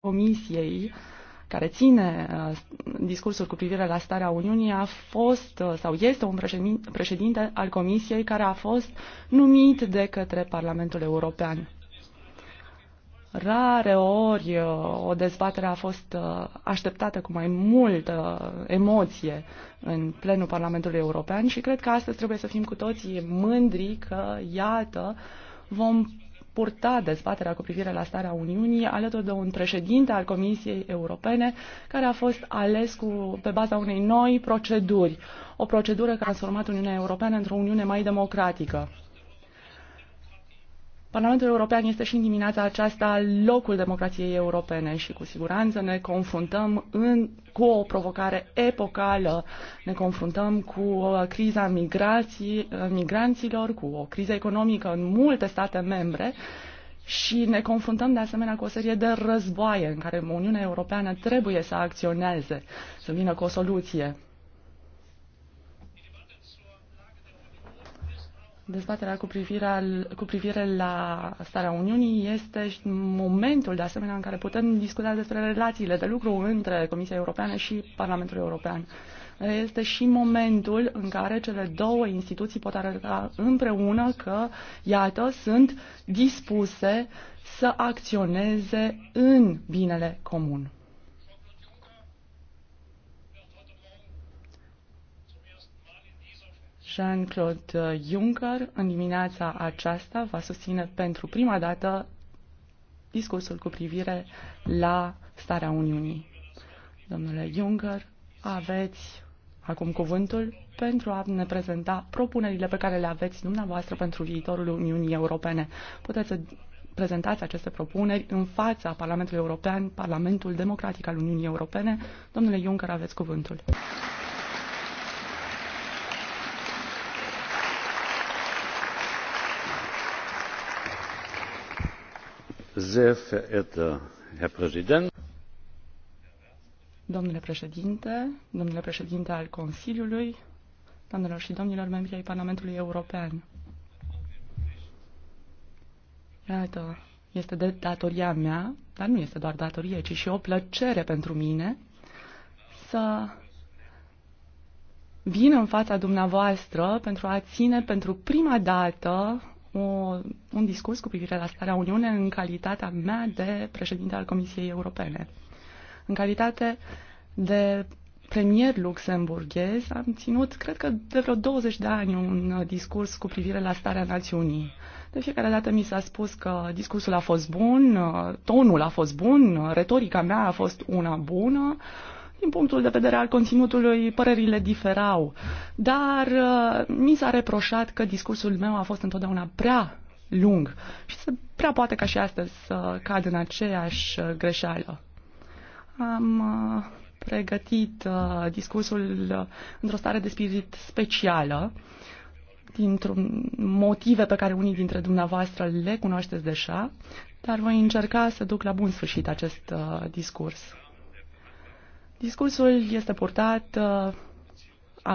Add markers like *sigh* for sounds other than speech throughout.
Comisiei care ține uh, discursul cu privire la starea Uniunii a fost uh, sau este un președinte al Comisiei care a fost numit de către Parlamentul European. Rare ori uh, o dezbatere a fost așteptată cu mai multă emoție în plenul Parlamentului European și cred că astăzi trebuie să fim cu toții mândri că, iată, vom purta dezbaterea cu privire la starea Uniunii alături de un președinte al Comisiei Europene care a fost ales cu, pe baza unei noi proceduri, o procedură care a transformat Uniunea Europeană într-o Uniune mai democratică. Parlamentul European este și în dimineața aceasta locul democrației europene și cu siguranță ne confruntăm în, cu o provocare epocală. Ne confruntăm cu criza migrații, migranților, cu o criză economică în multe state membre și ne confruntăm de asemenea cu o serie de războaie în care Uniunea Europeană trebuie să acționeze, să vină cu o soluție. Dezbaterea cu privire, cu privire la starea Uniunii este momentul, de asemenea, în care putem discuta despre relațiile de lucru între Comisia Europeană și Parlamentul European. Este și momentul în care cele două instituții pot arăta împreună că, iată, sunt dispuse să acționeze în binele comun. Jean-Claude uh, Juncker în dimineața aceasta va susține pentru prima dată discursul cu privire la starea Uniunii. Domnule Juncker, aveți acum cuvântul pentru a ne prezenta propunerile pe care le aveți dumneavoastră pentru viitorul Uniunii Europene. Puteți să prezentați aceste propuneri în fața Parlamentului European, Parlamentul Democratic al Uniunii Europene. Domnule Juncker, aveți cuvântul. Sehr verehrter Herr Präsident. Domnule președinte, domnule președinte al Consiliului, doamnelor și domnilor membri ai Parlamentului European. Iată, este de datoria mea, dar nu este doar datorie, ci și o plăcere pentru mine să vin în fața dumneavoastră pentru a ține pentru prima dată o, un discurs cu privire la starea Uniune în calitatea mea de președinte al Comisiei Europene. În calitate de premier luxemburghez, am ținut, cred că de vreo 20 de ani, un discurs cu privire la starea națiunii. De fiecare dată mi s-a spus că discursul a fost bun, tonul a fost bun, retorica mea a fost una bună, uh, din punctul de vedere al conținutului, părerile diferau, dar uh, mi s-a reproșat că discursul meu a fost întotdeauna prea lung și se prea poate ca și astăzi să cad în aceeași uh, greșeală. Am uh, pregătit discursul într-o stare de spirit specială, dintr-un motive pe care unii dintre dumneavoastră le cunoașteți deja, dar voi încerca să duc la bun sfârșit acest discurs. Discursul este purtat uh,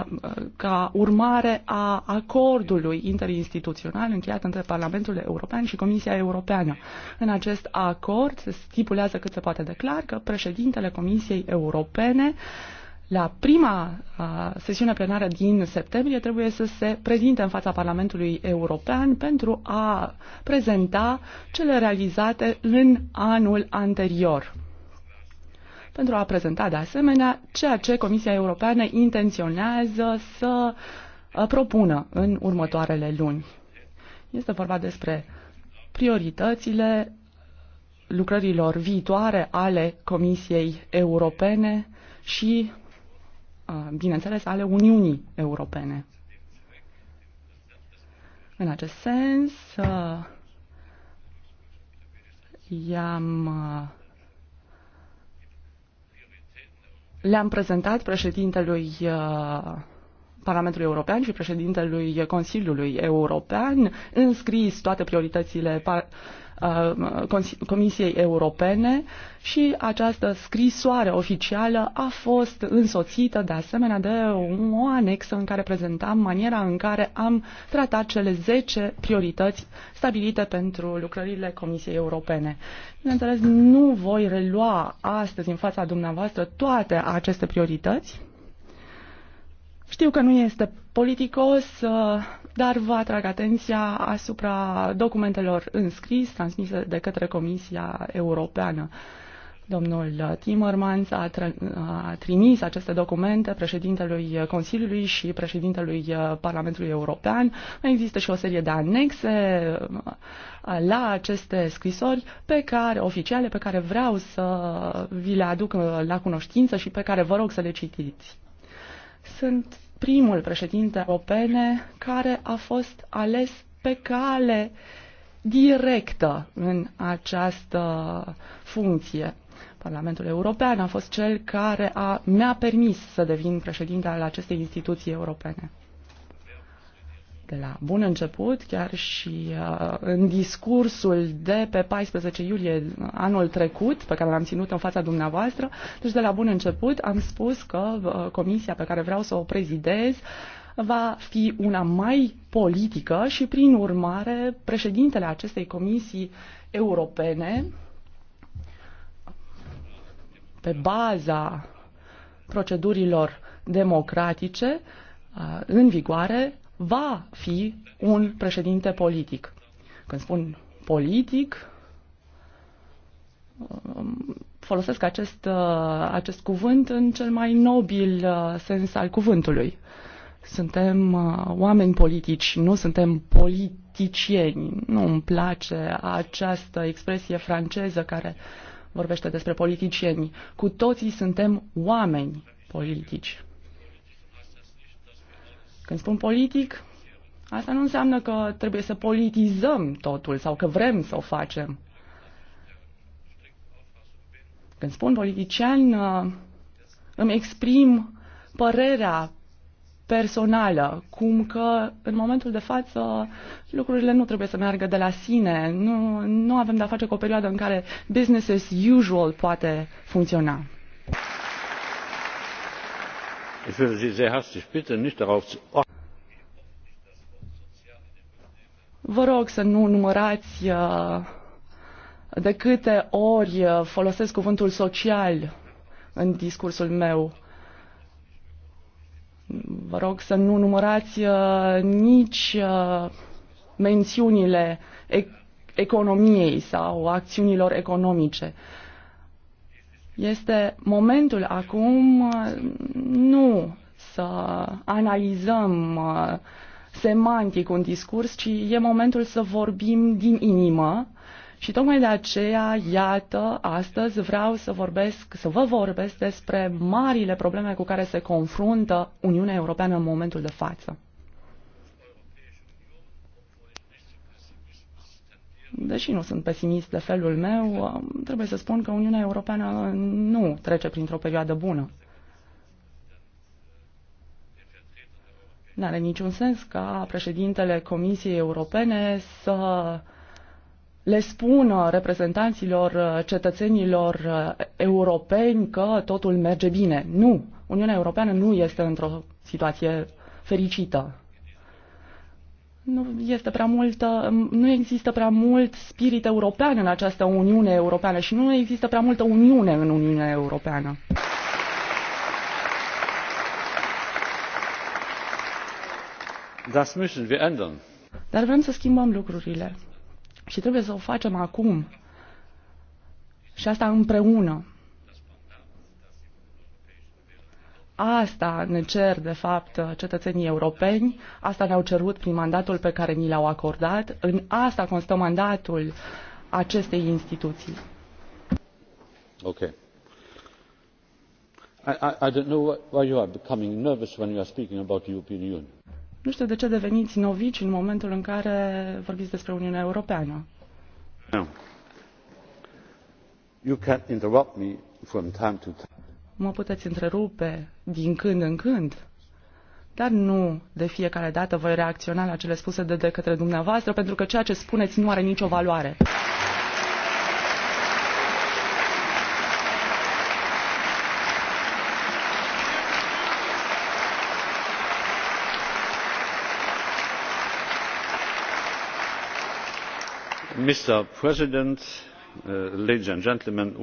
uh, ca urmare a acordului interinstituțional încheiat între Parlamentul European și Comisia Europeană. În acest acord se stipulează cât se poate de clar că președintele Comisiei Europene la prima uh, sesiune plenară din septembrie trebuie să se prezinte în fața Parlamentului European pentru a prezenta cele realizate în anul anterior pentru a prezenta de asemenea ceea ce Comisia Europeană intenționează să uh, propună în următoarele luni. Este vorba despre prioritățile lucrărilor viitoare ale Comisiei Europene și, uh, bineînțeles, ale Uniunii Europene. În acest sens, uh, i-am Le-am prezentat președintelui uh, Parlamentului European și președintelui Consiliului European, înscris toate prioritățile par- Uh, Comisiei Europene și această scrisoare oficială a fost însoțită de asemenea de o anexă în care prezentam maniera în care am tratat cele 10 priorități stabilite pentru lucrările Comisiei Europene. Bineînțeles, nu voi relua astăzi în fața dumneavoastră toate aceste priorități. Știu că nu este politicos, uh, dar vă atrag atenția asupra documentelor înscris, transmise de către Comisia Europeană. Domnul Timmermans a, tr- a trimis aceste documente președintelui Consiliului și președintelui Parlamentului European. Mai Există și o serie de anexe uh, la aceste scrisori pe care, oficiale pe care vreau să vi le aduc uh, la cunoștință și pe care vă rog să le citiți. Sunt primul președinte europene care a fost ales pe cale directă în această funcție. Parlamentul European a fost cel care a, mi-a permis să devin președinte al acestei instituții europene de la bun început, chiar și uh, în discursul de pe 14 iulie anul trecut, pe care l-am ținut în fața dumneavoastră, deci de la bun început am spus că uh, comisia pe care vreau să o prezidez va fi una mai politică și, prin urmare, președintele acestei comisii europene, pe baza procedurilor democratice uh, în vigoare, va fi un președinte politic. Când spun politic, um, folosesc acest, uh, acest cuvânt în cel mai nobil uh, sens al cuvântului. Suntem uh, oameni politici, nu suntem politicieni. Nu îmi place această expresie franceză care vorbește despre politicieni. Cu toții suntem oameni politici. Când spun politic, asta nu înseamnă că trebuie să politizăm totul sau că vrem să o facem. Când spun politician, uh, îmi exprim părerea personală, cum că în momentul de față lucrurile nu trebuie să meargă de la sine, nu, nu avem de-a face cu o perioadă în care business as usual poate funcționa ich würde sie sehr herzlich bitten nicht darauf zu oh. Vă rog să nu numărați uh, de câte ori uh, folosesc cuvântul social în discursul meu. Vă rog să nu numărați uh, nici mențiunile economiei sau acțiunilor economice. Este momentul acum nu să analizăm uh, semantic un discurs, ci e momentul să vorbim din inimă și tocmai de aceea, iată, astăzi vreau să vorbesc, să vă vorbesc despre marile probleme cu care se confruntă Uniunea Europeană în momentul de față. deși nu sunt pesimist de felul meu, trebuie să spun că Uniunea Europeană nu trece printr-o perioadă bună. N-are niciun sens ca președintele Comisiei Europene să le spună reprezentanților cetățenilor europeni că totul merge bine. Nu! Uniunea Europeană nu este într-o situație fericită nu este prea mult, nu există prea mult spirit european în această Uniune Europeană și nu există prea multă Uniune în Uniunea Europeană. Das müssen wir ändern. Dar vrem să schimbăm lucrurile și trebuie să o facem acum și asta împreună. Asta ne cer, de fapt, cetățenii europeni, asta ne-au cerut prin mandatul pe care ni l-au acordat, în asta constă mandatul acestei instituții. Ok. I, I, I don't know why you are becoming nervous when you are speaking about the European Union. Nu știu de ce deveniți novici în momentul în care vorbiți despre Uniunea Europeană. No. You can interrupt me from time to time mă puteți întrerupe din când în când, dar nu de fiecare dată voi reacționa la cele spuse de, de către dumneavoastră, pentru că ceea ce spuneți nu are nicio valoare. Mr. President,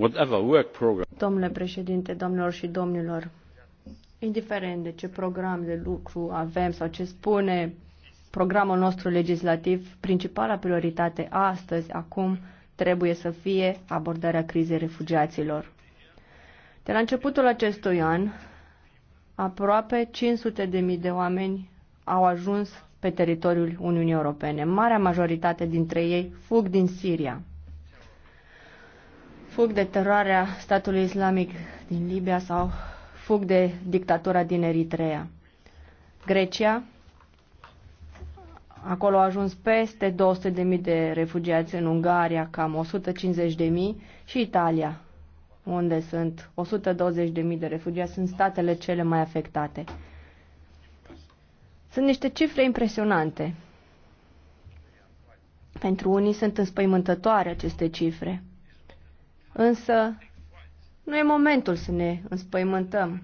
Uh, Domnule președinte, domnilor și domnilor, indiferent de ce program de lucru avem sau ce spune programul nostru legislativ, principala prioritate astăzi, acum, trebuie să fie abordarea crizei refugiaților. De la începutul acestui an, aproape 500 de, mii de oameni au ajuns pe teritoriul Uniunii Europene. Marea majoritate dintre ei fug din Siria fug de teroarea statului islamic din Libia sau fug de dictatura din Eritrea. Grecia, acolo au ajuns peste 200.000 de refugiați în Ungaria, cam 150.000 și Italia, unde sunt 120.000 de refugiați, sunt statele cele mai afectate. Sunt niște cifre impresionante. Pentru unii sunt înspăimântătoare aceste cifre. Însă nu e momentul să ne înspăimântăm.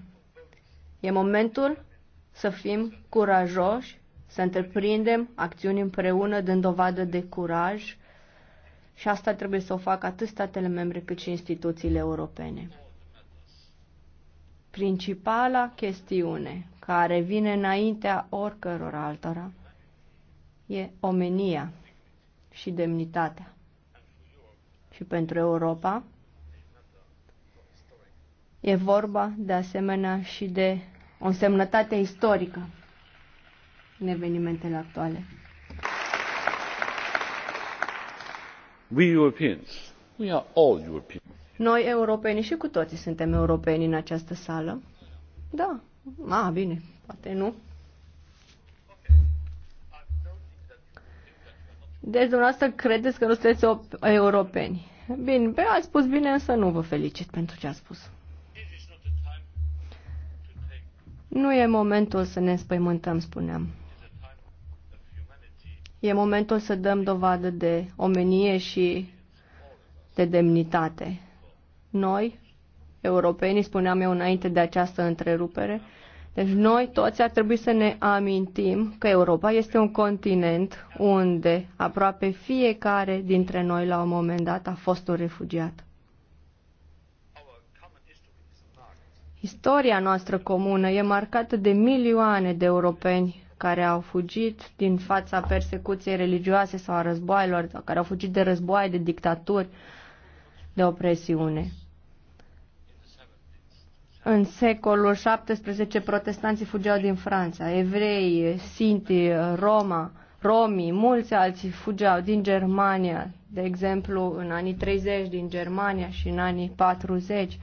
E momentul să fim curajoși, să întreprindem acțiuni împreună, dând dovadă de curaj și asta trebuie să o facă atât statele membre cât și instituțiile europene. Principala chestiune care vine înaintea oricăror altora e omenia și demnitatea. Și pentru Europa, E vorba, de asemenea, și de o semnătate istorică în evenimentele actuale. We Europeans, we are all Europeans. Noi, europenii, și cu toții suntem europeni în această sală. Da. A, ah, bine, poate nu. Deci, dumneavoastră, credeți că nu sunteți europeni. Bine, pe ați spus bine, însă nu vă felicit pentru ce ați spus. Nu e momentul să ne înspăimântăm, spuneam. E momentul să dăm dovadă de omenie și de demnitate. Noi, europenii, spuneam eu înainte de această întrerupere, deci noi toți ar trebui să ne amintim că Europa este un continent unde aproape fiecare dintre noi la un moment dat a fost un refugiat. Istoria noastră comună e marcată de milioane de europeni care au fugit din fața persecuției religioase sau a războaielor, sau care au fugit de războaie, de dictaturi, de opresiune. În secolul 17 protestanții fugeau din Franța, evrei, sinti, Roma, romii, mulți alții fugeau din Germania, de exemplu, în anii 30 din Germania și în anii 40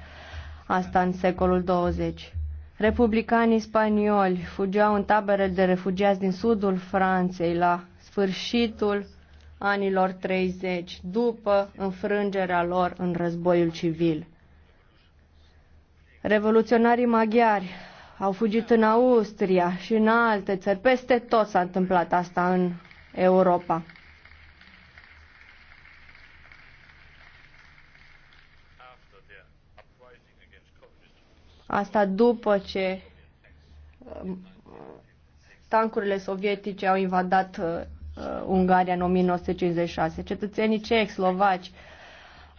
asta în secolul 20. Republicanii spanioli fugeau în tabere de refugiați din sudul Franței la sfârșitul anilor 30, după înfrângerea lor în războiul civil. Revoluționarii maghiari au fugit în Austria și în alte țări. Peste tot s-a întâmplat asta în Europa. Asta după ce uh, tancurile sovietice au invadat uh, uh Ungaria în 1956. Cetățenii cehi, slovaci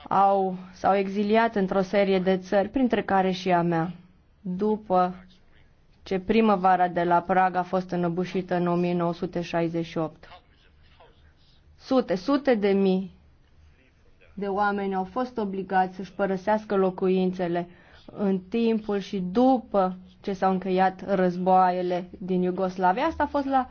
au, s-au exiliat într-o serie de țări, printre care și a mea, după ce primăvara de la Praga a fost înăbușită în 1968. Sute, sute de mii de oameni au fost obligați să-și părăsească locuințele în timpul și după ce s-au încheiat războaiele din Iugoslavia. Asta a fost la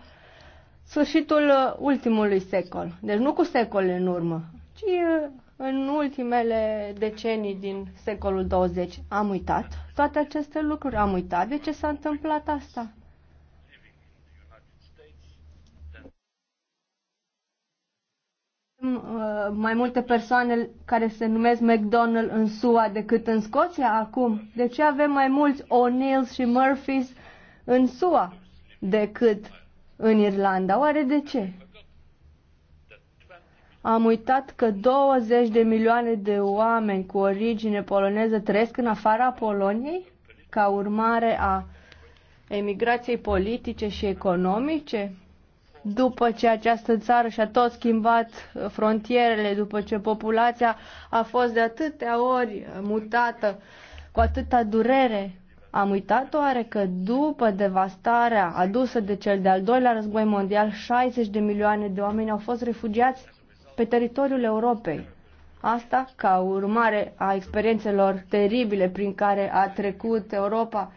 sfârșitul uh, ultimului secol. Deci nu cu secole în urmă, ci uh, în ultimele decenii din secolul 20. Am uitat toate aceste lucruri, am uitat de ce s-a întâmplat asta. Uh, mai multe persoane care se numesc McDonald în SUA decât în Scoția acum? De ce avem mai mulți O'Neills și Murphys în SUA decât în Irlanda? Oare de ce? Am uitat că 20 de milioane de oameni cu origine poloneză trăiesc în afara Poloniei ca urmare a emigrației politice și economice? după ce această țară și-a tot schimbat uh, frontierele, după ce populația a fost de atâtea ori uh, mutată cu atâta durere, am uitat oare că după devastarea adusă de cel de-al doilea război mondial, 60 de milioane de oameni au fost refugiați pe teritoriul Europei. Asta ca urmare a experiențelor teribile prin care a trecut Europa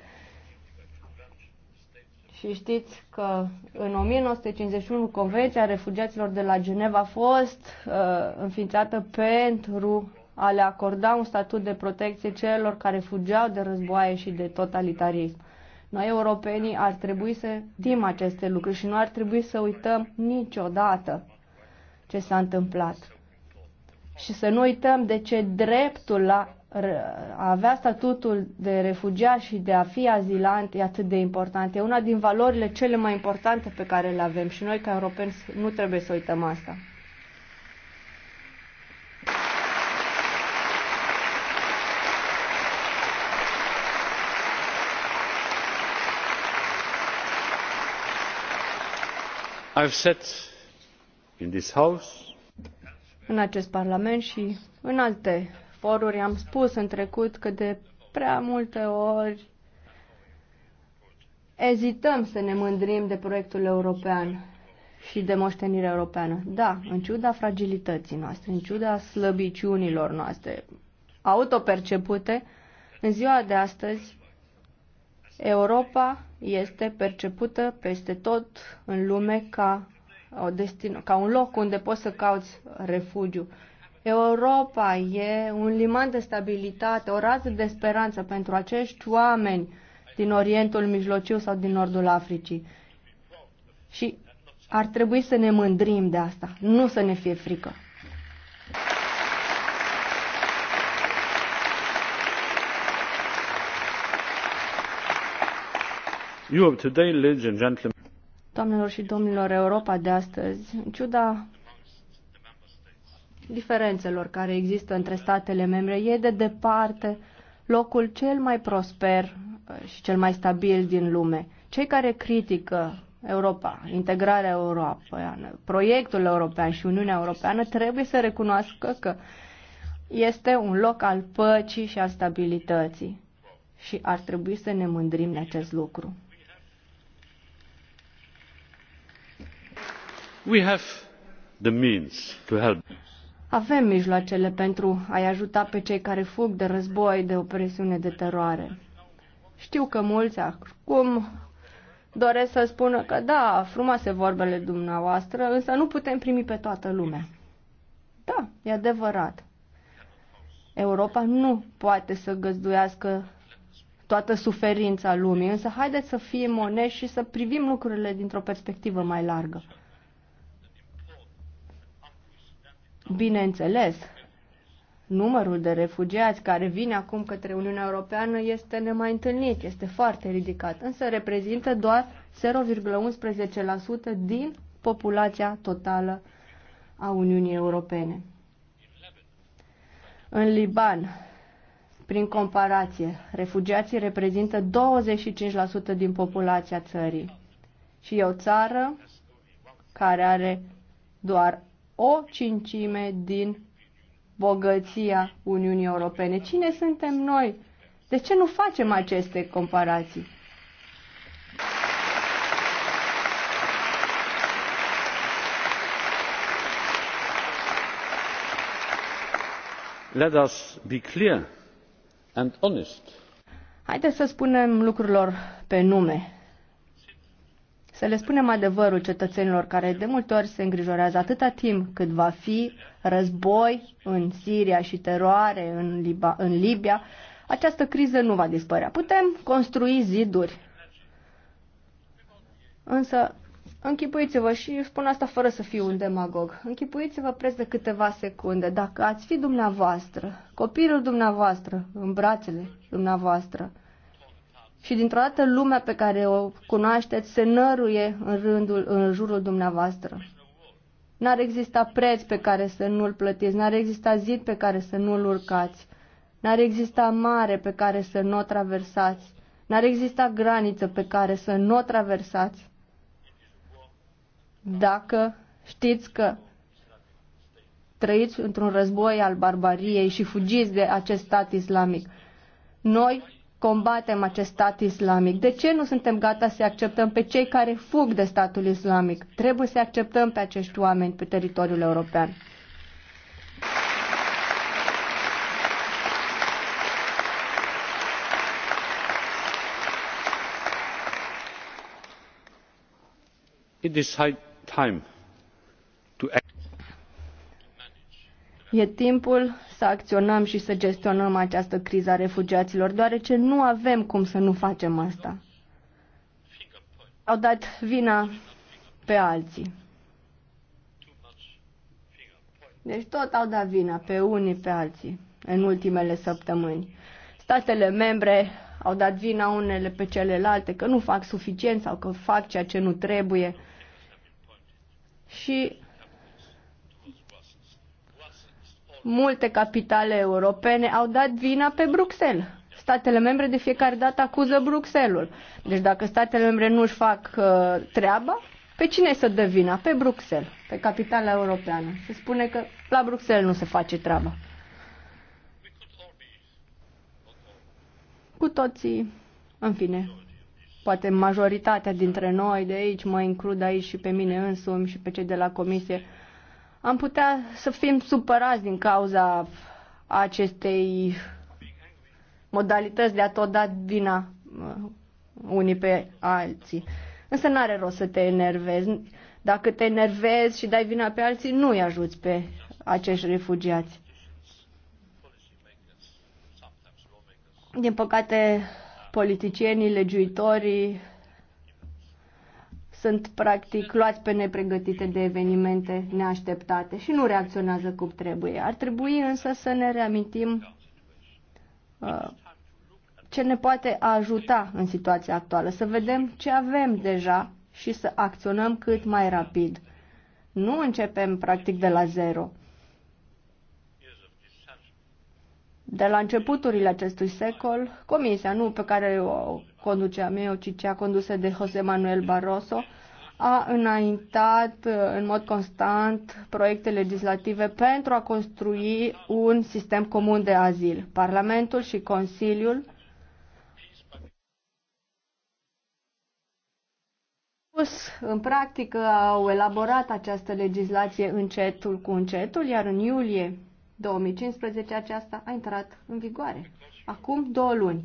și știți că în 1951 Convenția Refugiaților de la Geneva a fost uh, înființată pentru a le acorda un statut de protecție celor care fugeau de războaie și de totalitarism. Noi, europenii, ar trebui să dim aceste lucruri și nu ar trebui să uităm niciodată ce s-a întâmplat. Și să nu uităm de ce dreptul la a avea statutul de refugiat și de a fi azilant e atât de important. E una din valorile cele mai importante pe care le avem și noi ca europeni nu trebuie să uităm asta. I've said in this house în acest parlament și în alte foruri am spus în trecut că de prea multe ori ezităm să ne mândrim de proiectul european și de moștenirea europeană. Da, în ciuda fragilității noastre, în ciuda slăbiciunilor noastre, autopercepute, în ziua de astăzi Europa este percepută peste tot în lume ca, o destin, ca un loc unde poți să cauți refugiu. Europa e un liman de stabilitate, o rază de speranță pentru acești oameni din Orientul Mijlociu sau din Nordul Africii. Și ar trebui să ne mândrim de asta, nu să ne fie frică. Doamnelor și domnilor, Europa de astăzi, în ciuda diferențelor care există între statele membre, e de departe locul cel mai prosper uh, și cel mai stabil din lume. Cei care critică Europa, integrarea europeană, proiectul european și Uniunea Europeană trebuie să recunoască că este un loc al păcii și al stabilității și ar trebui să ne mândrim de acest lucru. We have the means to help. Avem mijloacele pentru a-i ajuta pe cei care fug de război, de opresiune, de teroare. Știu că mulți acum doresc să spună că da, frumoase vorbele dumneavoastră, însă nu putem primi pe toată lumea. Da, e adevărat. Europa nu poate să găzduiască toată suferința lumii, însă haideți să fim onești și să privim lucrurile dintr-o perspectivă mai largă. Bineînțeles, numărul de refugiați care vine acum către Uniunea Europeană este nemai întâlnit, este foarte ridicat, însă reprezintă doar 0,11% din populația totală a Uniunii Europene. În Liban, prin comparație, refugiații reprezintă 25% din populația țării și e o țară care are doar o cincime din bogăția Uniunii Europene. Cine suntem noi? De ce nu facem aceste comparații? Let us be clear and honest. Haideți să spunem lucrurilor pe nume să le spunem adevărul cetățenilor care de multe ori se îngrijorează atâta timp cât va fi război în Siria și teroare în, Liba, în Libia, această criză nu va dispărea. Putem construi ziduri, însă închipuiți-vă și spun asta fără să fiu un demagog. Închipuiți-vă preț de câteva secunde dacă ați fi dumneavoastră, copilul dumneavoastră, în brațele dumneavoastră, și dintr-o dată lumea pe care o cunoașteți se năruie în, rândul, în jurul dumneavoastră. N-ar exista preț pe care să nu-l plătiți, n-ar exista zid pe care să nu-l urcați, n-ar exista mare pe care să nu o traversați, n-ar exista graniță pe care să nu o traversați. Dacă știți că trăiți într-un război al barbariei și fugiți de acest stat islamic. Noi combatem acest stat islamic? De ce nu suntem gata să acceptăm pe cei care fug de statul islamic? Trebuie să acceptăm pe acești oameni pe teritoriul european. It is high time to E timpul să acționăm și să gestionăm această criză a refugiaților, deoarece nu avem cum să nu facem asta. Au dat vina pe alții. Deci tot au dat vina pe unii pe alții în ultimele săptămâni. Statele membre au dat vina unele pe celelalte că nu fac suficient sau că fac ceea ce nu trebuie. Și Multe capitale europene au dat vina pe Bruxelles. Statele membre de fiecare dată acuză Bruxelles. Deci dacă statele membre nu își fac uh, treaba, pe cine să dă vina? Pe Bruxelles, pe capitala europeană. Se spune că la Bruxelles nu se face treaba. Cu toții, în fine, poate majoritatea dintre noi de aici, mă includ aici și pe mine însumi și pe cei de la comisie, am putea să fim supărați din cauza acestei modalități de a tot da vina uh, unii pe alții. Însă n-are rost să te enervezi. Dacă te enervezi și dai vina pe alții, nu îi ajuți pe acești refugiați. Din păcate, politicienii, legiuitorii sunt practic luați pe nepregătite de evenimente neașteptate și nu reacționează cum trebuie. Ar trebui însă să ne reamintim uh, ce ne poate ajuta în situația actuală, să vedem ce avem deja și să acționăm cât mai rapid. Nu începem practic de la zero. De la începuturile acestui secol, comisia nu pe care o conducea meu, ci cea condusă de José Manuel Barroso, a înaintat uh, în mod constant proiecte legislative pentru a construi un sistem comun de azil. Parlamentul și Consiliul în practică, au elaborat această legislație încetul cu încetul, iar în iulie 2015 aceasta a intrat în vigoare. Acum două luni.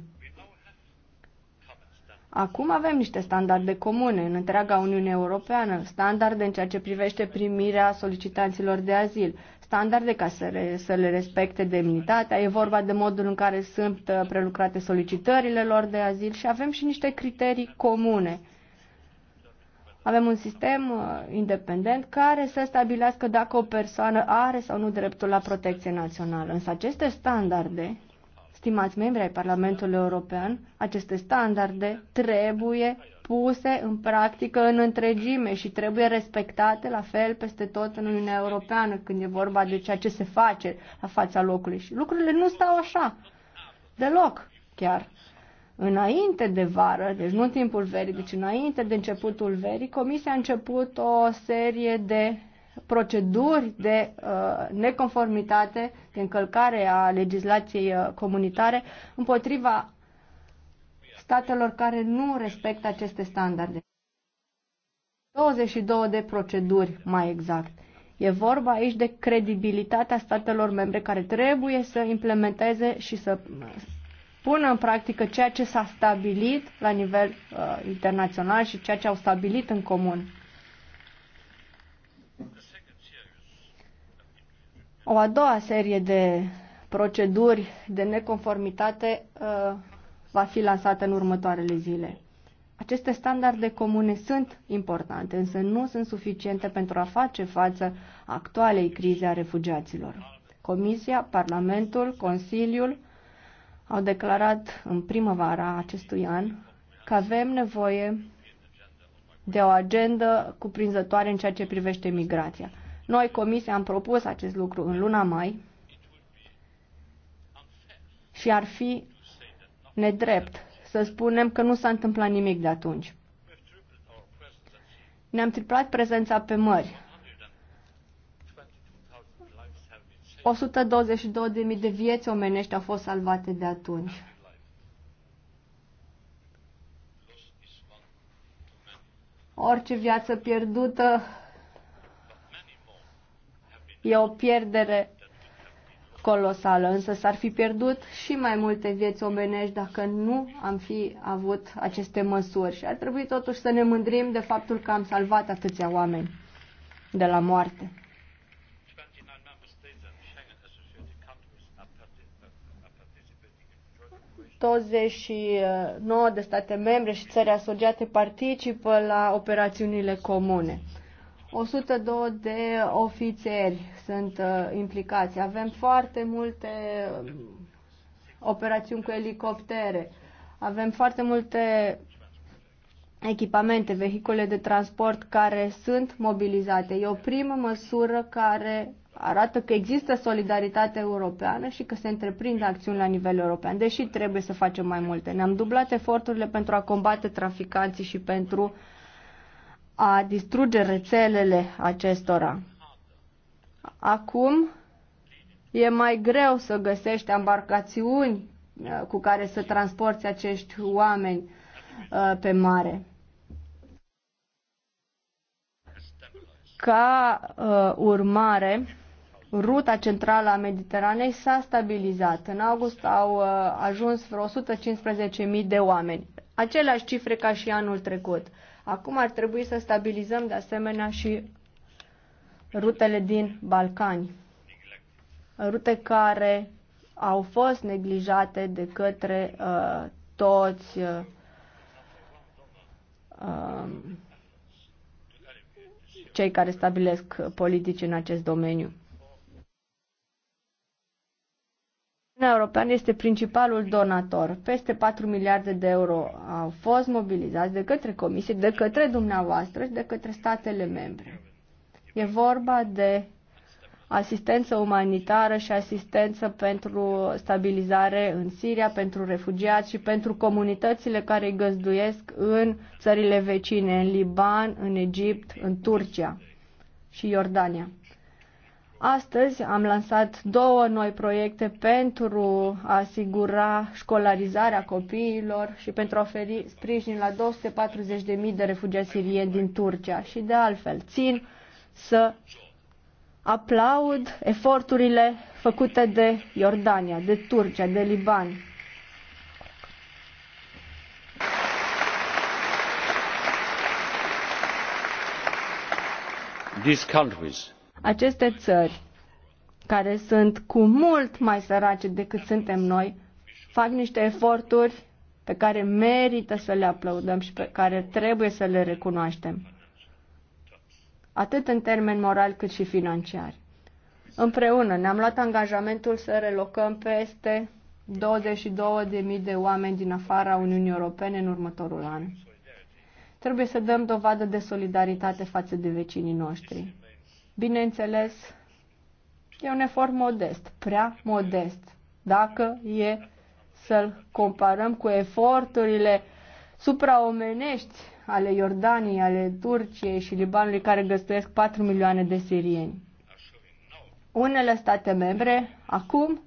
Acum avem niște standarde comune în întreaga Uniune Europeană, standarde în ceea ce privește primirea solicitanților de azil, standarde ca să, re, să le respecte demnitatea, e vorba de modul în care sunt uh, prelucrate solicitările lor de azil și avem și niște criterii comune. Avem un sistem uh, independent care să stabilească dacă o persoană are sau nu dreptul la protecție națională. Însă aceste standarde Stimați membri ai Parlamentului European, aceste standarde trebuie puse în practică în întregime și trebuie respectate la fel peste tot în Uniunea Europeană când e vorba de ceea ce se face la fața locului. Și lucrurile nu stau așa, deloc chiar. Înainte de vară, deci nu în timpul verii, deci înainte de începutul verii, Comisia a început o serie de proceduri de uh, neconformitate, de încălcare a legislației uh, comunitare împotriva statelor care nu respectă aceste standarde. 22 de proceduri, mai exact. E vorba aici de credibilitatea statelor membre care trebuie să implementeze și să pună în practică ceea ce s-a stabilit la nivel uh, internațional și ceea ce au stabilit în comun. O a doua serie de proceduri de neconformitate uh, va fi lansată în următoarele zile. Aceste standarde comune sunt importante, însă nu sunt suficiente pentru a face față actualei crize a refugiaților. Comisia, Parlamentul, Consiliul au declarat în primăvara acestui an că avem nevoie de o agendă cuprinzătoare în ceea ce privește migrația. Noi, Comisia, am propus acest lucru în luna mai și ar fi nedrept să spunem că nu s-a întâmplat nimic de atunci. Ne-am triplat prezența pe mări. 122.000 de vieți omenești au fost salvate de atunci. Orice viață pierdută E o pierdere colosală, însă s-ar fi pierdut și mai multe vieți omenești dacă nu am fi avut aceste măsuri. Și ar trebui totuși să ne mândrim de faptul că am salvat atâția oameni de la moarte. și 9 de state membre și țări asociate participă la operațiunile comune. 102 de ofițeri sunt uh, implicați. Avem foarte multe um, operațiuni cu elicoptere. Avem foarte multe echipamente, vehicule de transport care sunt mobilizate. E o primă măsură care arată că există solidaritate europeană și că se întreprind acțiuni la nivel european, deși trebuie să facem mai multe. Ne-am dublat eforturile pentru a combate traficanții și pentru uh, a distruge rețelele acestora. Acum e mai greu să găsești embarcațiuni uh, cu care să transporti acești oameni uh, pe mare. Ca uh, urmare, ruta centrală a Mediteranei s-a stabilizat. În august au uh, ajuns vreo 115.000 de oameni. Aceleași cifre ca și anul trecut. Uh, Acum ar trebui să stabilizăm de asemenea și rutele din Balcani, rute care au fost neglijate de către uh, toți uh, um, cei care stabilesc politici în acest domeniu. Uniunea Europeană este principalul donator. Peste 4 miliarde de euro au fost mobilizați de către Comisie, de către dumneavoastră și de către statele membre. E vorba de asistență umanitară și asistență pentru stabilizare în Siria, pentru refugiați și pentru comunitățile care îi găzduiesc în țările vecine, în Liban, în Egipt, în Turcia și Iordania. Astăzi am lansat două noi proiecte pentru a asigura școlarizarea copiilor și pentru a oferi sprijin la 240.000 de refugiați sirieni din Turcia. Și de altfel, țin să aplaud eforturile făcute de Iordania, de Turcia, de Liban, these countries aceste țări, care sunt cu mult mai sărace decât suntem noi, fac niște eforturi pe care merită să le aplaudăm și pe care trebuie să le recunoaștem, atât în termeni moral cât și financiari. Împreună ne-am luat angajamentul să relocăm peste 22.000 de oameni din afara Uniunii Europene în următorul an. Trebuie să dăm dovadă de solidaritate față de vecinii noștri. Bineînțeles, e un efort modest, prea modest, dacă e să-l comparăm cu eforturile supraomenești ale Iordaniei, ale Turciei și Libanului, care găstuiesc 4 milioane de sirieni. Unele state membre acum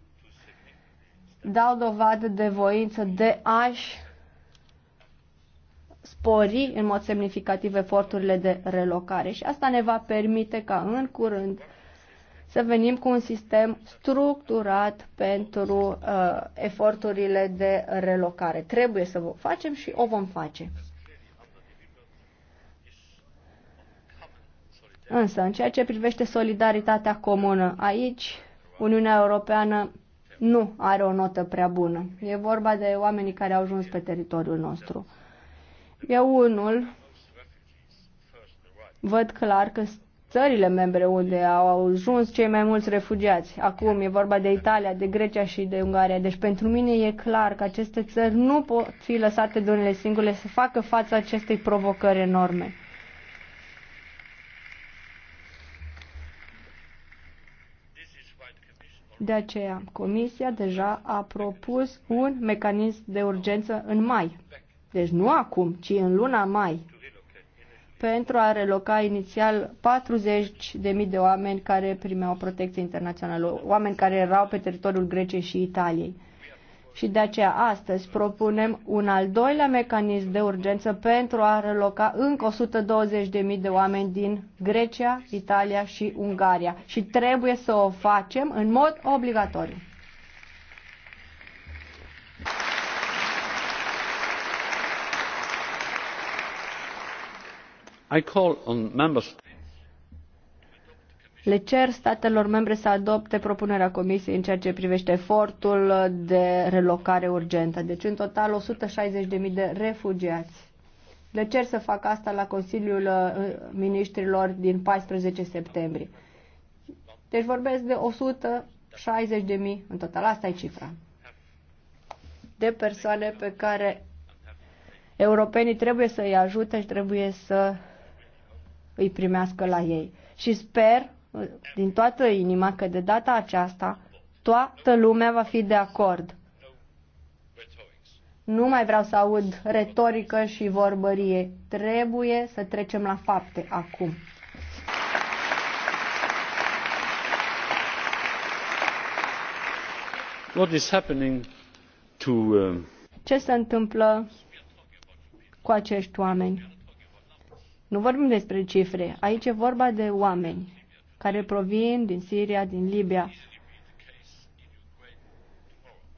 dau dovadă de voință de a-și spori în mod semnificativ eforturile de relocare și asta ne va permite ca în curând să venim cu un sistem structurat pentru uh, eforturile de relocare. Trebuie să o facem și o vom face. Însă, în ceea ce privește solidaritatea comună, aici Uniunea Europeană nu are o notă prea bună. E vorba de oamenii care au ajuns pe teritoriul nostru. Eu unul văd clar că țările membre unde au ajuns cei mai mulți refugiați. Acum e vorba de Italia, de Grecia și de Ungaria. Deci pentru mine e clar că aceste țări nu pot fi lăsate de unele singure să facă față acestei provocări enorme. De aceea, Comisia deja a propus un mecanism de urgență în mai deci nu acum, ci în luna mai, pentru a reloca inițial 40.000 de oameni care primeau protecție internațională, oameni care erau pe teritoriul Greciei și Italiei. Și de aceea astăzi propunem un al doilea mecanism de urgență pentru a reloca încă 120.000 de oameni din Grecia, Italia și Ungaria. Și trebuie să o facem în mod obligatoriu. Le cer statelor membre să adopte propunerea Comisiei în ceea ce privește efortul de relocare urgentă. Deci, în total, 160.000 de refugiați. Le cer să facă asta la Consiliul uh, Ministrilor din 14 septembrie. Deci vorbesc de 160.000 în total. Asta e cifra. De persoane pe care europenii trebuie să îi ajute și trebuie să îi primească la ei. Și sper din toată inima că de data aceasta toată lumea va fi de acord. Nu mai vreau să aud retorică și vorbărie. Trebuie să trecem la fapte acum. What is happening to, uh... Ce se întâmplă cu acești oameni? Nu vorbim despre cifre, aici e vorba de oameni care provin din Siria, din Libia.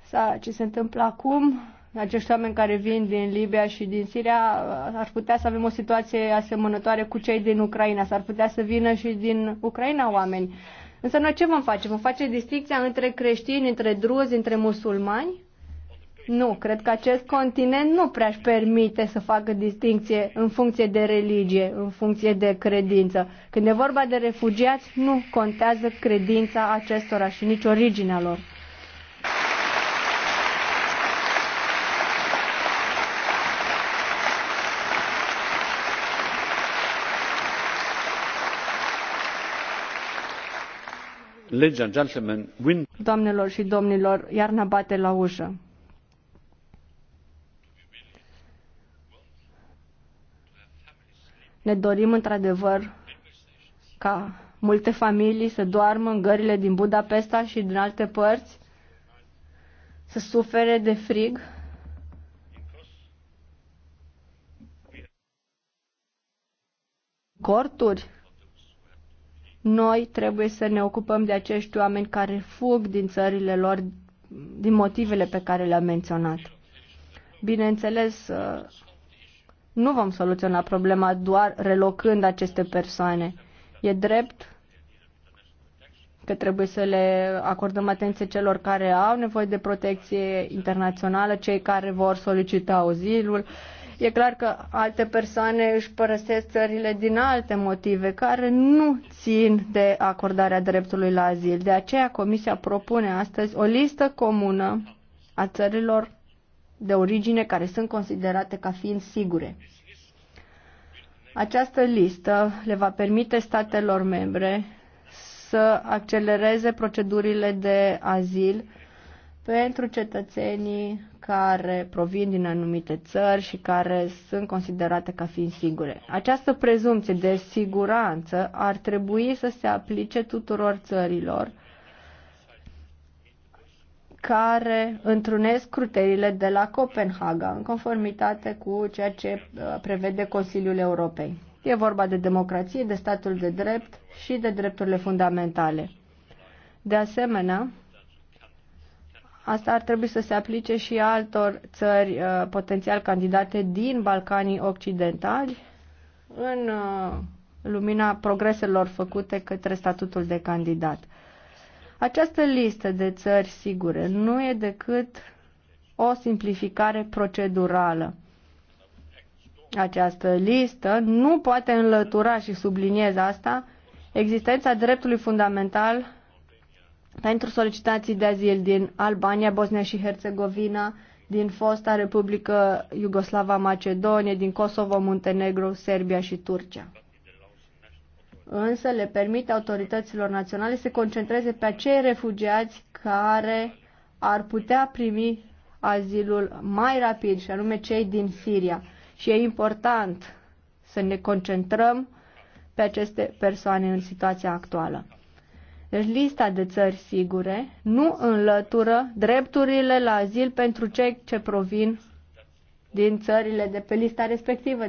Sa, ce se întâmplă acum, acești oameni care vin din Libia și din Siria, uh, ar putea să avem o situație asemănătoare cu cei din Ucraina, s-ar putea să vină și din Ucraina oameni. Însă noi ce vom face? Vom face distinția între creștini, între druzi, între musulmani? Nu, cred că acest continent nu prea își permite să facă distinție în funcție de religie, în funcție de credință. Când e vorba de refugiați, nu contează credința acestora și nici originea lor. Doamnelor și domnilor, iarna bate la ușă. Ne dorim într-adevăr ca multe familii să doarmă în gările din Budapesta și din alte părți, să sufere de frig. Corturi. Noi trebuie să ne ocupăm de acești oameni care fug din țările lor din motivele pe care le-am menționat. Bineînțeles, nu vom soluționa problema doar relocând aceste persoane. E drept că trebuie să le acordăm atenție celor care au nevoie de protecție internațională, cei care vor solicita auzilul. E clar că alte persoane își părăsesc țările din alte motive care nu țin de acordarea dreptului la azil. De aceea Comisia propune astăzi o listă comună a țărilor de origine care sunt considerate ca fiind sigure. Această listă le va permite statelor membre să accelereze procedurile de azil pentru cetățenii care provin din anumite țări și care sunt considerate ca fiind sigure. Această prezumție de siguranță ar trebui să se aplice tuturor țărilor care întrunesc criteriile de la Copenhaga, în conformitate cu ceea ce uh, prevede Consiliul Europei. E vorba de democrație, de statul de drept și de drepturile fundamentale. De asemenea, asta ar trebui să se aplice și altor țări uh, potențial candidate din Balcanii Occidentali în uh, lumina progreselor făcute către statutul de candidat. Această listă de țări sigure nu e decât o simplificare procedurală. Această listă nu poate înlătura, și subliniez asta, existența dreptului fundamental pentru solicitații de azil din Albania, Bosnia și Herțegovina, din fosta Republică Iugoslava Macedonie, din Kosovo, Muntenegru, Serbia și Turcia însă le permite autorităților naționale să se concentreze pe acei refugiați care ar putea primi azilul mai rapid, și anume cei din Siria. Și e important să ne concentrăm pe aceste persoane în situația actuală. Deci lista de țări sigure nu înlătură drepturile la azil pentru cei ce provin din țările de pe lista respectivă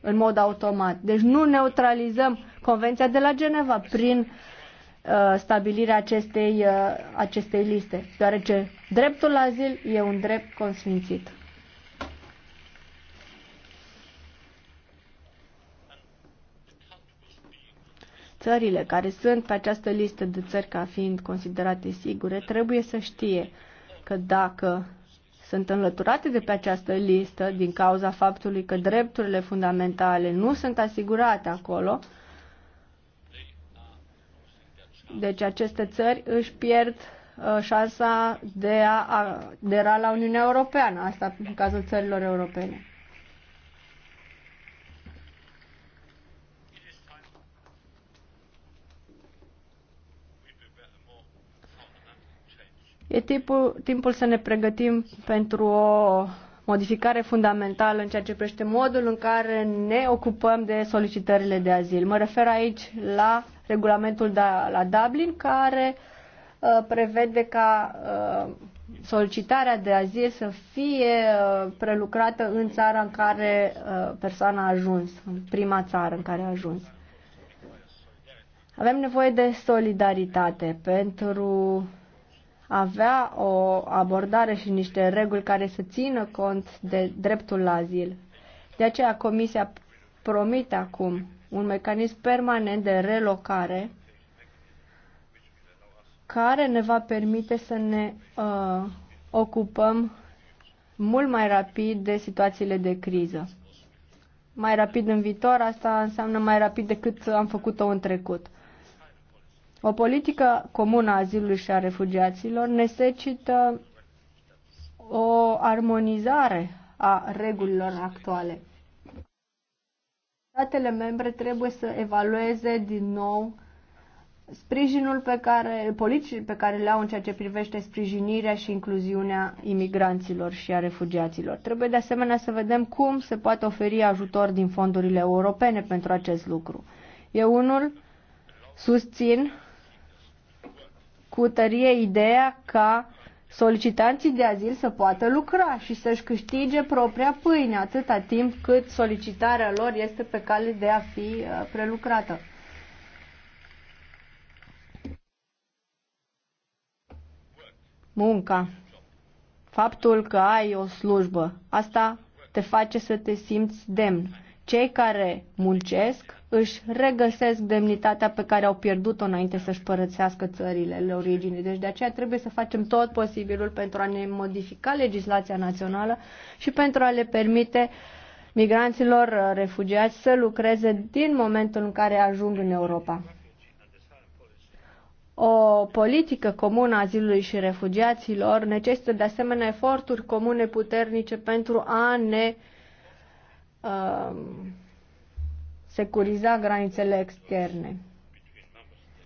în mod automat. Deci nu neutralizăm Convenția de la Geneva prin uh, stabilirea acestei, uh, acestei liste, deoarece dreptul la azil e un drept consfințit. Țările care sunt pe această listă de țări ca fiind considerate sigure trebuie să știe că dacă sunt înlăturate de pe această listă din cauza faptului că drepturile fundamentale nu sunt asigurate acolo, deci aceste țări își pierd uh, șansa de a adera la Uniunea Europeană, asta în cazul țărilor europene. E timpul, timpul să ne pregătim pentru o modificare fundamentală în ceea ce privește modul în care ne ocupăm de solicitările de azil. Mă refer aici la regulamentul de la Dublin care uh, prevede ca uh, solicitarea de azil să fie uh, prelucrată în țara în care uh, persoana a ajuns, în prima țară în care a ajuns. Avem nevoie de solidaritate pentru avea o abordare și niște reguli care să țină cont de dreptul la azil. De aceea Comisia promite acum un mecanism permanent de relocare care ne va permite să ne uh, ocupăm mult mai rapid de situațiile de criză. Mai rapid în viitor, asta înseamnă mai rapid decât am făcut-o în trecut. O politică comună a azilului și a refugiaților necesită o armonizare a regulilor actuale. Statele membre trebuie să evalueze din nou sprijinul pe care, politicii pe care le au în ceea ce privește sprijinirea și incluziunea imigranților și a refugiaților. Trebuie de asemenea să vedem cum se poate oferi ajutor din fondurile europene pentru acest lucru. Eu unul susțin cu tărie ideea ca solicitanții de azil să poată lucra și să-și câștige propria pâine atâta timp cât solicitarea lor este pe cale de a fi uh, prelucrată. Munca. Faptul că ai o slujbă. Asta te face să te simți demn. Cei care muncesc își regăsesc demnitatea pe care au pierdut-o înainte să-și părățească țările de origine. Deci de aceea trebuie să facem tot posibilul pentru a ne modifica legislația națională și pentru a le permite migranților uh, refugiați să lucreze din momentul în care ajung în Europa. O politică comună a azilului și refugiaților necesită de asemenea eforturi comune puternice pentru a ne uh, securiza granițele externe.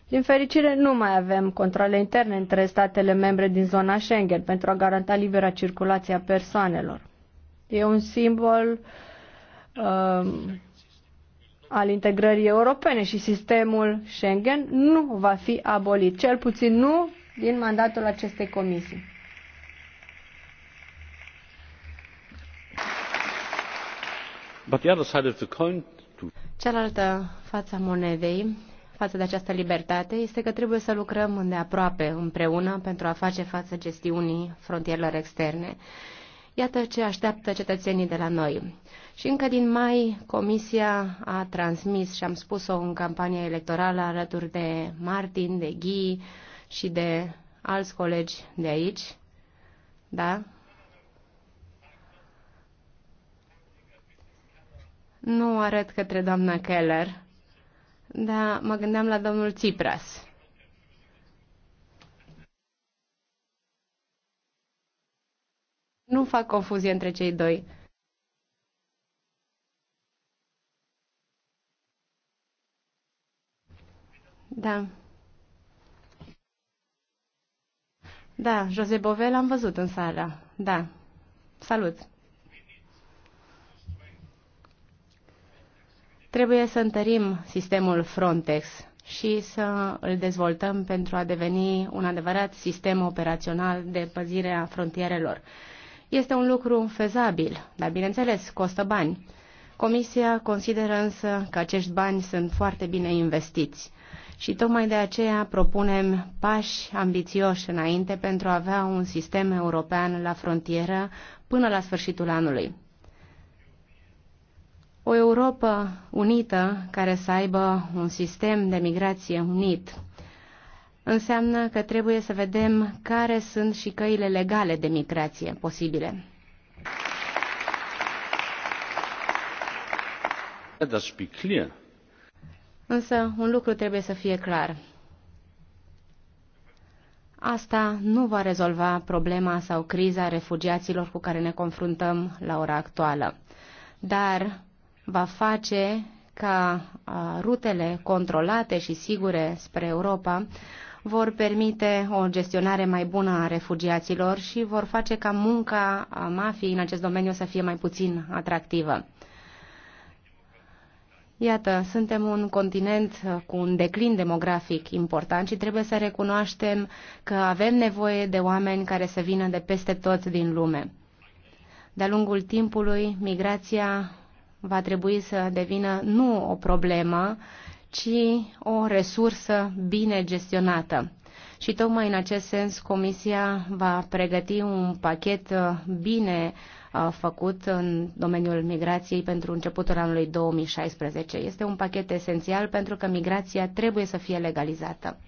Din fericire, nu mai avem controle interne între statele membre din zona Schengen pentru a garanta libera circulație a persoanelor. E un simbol uh, al integrării europene și sistemul Schengen nu va fi abolit, cel puțin nu din mandatul acestei comisii. Cealaltă față a monedei, faă de această libertate, este că trebuie să lucrăm îndeaproape împreună pentru a face față gestiunii frontierelor externe. Iată ce ateaptă cetățenii de la noi. Și încă din mai, Comisia a transmis și am spus-o în campania electorală alături de Martin, de Ghi și de ali colegi de aici, da? Nu arăt către doamna Keller, dar mă gândeam la domnul Tsipras. Nu fac confuzie între cei doi. Da. Da, Jose Bovel l-am văzut în sală. Da. Salut! Trebuie să întărim sistemul Frontex și să îl dezvoltăm pentru a deveni un adevărat sistem operațional de păzire a frontierelor. Este un lucru fezabil, dar bineînțeles costă bani. Comisia consideră însă că acești bani sunt foarte bine investiți și tocmai de aceea propunem pași ambițioși înainte pentru a avea un sistem european la frontieră până la sfârșitul anului o Europa unită care să aibă un sistem de migrație unit înseamnă că trebuie să vedem care sunt și căile legale de migrație posibile. Însă un lucru trebuie să fie clar. Asta nu va rezolva problema sau criza refugiaților cu care ne confruntăm la ora actuală. Dar va face ca rutele controlate și sigure spre Europa vor permite o gestionare mai bună a refugiaților și vor face ca munca mafiei în acest domeniu să fie mai puțin atractivă. Iată, suntem un continent cu un declin demografic important și trebuie să recunoaștem că avem nevoie de oameni care să vină de peste tot din lume. De-a lungul timpului, migrația va trebui să devină nu o problemă, ci o resursă bine gestionată. Și tocmai în acest sens Comisia va pregăti un pachet uh, bine uh, făcut în domeniul migrației pentru începutul anului 2016. Este un pachet esențial pentru că migrația trebuie să fie legalizată.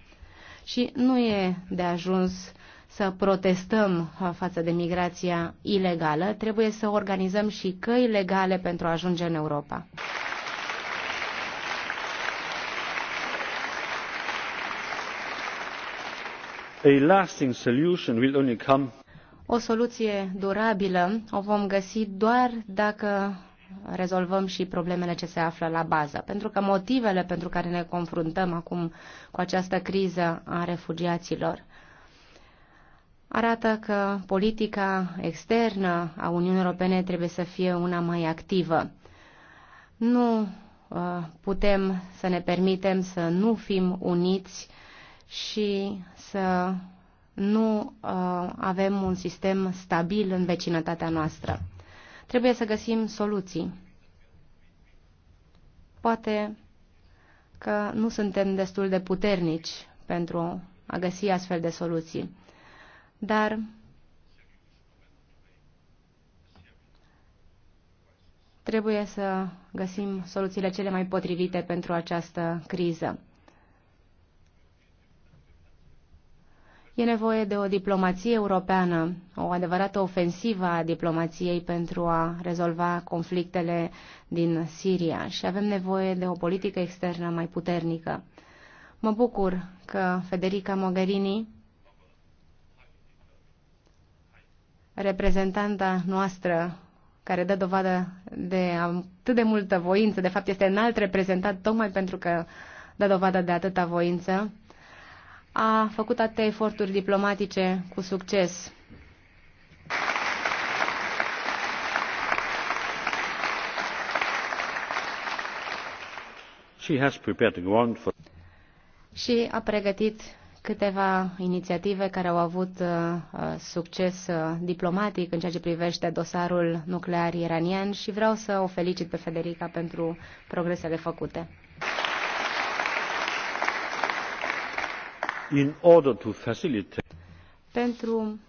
Și nu e de ajuns să protestăm uh, față de migrația ilegală, trebuie să organizăm și căi legale pentru a ajunge în Europa. A lasting solution will only come o soluție durabilă o vom găsi doar dacă rezolvăm și problemele ce se află la bază. Pentru că motivele pentru care ne confruntăm acum cu această criză a refugiaților arată că politica externă a Uniunii Europene trebuie să fie una mai activă. Nu uh, putem să ne permitem să nu fim uniți și să nu uh, avem un sistem stabil în vecinătatea noastră. Trebuie să găsim soluții. Poate că nu suntem destul de puternici pentru a găsi astfel de soluții dar trebuie să găsim soluțiile cele mai potrivite pentru această criză. E nevoie de o diplomație europeană, o adevărată ofensivă a diplomației pentru a rezolva conflictele din Siria și avem nevoie de o politică externă mai puternică. Mă bucur că Federica Mogherini reprezentanta noastră care dă dovadă de atât de multă voință, de fapt este înalt reprezentat tocmai pentru că dă dovadă de atâta voință, a făcut atâtea eforturi diplomatice cu succes. She has prepared the ground for... Și a pregătit câteva inițiative care au avut uh, uh, succes uh, diplomatic în ceea ce privește dosarul nuclear iranian și vreau să o felicit pe Federica pentru progresele făcute. In order to facilitate... Pentru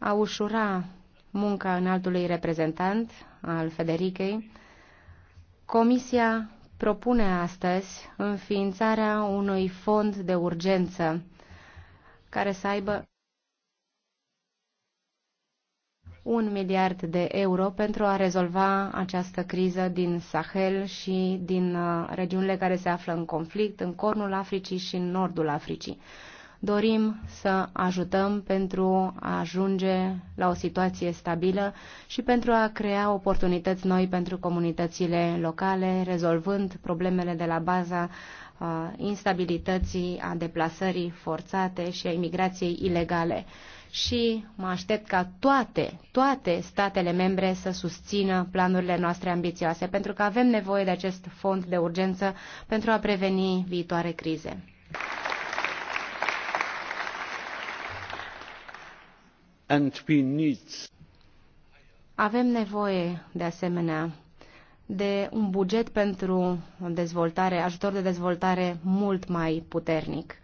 a ușura munca înaltului reprezentant al Federicei, Comisia propune astăzi înființarea unui fond de urgență care să aibă un miliard de euro pentru a rezolva această criză din Sahel și din uh, regiunile care se află în conflict, în cornul Africii și în nordul Africii dorim să ajutăm pentru a ajunge la o situație stabilă și pentru a crea oportunități noi pentru comunitățile locale, rezolvând problemele de la baza a uh, instabilității, a deplasării forțate și a imigrației ilegale. Și mă aștept ca toate, toate statele membre să susțină planurile noastre ambițioase, pentru că avem nevoie de acest fond de urgență pentru a preveni viitoare crize. Avem nevoie, de asemenea, de un buget pentru dezvoltare, ajutor de dezvoltare mult mai puternic.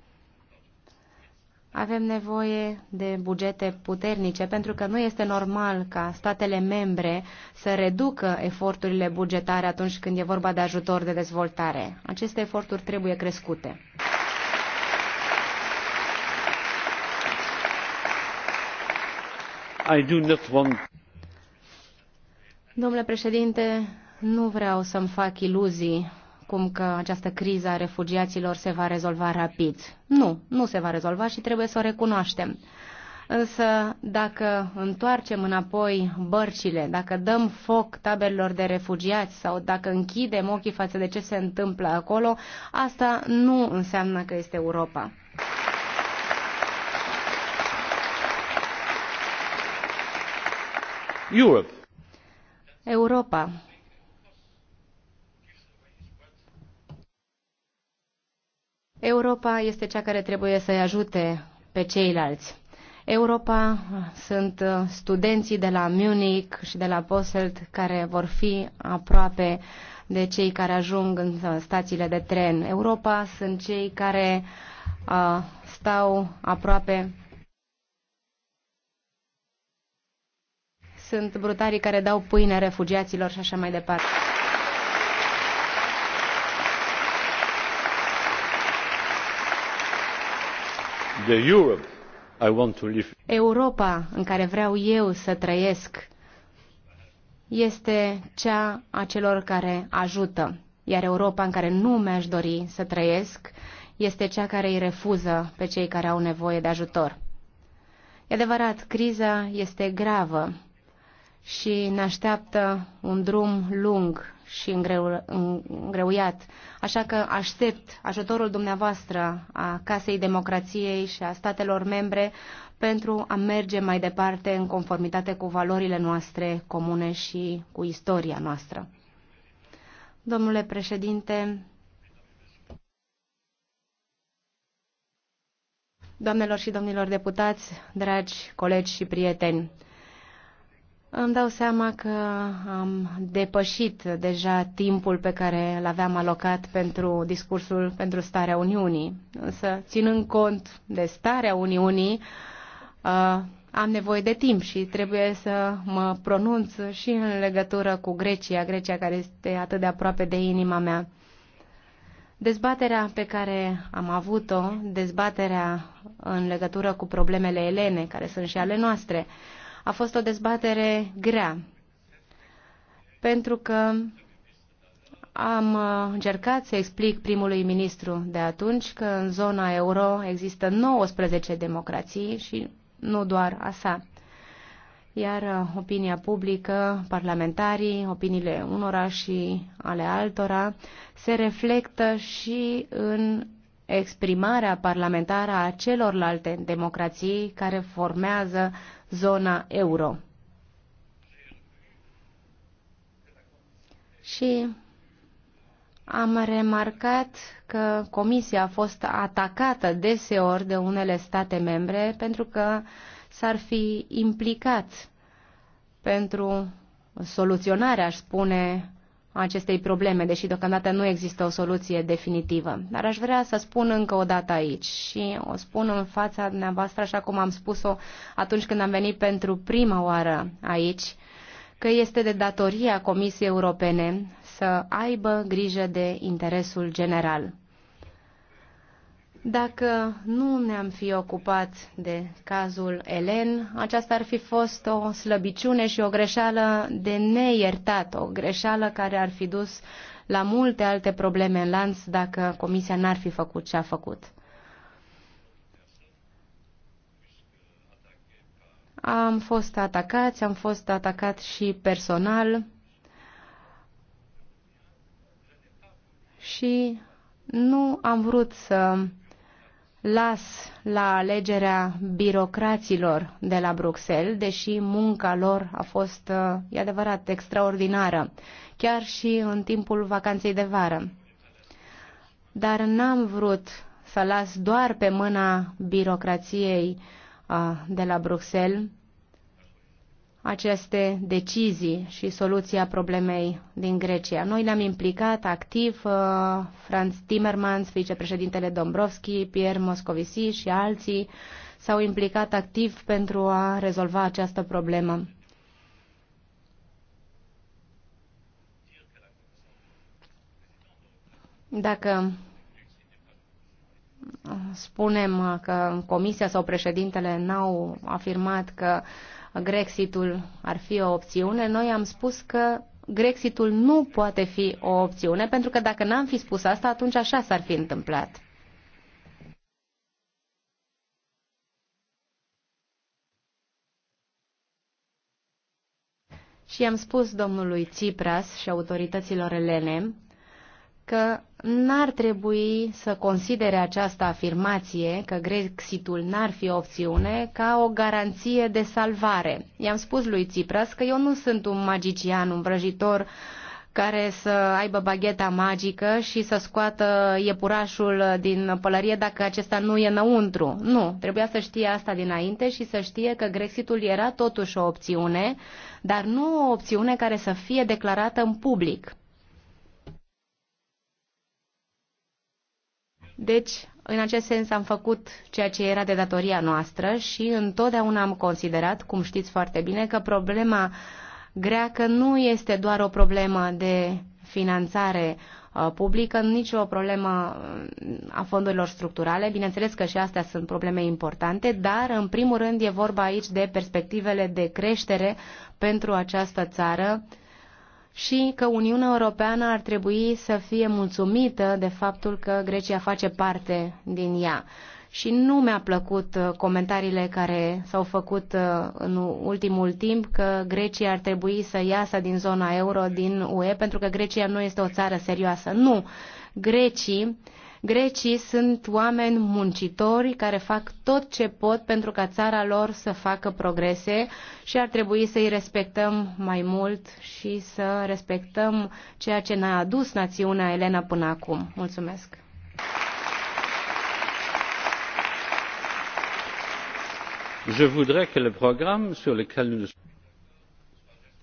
Avem nevoie de bugete puternice, pentru că nu este normal ca statele membre să reducă eforturile bugetare atunci când e vorba de ajutor de dezvoltare. Aceste eforturi trebuie crescute. Domnule președinte, nu vreau să-mi fac iluzii cum că această criză a refugiaților se va rezolva rapid. Nu, nu se va rezolva și trebuie să o recunoaștem. Însă, dacă întoarcem înapoi bărcile, dacă dăm foc taberelor de refugiați sau dacă închidem ochii față de ce se întâmplă acolo, asta nu înseamnă că este Europa. Europa. Europa este cea care trebuie să-i ajute pe ceilalți. Europa sunt studenții de la Munich și de la Posselt care vor fi aproape de cei care ajung în stațiile de tren. Europa sunt cei care uh, stau aproape sunt brutarii care dau pâine refugiaților și așa mai departe. The Europe I want to live. Europa în care vreau eu să trăiesc este cea a celor care ajută, iar Europa în care nu mi-aș dori să trăiesc este cea care îi refuză pe cei care au nevoie de ajutor. E adevărat, criza este gravă și ne așteaptă un drum lung și îngreu, îngreuiat. Așa că aștept ajutorul dumneavoastră a Casei Democrației și a statelor membre pentru a merge mai departe în conformitate cu valorile noastre comune și cu istoria noastră. Domnule președinte, doamnelor și domnilor deputați, dragi colegi și prieteni, îmi dau seama că am depășit deja timpul pe care l aveam alocat pentru discursul pentru starea Uniunii. Însă, ținând cont de starea Uniunii, uh, am nevoie de timp și trebuie să mă pronunț și în legătură cu Grecia, Grecia care este atât de aproape de inima mea. Dezbaterea pe care am avut-o, dezbaterea în legătură cu problemele elene, care sunt și ale noastre, uh, a fost o dezbatere grea, pentru că am uh, încercat să explic primului ministru de atunci că în zona euro există 19 democrații și nu doar asta. Iar uh, opinia publică, parlamentarii, opiniile unora și ale altora se reflectă și în exprimarea parlamentară a celorlalte democrații care formează zona euro. Și am remarcat că Comisia a fost atacată deseori de unele state membre pentru că s-ar fi implicat pentru soluționarea, aș spune, acestei probleme, deși deocamdată nu există o soluție definitivă. Dar aș vrea să spun încă o dată aici și o spun în fața dumneavoastră, așa cum am spus-o atunci când am venit pentru prima oară aici, că este de datoria Comisiei Europene să aibă grijă de interesul general. Dacă nu ne-am fi ocupat de cazul Elen, aceasta ar fi fost o slăbiciune și o greșeală de neiertat, o greșeală care ar fi dus la multe alte probleme în lanț dacă Comisia n-ar fi făcut ce a făcut. Am fost atacați, am fost atacat și personal și nu am vrut să las la alegerea birocraților de la Bruxelles, deși munca lor a fost, uh, e adevărat, extraordinară, chiar și în timpul vacanței de vară. Dar n-am vrut să las doar pe mâna birocrației uh, de la Bruxelles aceste decizii și soluția problemei din Grecia. Noi ne-am implicat activ, uh, Franz Timmermans, vicepreședintele Dombrovski, Pierre Moscovici și alții s-au implicat activ pentru a rezolva această problemă. Dacă spunem că Comisia sau președintele n-au afirmat că Grexitul ar fi o opțiune, noi am spus că Grexitul nu poate fi o opțiune, pentru că dacă n-am fi spus asta, atunci așa s-ar fi întâmplat. Și am spus domnului Tsipras și autorităților elene că n-ar trebui să considere această afirmație că Grexitul n-ar fi opțiune ca o garanție de salvare. I-am spus lui Tsipras că eu nu sunt un magician, un vrăjitor care să aibă bagheta magică și să scoată iepurașul din pălărie dacă acesta nu e înăuntru. Nu, trebuia să știe asta dinainte și să știe că Grexitul era totuși o opțiune, dar nu o opțiune care să fie declarată în public. Deci, în acest sens am făcut ceea ce era de datoria noastră și întotdeauna am considerat, cum știți foarte bine, că problema greacă nu este doar o problemă de finanțare uh, publică, nici o problemă uh, a fondurilor structurale. Bineînțeles că și astea sunt probleme importante, dar în primul rând e vorba aici de perspectivele de creștere pentru această țară și că Uniunea Europeană ar trebui să fie mulțumită de faptul că Grecia face parte din ea. Și nu mi-a plăcut uh, comentariile care s-au făcut uh, în ultimul timp că Grecia ar trebui să iasă din zona euro, din UE, pentru că Grecia nu este o țară serioasă. Nu! Grecii Grecii sunt oameni muncitori care fac tot ce pot pentru ca țara lor să facă progrese și ar trebui să îi respectăm mai mult și să respectăm ceea ce ne-a adus națiunea Elena până acum. Mulțumesc! Je voudrais que le programme sur lequel nous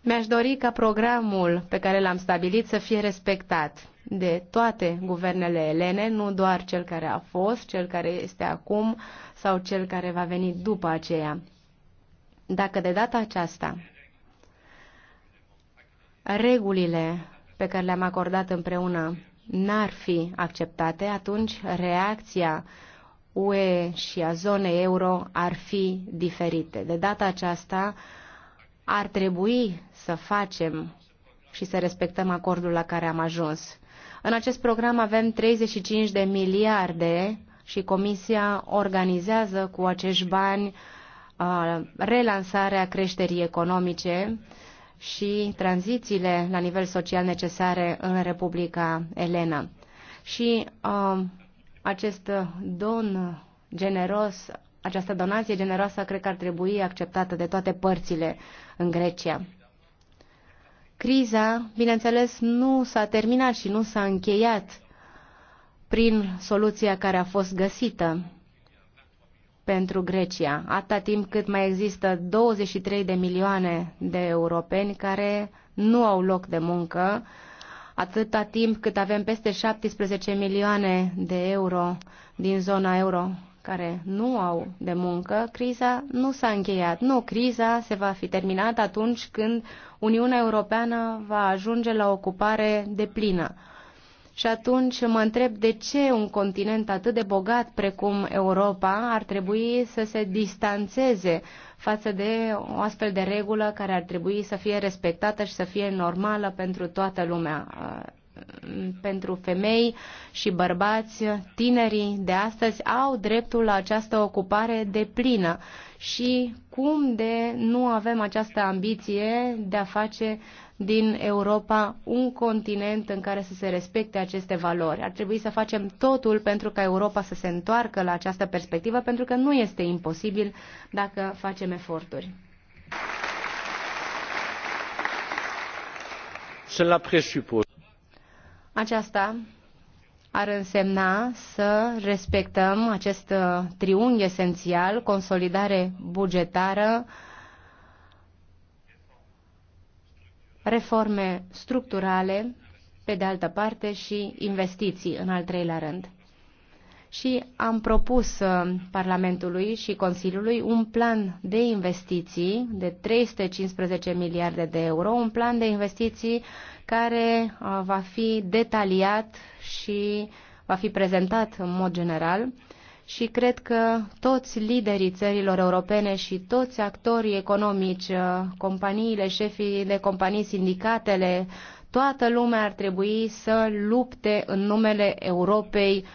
mi-aș dori ca programul pe care l-am stabilit să fie respectat de toate guvernele elene, nu doar cel care a fost, cel care este acum sau cel care va veni după aceea. Dacă de data aceasta regulile pe care le-am acordat împreună n-ar fi acceptate, atunci reacția UE și a zonei euro ar fi diferite. De data aceasta ar trebui să facem și să respectăm acordul la care am ajuns. În acest program avem 35 de miliarde și Comisia organizează cu acești bani uh, relansarea creșterii economice și tranzițiile la nivel social necesare în Republica Elena. Și uh, acest don generos, această donație generoasă, cred că ar trebui acceptată de toate părțile în Grecia. Criza, bineînțeles, nu s-a terminat și nu s-a încheiat prin soluția care a fost găsită pentru Grecia, atâta timp cât mai există 23 de milioane de europeni care nu au loc de muncă, atâta timp cât avem peste 17 milioane de euro din zona euro care nu au de muncă, criza nu s-a încheiat. Nu, criza se va fi terminat atunci când Uniunea Europeană va ajunge la ocupare de plină. Și atunci mă întreb de ce un continent atât de bogat precum Europa ar trebui să se distanțeze față de o astfel de regulă care ar trebui să fie respectată și să fie normală pentru toată lumea pentru femei și bărbați, tinerii de astăzi au dreptul la această ocupare de plină și cum de nu avem această ambiție de a face din Europa un continent în care să se respecte aceste valori. Ar trebui să facem totul pentru ca Europa să se întoarcă la această perspectivă, pentru că nu este imposibil dacă facem eforturi. la presupune aceasta ar însemna să respectăm acest uh, triunghi esențial, consolidare bugetară, reforme structurale, pe de altă parte, și investiții, în al treilea rând. Și am propus uh, Parlamentului și Consiliului un plan de investiții de 315 miliarde de euro, un plan de investiții care uh, va fi detaliat și va fi prezentat în mod general și cred că toți liderii țărilor europene și toți actorii economici, uh, companiile, șefii de companii, sindicatele, toată lumea ar trebui să lupte în numele Europei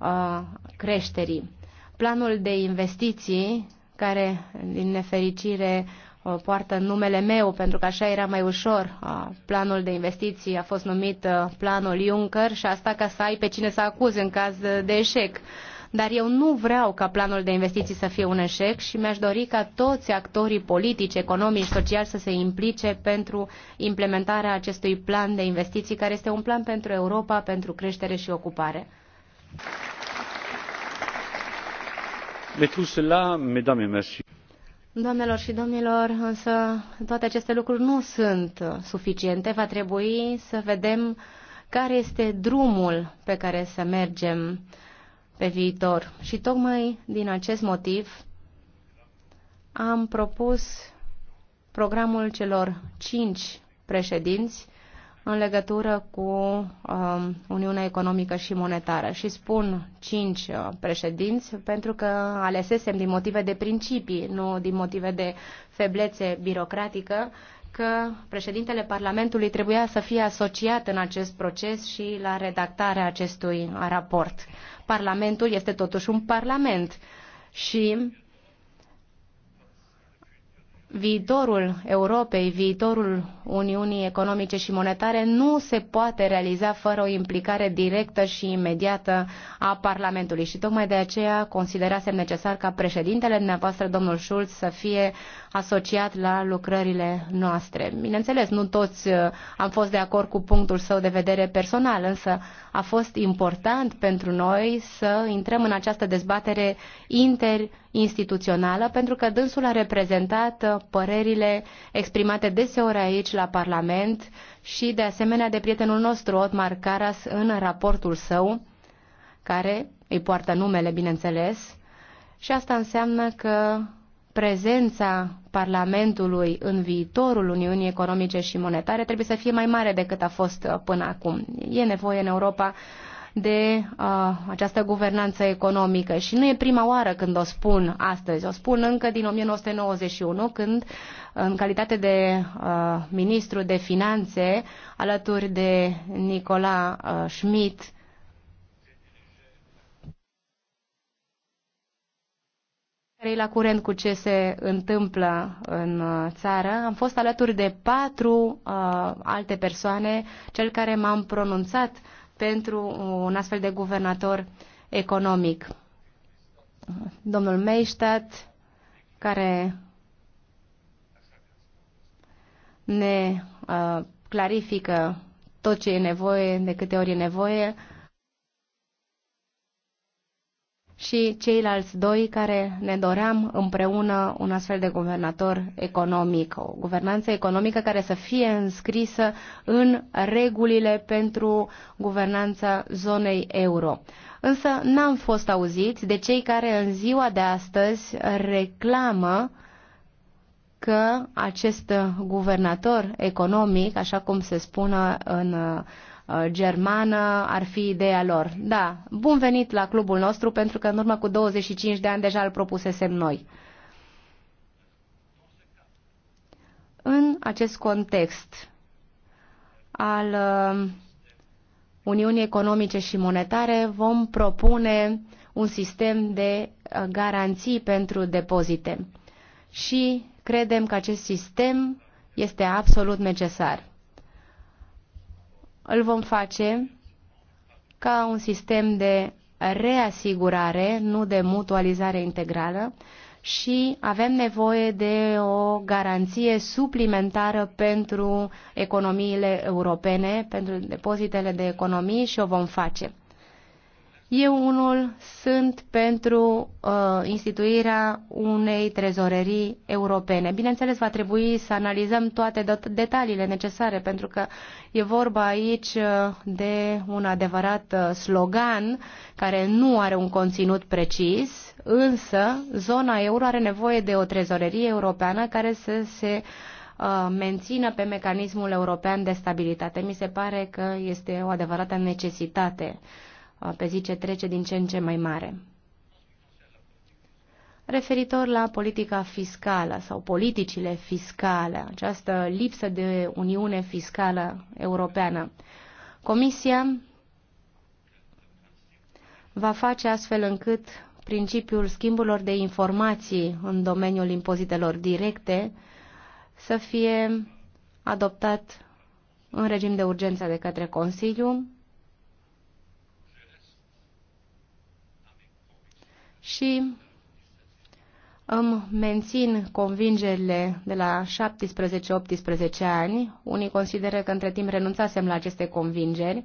uh, creșterii. Planul de investiții, care din nefericire Uh, poartă numele meu, pentru că așa era mai ușor. Uh, planul de investiții a fost numit uh, Planul Juncker și asta ca să ai pe cine să acuzi în caz de eșec. Dar eu nu vreau ca planul de investiții să fie un eșec și mi-aș dori ca toți actorii politici, economici, sociali să se implice pentru implementarea acestui plan de investiții, care este un plan pentru Europa, pentru creștere și ocupare. Mais tout cela, mesdames et messieurs, Doamnelor și domnilor, însă toate aceste lucruri nu sunt suficiente. Va trebui să vedem care este drumul pe care să mergem pe viitor. Și tocmai din acest motiv am propus programul celor cinci președinți în legătură cu um, Uniunea Economică și Monetară. Și spun cinci uh, președinți pentru că alesesem din motive de principii, nu din motive de feblețe birocratică, că președintele Parlamentului trebuia să fie asociat în acest proces și la redactarea acestui raport. Parlamentul este totuși un parlament și viitorul Europei, viitorul Uniunii Economice și Monetare nu se poate realiza fără o implicare directă și imediată a Parlamentului. Și tocmai de aceea considerasem necesar ca președintele dumneavoastră, domnul Schulz, să fie asociat la lucrările noastre. Bineînțeles, nu toți uh, am fost de acord cu punctul său de vedere personal, însă a fost important pentru noi să intrăm în această dezbatere inter instituțională, pentru că dânsul a reprezentat uh, părerile exprimate deseori aici la Parlament și de asemenea de prietenul nostru Otmar Caras în raportul său, care îi poartă numele, bineînțeles, și asta înseamnă că prezența Parlamentului în viitorul Uniunii Economice și Monetare trebuie să fie mai mare decât a fost uh, până acum. E nevoie în Europa de uh, această guvernanță economică. Și nu e prima oară când o spun astăzi. O spun încă din 1991, când, în calitate de uh, ministru de finanțe, alături de Nicola uh, Schmidt, care e la curent cu ce se întâmplă în uh, țară. Am fost alături de patru uh, alte persoane, cel care m-am pronunțat pentru un astfel de guvernator economic. Domnul Meistat, care ne uh, clarifică tot ce e nevoie, de câte ori e nevoie, și ceilalți doi care ne doream împreună un astfel de guvernator economic, o guvernanță economică care să fie înscrisă în regulile pentru guvernanța zonei euro. Însă n-am fost auziți de cei care în ziua de astăzi reclamă că acest guvernator economic, așa cum se spune în uh, Uh, germană ar fi ideea lor. Da, bun venit la clubul nostru pentru că în urmă cu 25 de ani deja îl propusesem noi. În acest context al uh, Uniunii Economice și Monetare vom propune un sistem de uh, garanții pentru depozite și credem că acest sistem este absolut necesar îl vom face ca un sistem de reasigurare, nu de mutualizare integrală și avem nevoie de o garanție suplimentară pentru economiile europene, pentru depozitele de economii și o vom face. Eu unul sunt pentru uh, instituirea unei trezorerii europene. Bineînțeles, va trebui să analizăm toate detaliile necesare, pentru că e vorba aici uh, de un adevărat uh, slogan care nu are un conținut precis, însă zona euro are nevoie de o trezorerie europeană care să se uh, mențină pe mecanismul european de stabilitate. Mi se pare că este o adevărată necesitate pe zi ce trece din ce în ce mai mare. Referitor la politica fiscală sau politicile fiscale, această lipsă de uniune fiscală europeană, Comisia va face astfel încât principiul schimburilor de informații în domeniul impozitelor directe să fie adoptat în regim de urgență de către Consiliu și îmi mențin convingerile de la 17-18 ani. Unii consideră că între timp renunțasem la aceste convingeri,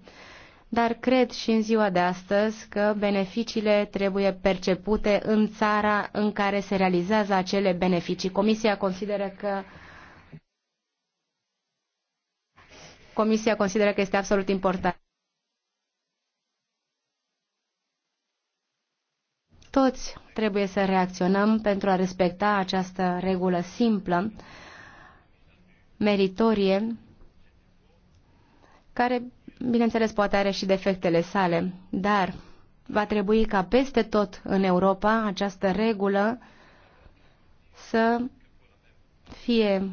dar cred și în ziua de astăzi că beneficiile trebuie percepute în țara în care se realizează acele beneficii. Comisia consideră că Comisia consideră că este absolut important Toți trebuie să reacționăm pentru a respecta această regulă simplă, meritorie, care, bineînțeles, poate are și defectele sale, dar va trebui ca peste tot în Europa această regulă să fie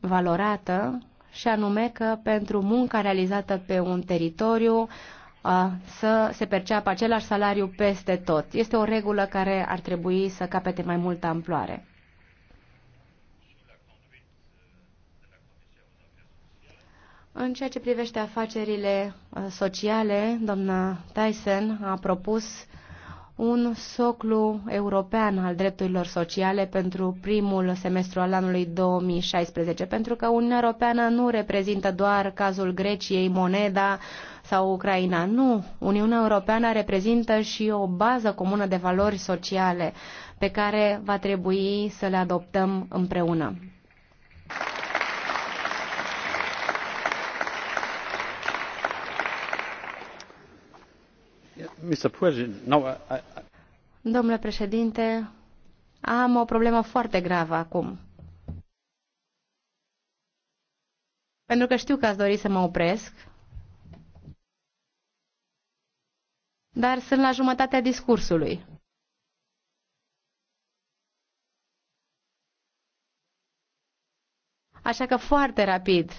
valorată și anume că pentru munca realizată pe un teritoriu să se perceapă același salariu peste tot. Este o regulă care ar trebui să capete mai multă amploare. În ceea ce privește afacerile sociale, doamna Tyson a propus un soclu european al drepturilor sociale pentru primul semestru al anului 2016, pentru că Uniunea Europeană nu reprezintă doar cazul Greciei, moneda sau Ucraina. Nu, Uniunea Europeană reprezintă și o bază comună de valori sociale pe care va trebui să le adoptăm împreună. Uh, uh, Domnule președinte, am o problemă foarte gravă acum. Pentru că știu că ați dori să mă opresc, dar sunt la jumătatea discursului. Așa că foarte rapid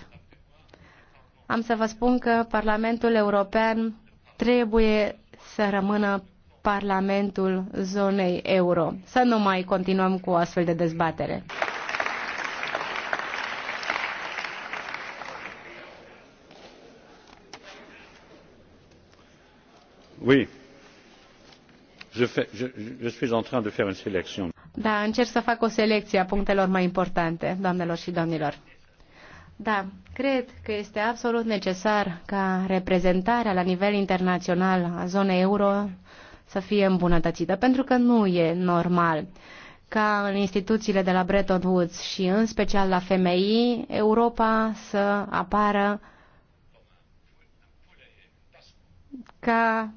am să vă spun că Parlamentul European trebuie să rămână Parlamentul zonei euro. Să nu mai continuăm cu astfel de dezbatere. Oui. Je, fais, je, je suis en train de faire une sélection. Da, încerc să fac o selecție a punctelor mai importante, doamnelor și domnilor. Da, cred că este absolut necesar ca reprezentarea la nivel internațional a zonei euro să fie îmbunătățită, pentru că nu e normal ca în instituțiile de la Bretton Woods și în special la FMI, Europa să apară ca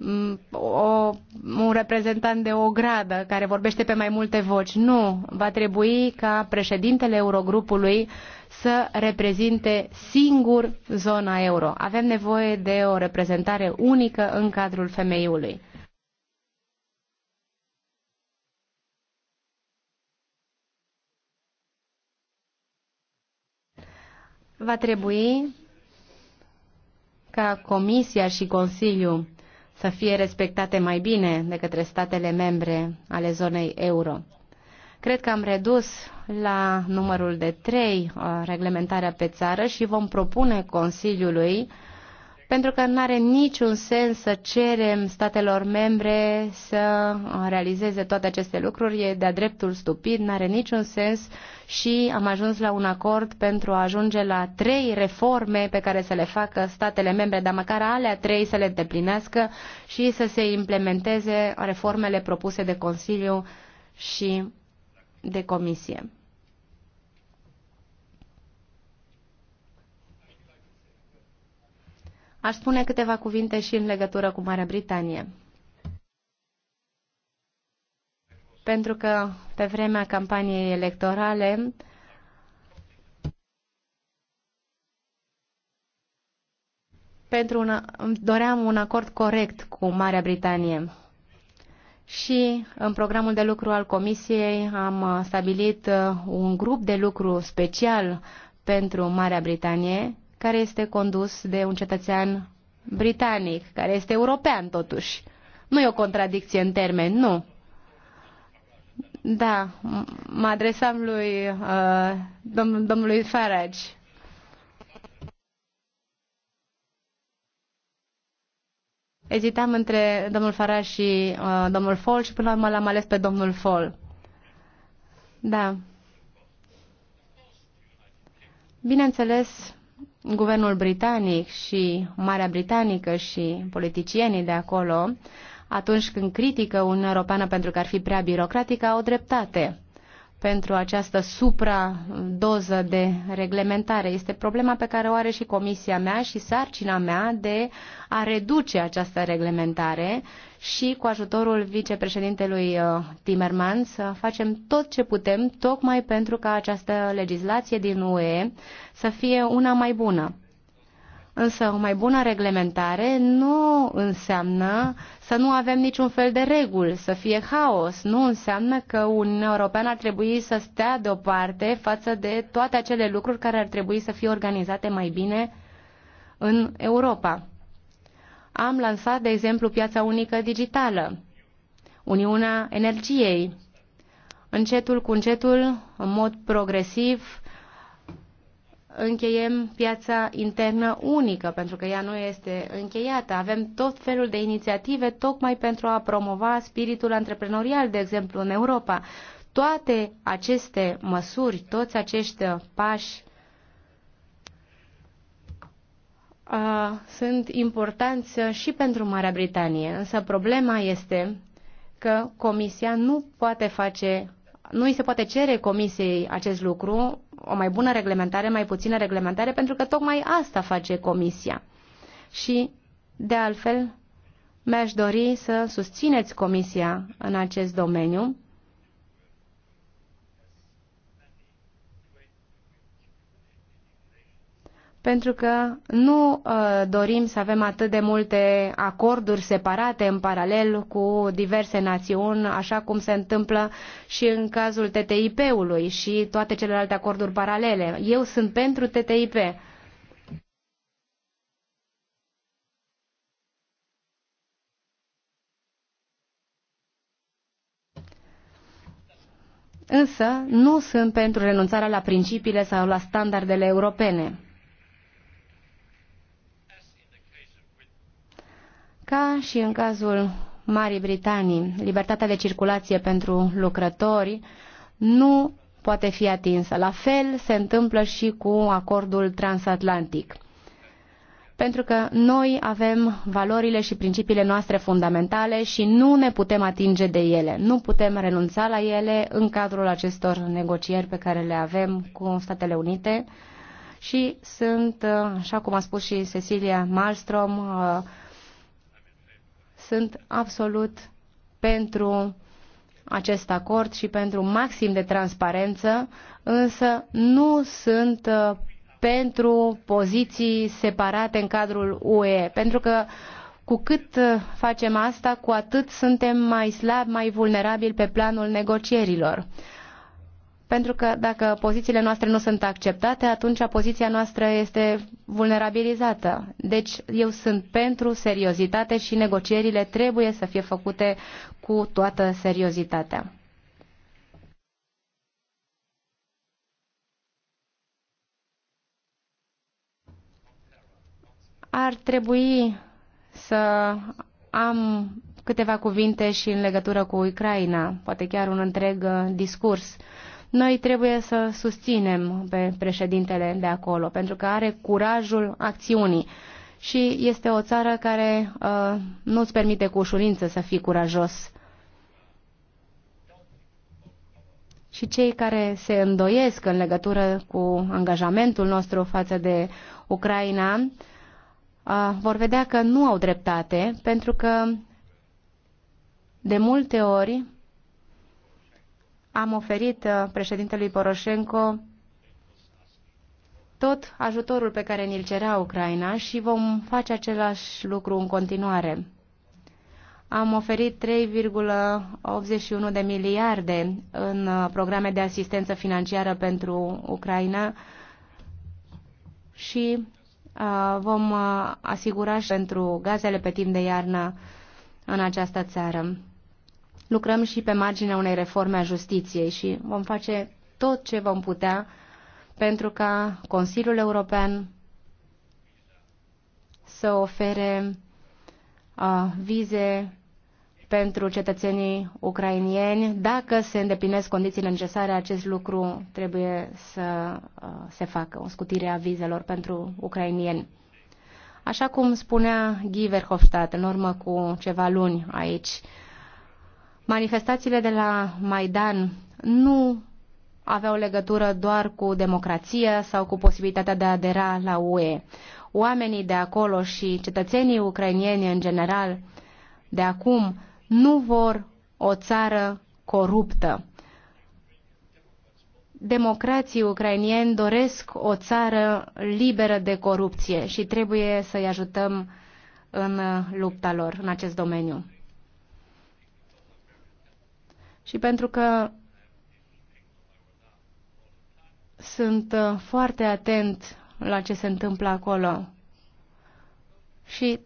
Mm, o, un reprezentant de o gradă care vorbește pe mai multe voci. Nu, va trebui ca președintele Eurogrupului să reprezinte singur zona euro. Avem nevoie de o reprezentare unică în cadrul femeiului. Va trebui ca Comisia și Consiliul să fie respectate mai bine de către statele membre ale zonei euro. Cred că am redus la numărul de trei uh, reglementarea pe țară și vom propune Consiliului pentru că nu are niciun sens să cerem statelor membre să realizeze toate aceste lucruri. E de-a dreptul stupid, nu are niciun sens și am ajuns la un acord pentru a ajunge la trei reforme pe care să le facă statele membre, dar măcar alea trei să le îndeplinească și să se implementeze reformele propuse de Consiliu și de Comisie. Aș spune câteva cuvinte și în legătură cu Marea Britanie. Pentru că pe vremea campaniei electorale pentru un, doream un acord corect cu Marea Britanie. Și în programul de lucru al Comisiei am stabilit un grup de lucru special pentru Marea Britanie care este condus de un cetățean britanic, care este european totuși. Nu e o contradicție în termeni, nu. Da, mă adresam lui uh, dom domnului Farage. Ezitam între domnul Faraj și uh, domnul Fol și până la urmă l-am ales pe domnul Fol. Da. Bineînțeles, guvernul britanic și Marea Britanică și politicienii de acolo, atunci când critică Uniunea Europeană pentru că ar fi prea birocratică, au dreptate pentru această supra supra-doză de reglementare. Este problema pe care o are și comisia mea și sarcina mea de a reduce această reglementare și cu ajutorul vicepreședintelui uh, Timmermans uh, facem tot ce putem tocmai pentru ca această legislație din UE să fie una mai bună. Însă o mai bună reglementare nu înseamnă să nu avem niciun fel de reguli, să fie haos. Nu înseamnă că un european ar trebui să stea deoparte față de toate acele lucruri care ar trebui să fie organizate mai bine în Europa. Am lansat, de exemplu, piața unică digitală, Uniunea Energiei. Încetul cu încetul, în mod progresiv, încheiem piața internă unică, pentru că ea nu este încheiată. Avem tot felul de inițiative tocmai pentru a promova spiritul antreprenorial, de exemplu, în Europa. Toate aceste măsuri, toți acești pași sunt importanți și pentru Marea Britanie, însă problema este că Comisia nu poate face, nu îi se poate cere Comisiei acest lucru, o mai bună reglementare, mai puțină reglementare, pentru că tocmai asta face Comisia. Și, de altfel, mi-aș dori să susțineți Comisia în acest domeniu pentru că nu uh, dorim să avem atât de multe acorduri separate în paralel cu diverse națiuni, așa cum se întâmplă și în cazul TTIP-ului și toate celelalte acorduri paralele. Eu sunt pentru TTIP. Însă, nu sunt pentru renunțarea la principiile sau la standardele europene. Ca și în cazul Marii Britanii, libertatea de circulație pentru lucrători nu poate fi atinsă. La fel se întâmplă și cu acordul transatlantic. Pentru că noi avem valorile și principiile noastre fundamentale și nu ne putem atinge de ele. Nu putem renunța la ele în cadrul acestor negocieri pe care le avem cu Statele Unite și sunt, așa cum a spus și Cecilia Malmström, uh, sunt absolut pentru acest acord și pentru maxim de transparență, însă nu sunt uh, pentru poziții separate în cadrul UE, pentru că cu cât uh, facem asta, cu atât suntem mai slabi, mai vulnerabili pe planul negocierilor pentru că dacă pozițiile noastre nu sunt acceptate, atunci poziția noastră este vulnerabilizată. Deci eu sunt pentru seriozitate și negocierile trebuie să fie făcute cu toată seriozitatea. Ar trebui să am câteva cuvinte și în legătură cu Ucraina, poate chiar un întreg uh, discurs noi trebuie să susținem pe președintele de acolo, pentru că are curajul acțiunii și este o țară care uh, nu îți permite cu ușurință să fii curajos. Și cei care se îndoiesc în legătură cu angajamentul nostru față de Ucraina uh, vor vedea că nu au dreptate, pentru că de multe ori am oferit uh, președintelui Poroșenco tot ajutorul pe care ni-l cerea Ucraina și vom face același lucru în continuare. Am oferit 3,81 de miliarde în uh, programe de asistență financiară pentru Ucraina și uh, vom asigura și pentru gazele pe timp de iarnă în această țară lucrăm și pe marginea unei reforme a justiției și vom face tot ce vom putea pentru ca Consiliul European să ofere uh, vize pentru cetățenii ucrainieni. Dacă se îndeplinesc condițiile necesare, acest lucru trebuie să uh, se facă, o scutire a vizelor pentru ucrainieni. Așa cum spunea Guy Verhofstadt în urmă cu ceva luni aici, uh, Manifestațiile de la Maidan nu aveau legătură doar cu democrația sau cu posibilitatea de a adera la UE. Oamenii de acolo și cetățenii ucrainieni în general de acum nu vor o țară coruptă. Democrații ucrainieni doresc o țară liberă de corupție și trebuie să-i ajutăm în lupta lor în acest domeniu și pentru că sunt uh, foarte atent la ce se întâmplă acolo. Și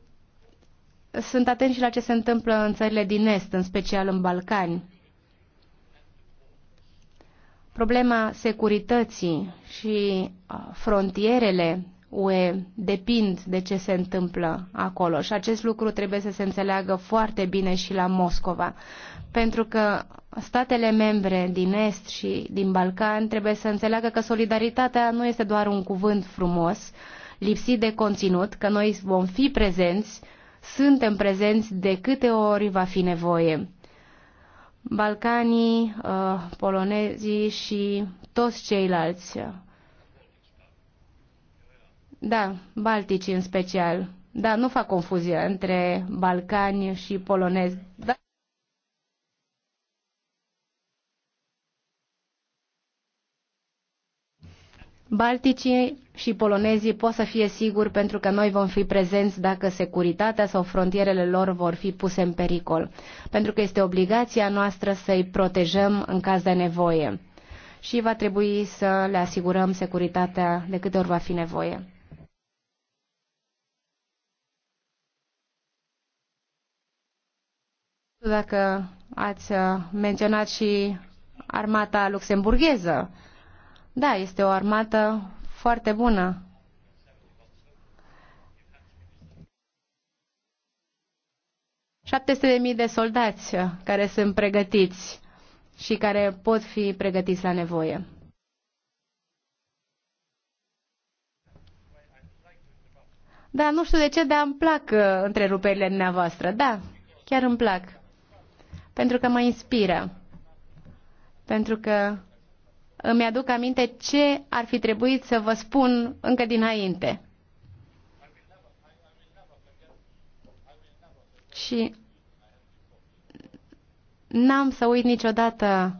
sunt atent și la ce se întâmplă în țările din Est, în special în Balcani. Problema securității și uh, frontierele UE depind de ce se întâmplă acolo și acest lucru trebuie să se înțeleagă foarte bine și la Moscova pentru că statele membre din Est și din Balcan trebuie să înțeleagă că solidaritatea nu este doar un cuvânt frumos, lipsit de conținut, că noi vom fi prezenți, suntem prezenți de câte ori va fi nevoie. Balcanii, uh, polonezii și toți ceilalți. Da, baltici în special. Da, nu fac confuzie între balcani și polonezi. Da. Balticii și polonezii pot să fie siguri pentru că noi vom fi prezenți dacă securitatea sau frontierele lor vor fi puse în pericol, pentru că este obligația noastră să-i protejăm în caz de nevoie și va trebui să le asigurăm securitatea de câte ori va fi nevoie. Dacă ați menționat și armata luxemburgheză, da, este o armată foarte bună. de mii de soldați care sunt pregătiți și care pot fi pregătiți la nevoie. Da, nu știu de ce, dar îmi plac uh, întreruperile dumneavoastră. Da, chiar îmi plac. Pentru că mă inspiră. Pentru că îmi aduc aminte ce ar fi trebuit să vă spun încă dinainte. Și n-am să uit niciodată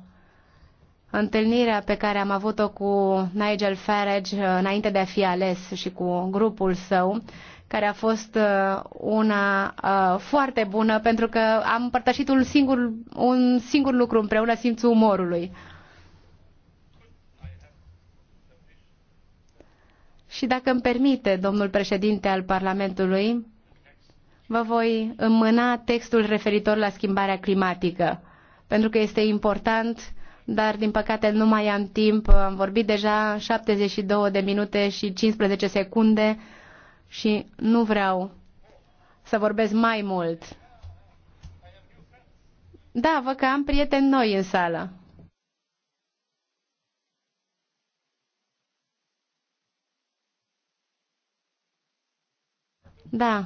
întâlnirea pe care am avut-o cu Nigel Farage uh, înainte de a fi ales și cu grupul său, care a fost uh, una uh, foarte bună pentru că am împărtășit un singur, un singur lucru împreună, simțul umorului. Și dacă îmi permite, domnul președinte al Parlamentului, vă voi înmâna textul referitor la schimbarea climatică, pentru că este important, dar din păcate nu mai am timp. Am vorbit deja 72 de minute și 15 secunde și nu vreau să vorbesc mai mult. Da, văd că am prieteni noi în sală. Da.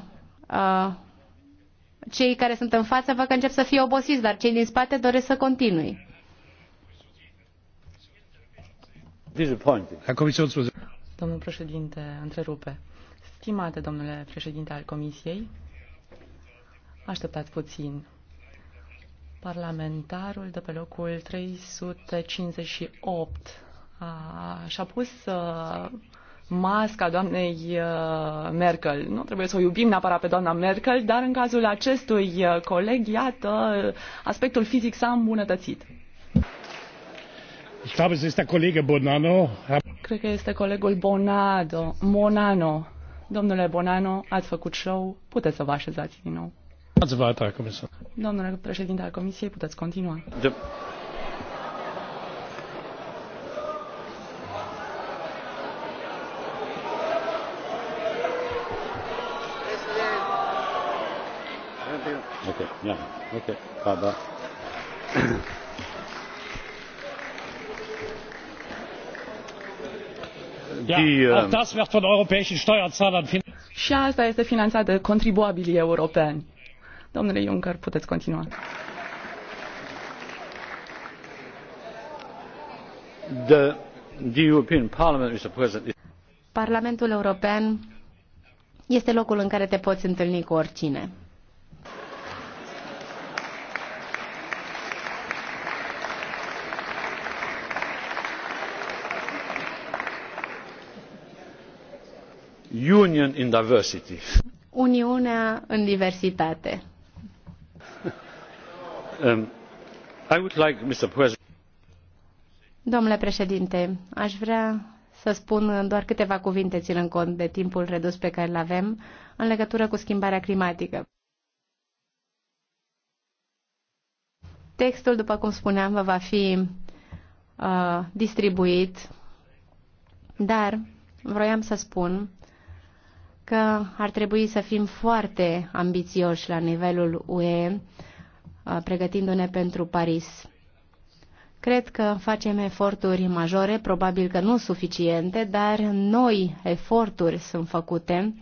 Uh, cei care sunt în față văd că încep să fie obosiți, dar cei din spate doresc să continui. Domnul președinte, întrerupe. Stimate domnule președinte al Comisiei, așteptați puțin. Parlamentarul de pe locul 358 a, și-a pus uh, masca doamnei uh, Merkel. Nu trebuie să o iubim neapărat pe doamna Merkel, dar în cazul acestui uh, coleg, iată, aspectul fizic s-a îmbunătățit. Ich glaube, es ist der Kollege Bonanno. Cred că este colegul Bonado, Monano. Domnule Bonano, ați făcut show, puteți să vă așezați din nou. Domnule președinte al Comisiei, puteți continua. De Ähm, Și asta este finanțat de contribuabilii europeni. Domnule Juncker, puteți continua. The, the European Parliament, Mr. present. Parlamentul European este locul în care te poți întâlni cu oricine. Union in diversity. Uniunea în diversitate. *laughs* Um, I would like, Mr. President... Domnule președinte, aș vrea să spun doar câteva cuvinte ținând cont de timpul redus pe care îl avem în legătură cu schimbarea climatică. Textul, după cum spuneam, vă va fi uh, distribuit, dar vroiam să spun că ar trebui să fim foarte ambițioși la nivelul UE, uh, pregătindu-ne pentru Paris. Cred că facem eforturi majore, probabil că nu suficiente, dar noi eforturi sunt făcute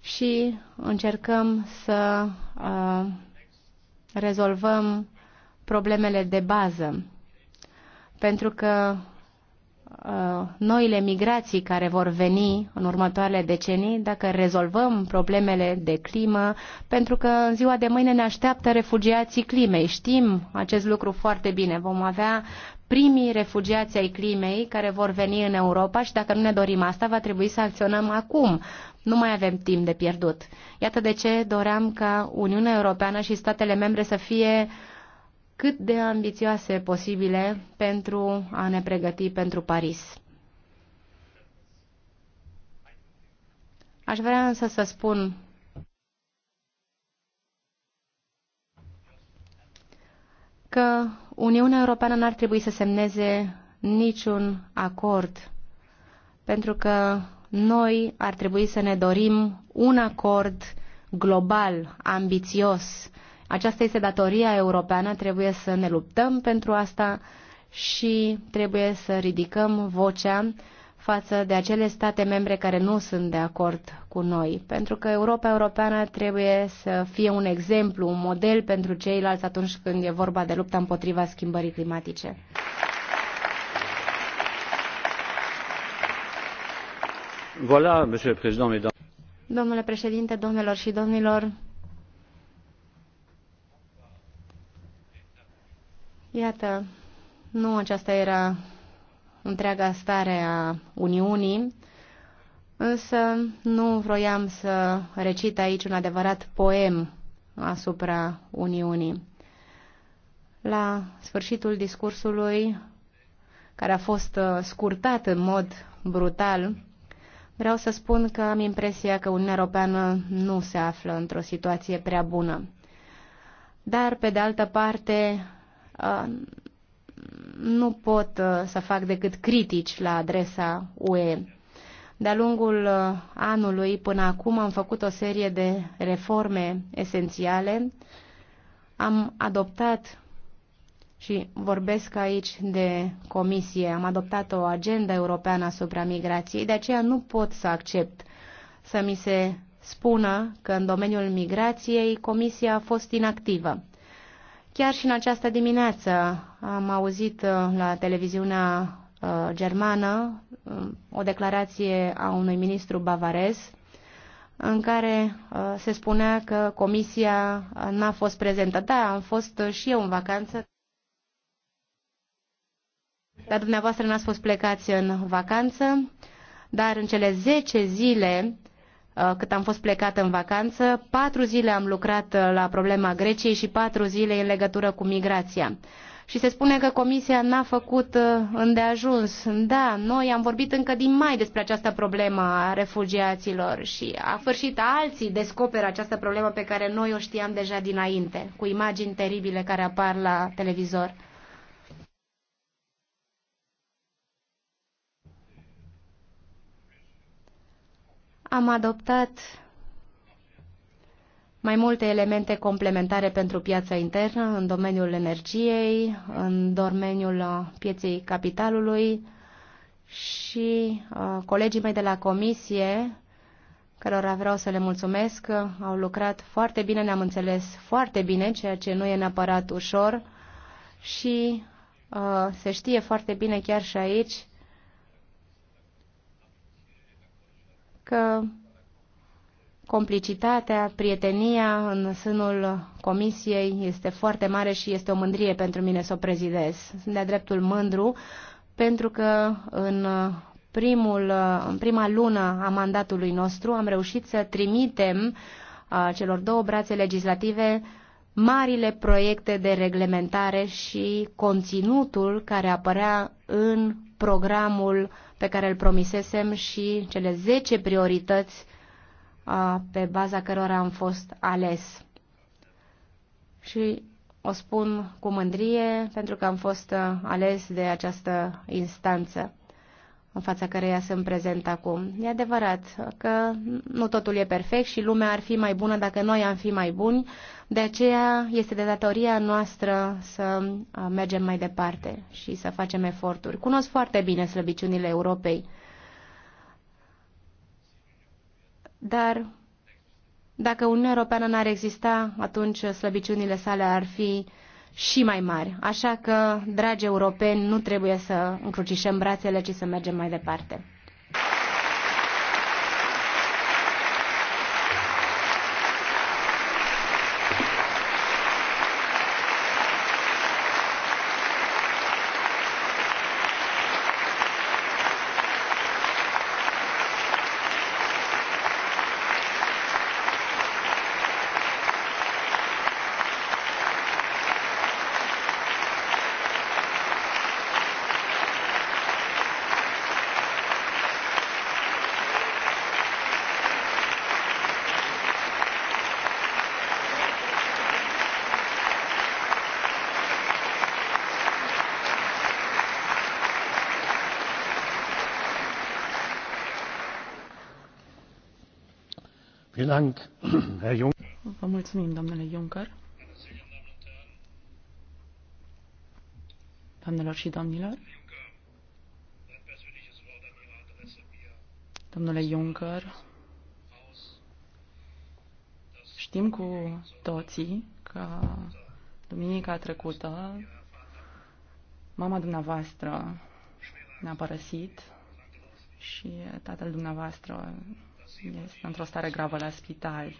și încercăm să uh, rezolvăm problemele de bază. Pentru că Uh, noile migrații care vor veni în următoarele decenii, dacă rezolvăm problemele de climă, pentru că în ziua de mâine ne așteaptă refugiații climei. Știm acest lucru foarte bine. Vom avea primii refugiați ai climei care vor veni în Europa și dacă nu ne dorim asta, va trebui să acționăm acum. Nu mai avem timp de pierdut. Iată de ce doream ca Uniunea Europeană și statele membre să fie uh, cât de ambițioase posibile pentru a ne pregăti pentru Paris. Aș vrea însă să spun că Uniunea Europeană n-ar trebui să semneze niciun acord, pentru că noi ar trebui să ne dorim un acord global, ambițios, aceasta este datoria europeană, trebuie să ne luptăm pentru asta și trebuie să ridicăm vocea față de acele state membre care nu sunt de acord cu noi, pentru că Europa Europeană trebuie să fie un exemplu, un model pentru ceilalți atunci când e vorba de lupta împotriva schimbării climatice. Voilà, Domnule președinte, domnilor și domnilor, Iată, nu aceasta era întreaga stare a Uniunii, însă nu vroiam să recit aici un adevărat poem asupra Uniunii. La sfârșitul discursului, care a fost uh, scurtat în mod brutal, vreau să spun că am impresia că Uniunea Europeană nu se află într-o situație prea bună. Dar, pe de altă parte, Uh, nu pot uh, să fac decât critici la adresa UE. De-a lungul uh, anului până acum am făcut o serie de reforme esențiale. Am adoptat și vorbesc aici de comisie. Am adoptat o agenda europeană asupra migrației, de aceea nu pot să accept să mi se spună că în domeniul migrației comisia a fost inactivă. Chiar și în această dimineață am auzit uh, la televiziunea uh, germană um, o declarație a unui ministru bavarez în care uh, se spunea că comisia n-a fost prezentă. Da, am fost și eu în vacanță. Dar dumneavoastră n-ați fost plecați în vacanță, dar în cele 10 zile Uh, cât am fost plecat în vacanță, patru zile am lucrat uh, la problema Greciei și patru zile în legătură cu migrația. Și se spune că Comisia n-a făcut uh, îndeajuns. Da, noi am vorbit încă din mai despre această problemă a refugiaților și a fârșit alții descoperă această problemă pe care noi o știam deja dinainte, cu imagini teribile care apar la televizor. Am adoptat mai multe elemente complementare pentru piața internă în domeniul energiei, în domeniul uh, pieței capitalului și uh, colegii mei de la comisie, cărora vreau să le mulțumesc, uh, au lucrat foarte bine, ne-am înțeles foarte bine, ceea ce nu e neapărat ușor și uh, se știe foarte bine chiar și aici că complicitatea, prietenia în sânul comisiei este foarte mare și este o mândrie pentru mine să o prezidez. Sunt de-a dreptul mândru pentru că în, primul, în prima lună a mandatului nostru am reușit să trimitem celor două brațe legislative marile proiecte de reglementare și conținutul care apărea în programul pe care îl promisesem și cele 10 priorități pe baza cărora am fost ales. Și o spun cu mândrie pentru că am fost ales de această instanță în fața căreia sunt prezent acum. E adevărat că nu totul e perfect și lumea ar fi mai bună dacă noi am fi mai buni, de aceea este de datoria noastră să uh, mergem mai departe și să facem eforturi. Cunosc foarte bine slăbiciunile Europei, dar dacă Uniunea Europeană n-ar exista, atunci slăbiciunile sale ar fi uh, și mai mari. Așa că, dragi europeni, nu trebuie să încrucișăm brațele, ci să mergem mai departe. *clears throat* Vă mulțumim, domnule Juncker. Doamnelor și domnilor, domnule Juncker, știm cu toții că duminica trecută mama dumneavoastră ne-a părăsit și tatăl dumneavoastră într-o stare gravă la spital.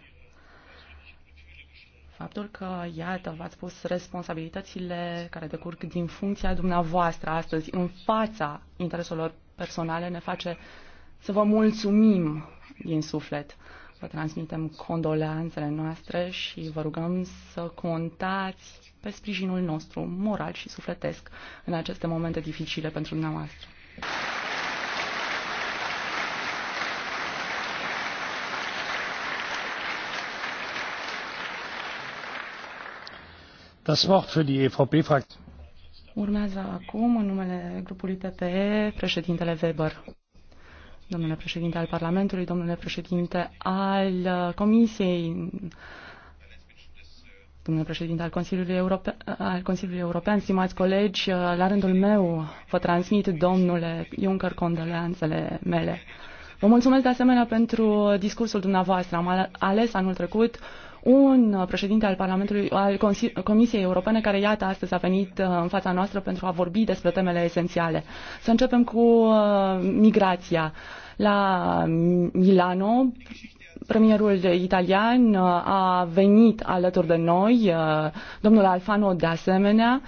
Faptul că, iată, v-ați pus responsabilitățile care decurg din funcția dumneavoastră astăzi în fața intereselor personale ne face să vă mulțumim din suflet. Vă transmitem condoleanțele noastre și vă rugăm să contați pe sprijinul nostru moral și sufletesc în aceste momente dificile pentru dumneavoastră. Urmează acum, în numele grupului PPE, președintele Weber. Domnule președinte al Parlamentului, domnule președinte al uh, Comisiei, domnule președinte al Consiliului, Europe- uh, al Consiliului European, stimați colegi, uh, la rândul meu vă transmit, domnule Juncker, condoleanțele mele. Vă mulțumesc de asemenea pentru discursul dumneavoastră. Am ales anul trecut un președinte al Parlamentului, al Comisiei Europene, care iată astăzi a venit uh, în fața noastră pentru a vorbi despre temele esențiale. Să începem cu uh, migrația. La Milano, premierul italian uh, a venit alături de noi, domnul Alfano de asemenea,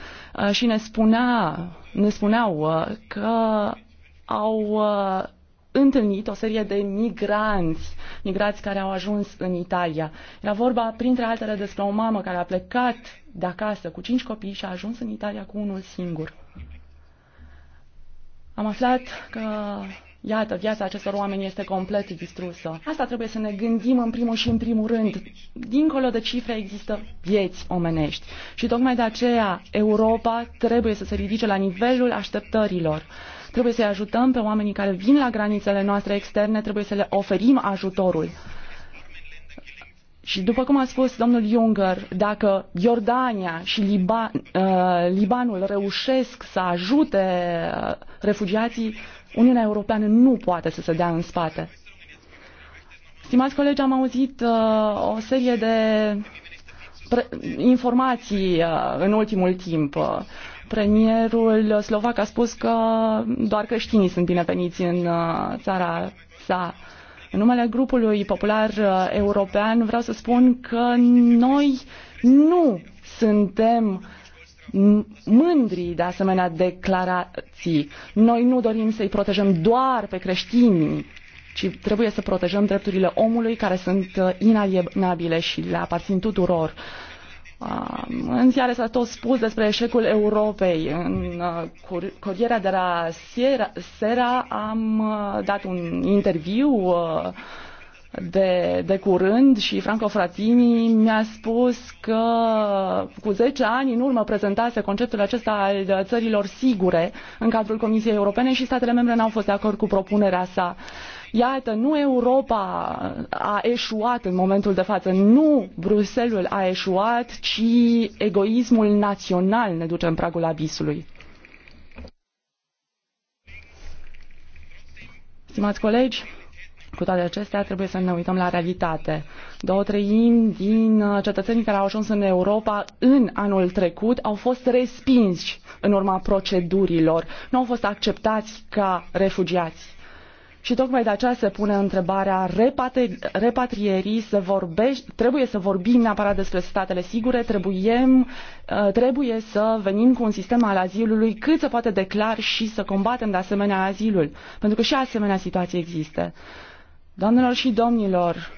și ne spunea, ne spuneau că au întâlnit o serie de migranți, migrați care au ajuns în Italia. Era vorba, printre altele, despre o mamă care a plecat de acasă cu cinci copii și a ajuns în Italia cu unul singur. Am aflat că, iată, viața acestor oameni este complet distrusă. Asta trebuie să ne gândim în primul și în primul rând. Dincolo de cifre există vieți omenești. Și tocmai de aceea Europa trebuie să se ridice la nivelul așteptărilor. Trebuie să-i ajutăm pe oamenii care vin la granițele noastre externe, trebuie să le oferim ajutorul. Și după cum a spus domnul Juncker, dacă Iordania și uh, Libanul reușesc să ajute uh, refugiații, Uniunea Europeană nu poate să se dea în spate. Stimați colegi, am auzit uh, o serie de informații uh, în ultimul timp. Uh, Premierul slovac a spus că doar creștinii sunt bineveniți în uh, țara sa. În numele grupului popular uh, european vreau să spun că noi nu suntem mândri de asemenea declarații. Noi nu dorim să-i protejăm doar pe creștinii, ci trebuie să protejăm drepturile omului care sunt uh, inalienabile și le aparțin tuturor. Uh, Um, în ziare s-a tot spus despre eșecul Europei. În uh, Corriera de la Sera am uh, dat un interviu uh, de, de curând și Franco Fratini mi-a spus că cu 10 ani în urmă prezentase conceptul acesta al țărilor sigure în cadrul Comisiei Europene și statele membre n-au fost de acord cu propunerea sa. Uh, Iată, nu Europa a eșuat în momentul de față, nu Bruselul a eșuat, ci egoismul național ne duce în pragul abisului. Stimați colegi, cu toate acestea, trebuie să ne uităm la realitate. Două treimi din cetățenii care au ajuns în Europa în anul trecut au fost respinși în urma procedurilor, nu au fost acceptați ca refugiați. Și tocmai de aceea se pune întrebarea repatrierii, se vorbește, trebuie să vorbim neapărat despre statele sigure, trebuie, uh, trebuie să venim cu un sistem al azilului cât se poate declar și să combatem de asemenea azilul, pentru că și asemenea situații există. Doamnelor și domnilor,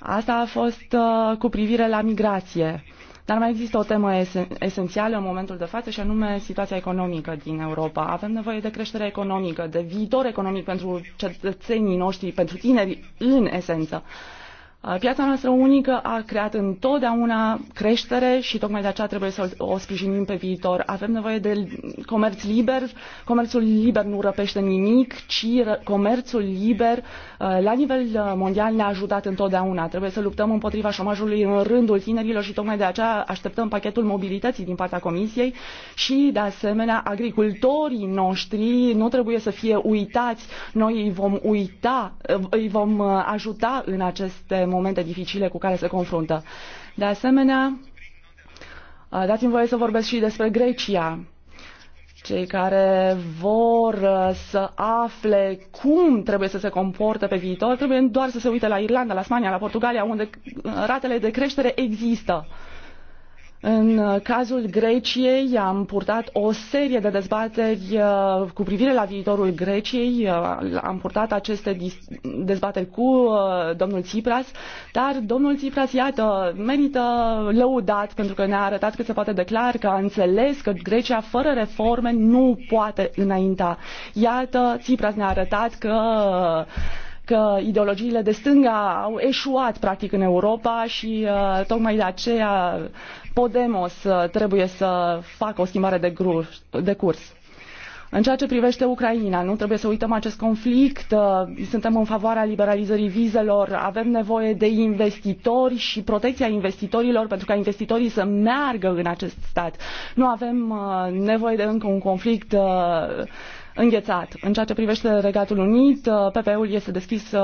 asta a fost uh, cu privire la migrație. Dar mai există o temă esențială în momentul de față și anume situația economică din Europa. Avem nevoie de creștere economică, de viitor economic pentru cetățenii noștri, pentru tineri în esență. Piața noastră unică a creat întotdeauna creștere și tocmai de aceea trebuie să o sprijinim pe viitor. Avem nevoie de comerț liber. Comerțul liber nu răpește nimic, ci comerțul liber Uh, la nivel uh, mondial ne-a ajutat întotdeauna. Trebuie să luptăm împotriva șomajului în rândul tinerilor și tocmai de aceea așteptăm pachetul mobilității din partea Comisiei și, de asemenea, agricultorii noștri nu trebuie să fie uitați. Noi îi vom uita, uh, îi vom ajuta în aceste momente dificile cu care se confruntă. De asemenea, dați-mi voie să vorbesc și despre Grecia cei care vor uh, să afle cum trebuie să se comportă pe viitor, trebuie doar să se uite la Irlanda, la Spania, la Portugalia, unde uh, ratele de creștere există. În uh, cazul Greciei am purtat o serie de dezbateri uh, cu privire la viitorul Greciei. Uh, am purtat aceste dezbateri cu domnul Tsipras, dar domnul Tsipras, iată, merită lăudat pentru că ne-a arătat cât se poate de clar că a înțeles că Grecia fără reforme nu poate înainta. Iată, Tsipras ne-a arătat că că ideologiile de stânga au eșuat practic în Europa și uh, tocmai de aceea Podemos uh, trebuie să facă o schimbare de, gru, de curs. În ceea ce privește Ucraina, nu trebuie să uităm acest conflict, uh, suntem în favoarea liberalizării vizelor, avem nevoie de investitori și protecția investitorilor pentru ca investitorii să meargă în acest stat. Nu avem uh, nevoie de încă un conflict înghețat. În ceea ce privește Regatul Unit, PPE-ul este deschis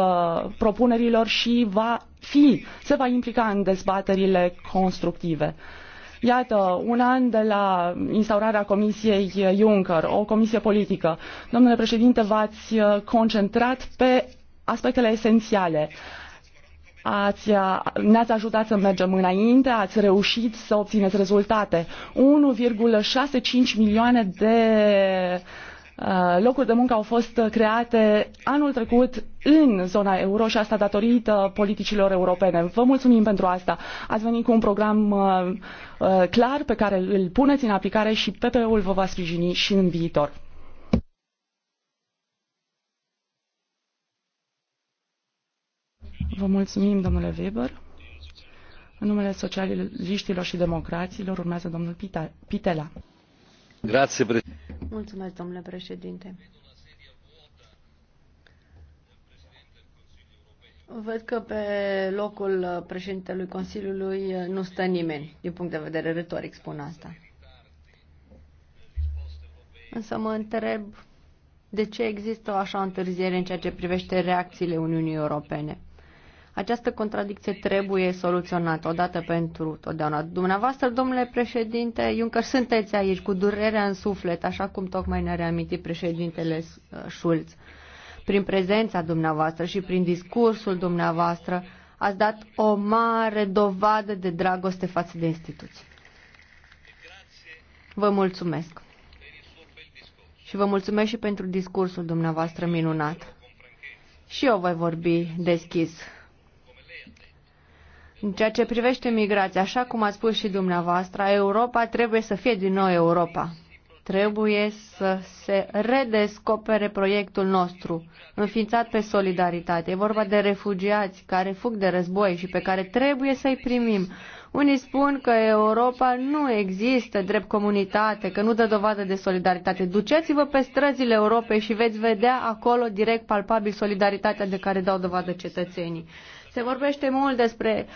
propunerilor și va fi, se va implica în dezbaterile constructive. Iată, un an de la instaurarea Comisiei Juncker, o comisie politică. Domnule președinte, v-ați uh, concentrat pe aspectele esențiale. Ați, uh, ne-ați ajutat să mergem înainte, ați reușit să obțineți rezultate. 1,65 milioane de uh, locuri de muncă au fost create anul trecut în zona euro și asta datorită politicilor europene. Vă mulțumim pentru asta. Ați venit cu un program Uh, clar pe care îl puneți în aplicare și PPE-ul vă va sprijini și în viitor. Vă mulțumim, domnule Weber. În numele socialiștilor și democraților urmează domnul Pitela. Grazie, Mulțumesc, domnule președinte. Văd că pe locul uh, președintelui Consiliului uh, nu stă nimeni, din punct de vedere retoric spun asta. Însă mă întreb de ce există o așa întârziere în ceea ce privește reacțiile Uniunii Europene. Această contradicție trebuie soluționată odată pentru totdeauna. Dumneavoastră, domnule președinte Juncker, sunteți aici cu durerea în suflet, așa cum tocmai ne-a reamintit președintele uh, Schulz prin prezența dumneavoastră și prin discursul dumneavoastră, ați dat o mare dovadă de dragoste față de instituții. Vă mulțumesc. Și vă mulțumesc și pentru discursul dumneavoastră minunat. Și eu voi vorbi deschis. În ceea ce privește migrația, așa cum a spus și dumneavoastră, Europa trebuie să fie din nou Europa. Trebuie să se redescopere proiectul nostru, înființat pe solidaritate. E vorba de refugiați care fug de război și pe care trebuie să-i primim. Unii spun că Europa nu există drept comunitate, că nu dă dovadă de solidaritate. Duceți-vă pe străzile Europei și veți vedea acolo direct palpabil solidaritatea de care dau dovadă cetățenii. Se vorbește mult despre uh,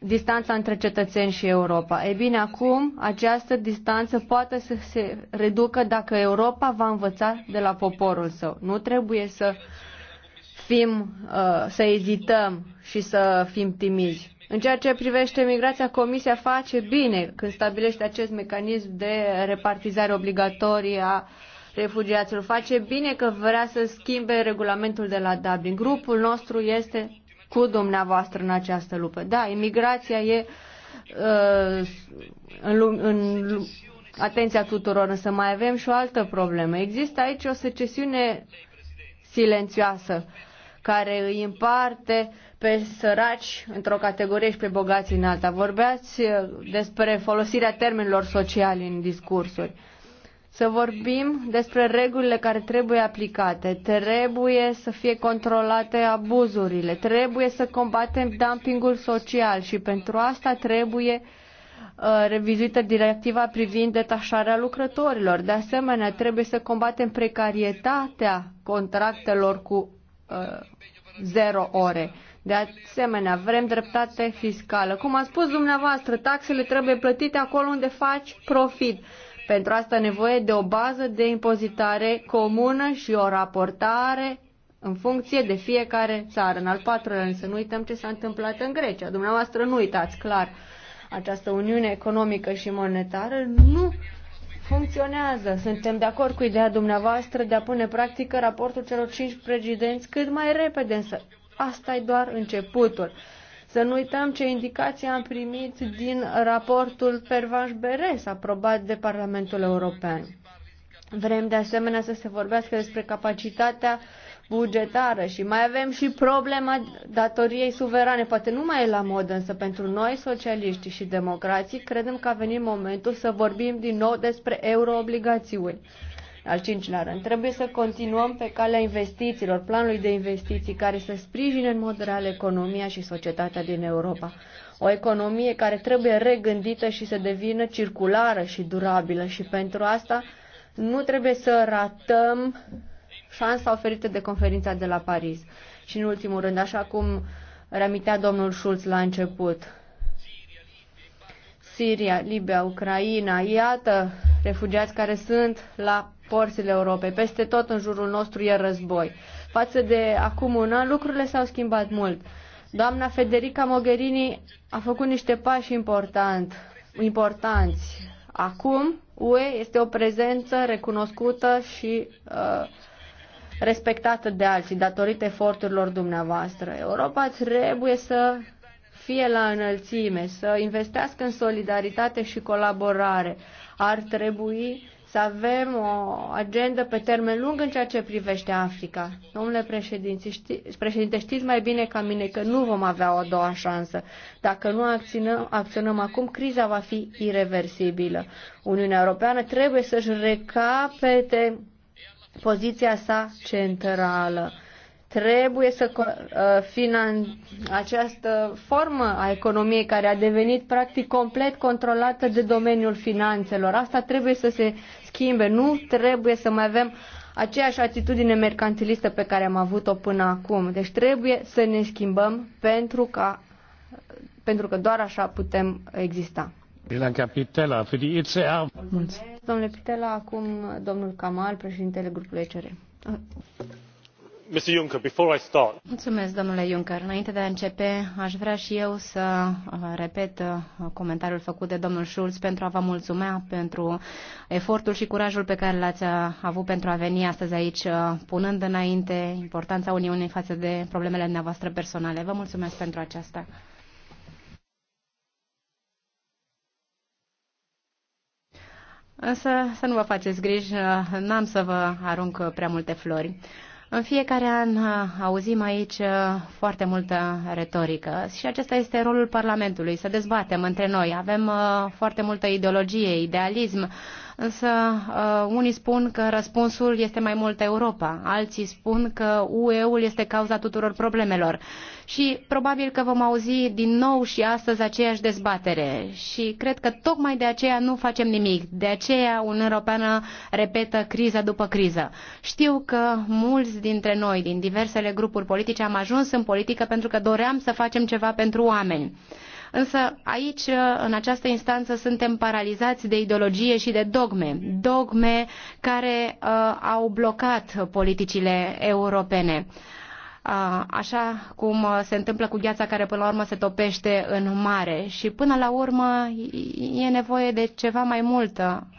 distanța între cetățeni și Europa. E bine, acum această distanță poate să se reducă dacă Europa va învăța de la poporul său. Nu trebuie să fim, uh, să ezităm și să fim timizi. În ceea ce privește migrația, Comisia face bine când stabilește acest mecanism de repartizare obligatorie a refugiaților. Face bine că vrea să schimbe regulamentul de la Dublin. Grupul nostru este cu dumneavoastră în această lupă. Da, imigrația e uh, în, în atenția tuturor, însă mai avem și o altă problemă. Există aici o secesiune silențioasă care îi împarte pe săraci într-o categorie și pe bogați în alta. Vorbeați despre folosirea termenilor sociali în discursuri. Uh, să vorbim despre regulile care trebuie aplicate, trebuie să fie controlate abuzurile, trebuie să combatem dumpingul social și pentru asta trebuie uh, revizuită directiva privind detașarea lucrătorilor. De asemenea, trebuie să combatem precarietatea contractelor cu uh, zero ore. De asemenea, vrem dreptate fiscală. Cum a spus dumneavoastră, taxele trebuie plătite acolo unde faci profit. Pentru asta nevoie de o bază de impozitare comună și o raportare în funcție de fiecare țară. În al patrulea, însă nu uităm ce s-a întâmplat în Grecia. Dumneavoastră nu uitați clar, această uniune economică și monetară nu funcționează. Suntem de acord cu ideea dumneavoastră de a pune practică raportul celor cinci prezidenți cât mai repede, însă asta e doar începutul. Să nu uităm ce indicații am primit din raportul Pervanș Beres, aprobat de Parlamentul European. Vrem de asemenea să se vorbească despre capacitatea bugetară și mai avem și problema datoriei suverane. Poate nu mai e la modă, însă pentru noi, socialiști și democrații, credem că a venit momentul să vorbim din nou despre euroobligațiuni al cincilea rând. Trebuie să continuăm pe calea investițiilor, planului de investiții care să sprijine în mod real economia și societatea din Europa. O economie care trebuie regândită și să devină circulară și durabilă și pentru asta nu trebuie să ratăm șansa oferită de conferința de la Paris. Și în ultimul rând, așa cum reamitea domnul Schulz la început, Siria, Libia, Ucraina, iată refugiați care sunt la porțile Europei. Peste tot în jurul nostru e război. Față de acum un an, lucrurile s-au schimbat mult. Doamna Federica Mogherini a făcut niște pași important, importanți. Acum, UE este o prezență recunoscută și uh, respectată de alții, datorită eforturilor dumneavoastră. Europa trebuie să fie la înălțime, să investească în solidaritate și colaborare. Ar trebui să avem o agendă pe termen lung în ceea ce privește Africa. Domnule președinte, ști, președinte, știți mai bine ca mine că nu vom avea o a doua șansă. Dacă nu acționăm, acționăm acum, criza va fi irreversibilă. Uniunea Europeană trebuie să-și recapete poziția sa centrală Trebuie să uh, finan... această formă a economiei care a devenit practic complet controlată de domeniul finanțelor. Asta trebuie să se schimbe. Nu trebuie să mai avem aceeași atitudine mercantilistă pe care am avut-o până acum. Deci trebuie să ne schimbăm pentru, ca, pentru că doar așa putem exista. Mulțumesc. Domnule Pitela, acum domnul Kamal, președintele grupului ECR domnule Juncker. Înainte de a începe, a vrea i eu să uh, repet uh, comentariul făcut de domnul Schulz pentru a vă mulumi pentru efortul și curajul pe care l-ați uh, avut pentru a veni astăzi aici, punând înainte importanța Uniunii față de problemele dumneavoastră personale. Vă mulțumesc pentru aceasta. Însă să nu vă faceți griji, n-am să vă arunc prea multe flori. În fiecare an uh, auzim aici uh, foarte multă retorică și acesta este rolul Parlamentului, să dezbatem între noi. Avem uh, foarte multă ideologie, idealism, Însă uh, unii spun că răspunsul este mai mult Europa, alții spun că UE-ul este cauza tuturor problemelor. Și probabil că vom auzi din nou și astăzi aceeași dezbatere. Și cred că tocmai de aceea nu facem nimic. De aceea Uniunea Europeană repetă criza după criză. Știu că mulți dintre noi, din diversele grupuri politice, am ajuns în politică pentru că doream să facem ceva pentru oameni. Însă aici, în această instanță, suntem paralizați de ideologie și de dogme. Dogme care uh, au blocat politicile europene. Uh, așa cum uh, se întâmplă cu gheața care până la urmă se topește în mare și până la urmă e nevoie de ceva mai multă uh,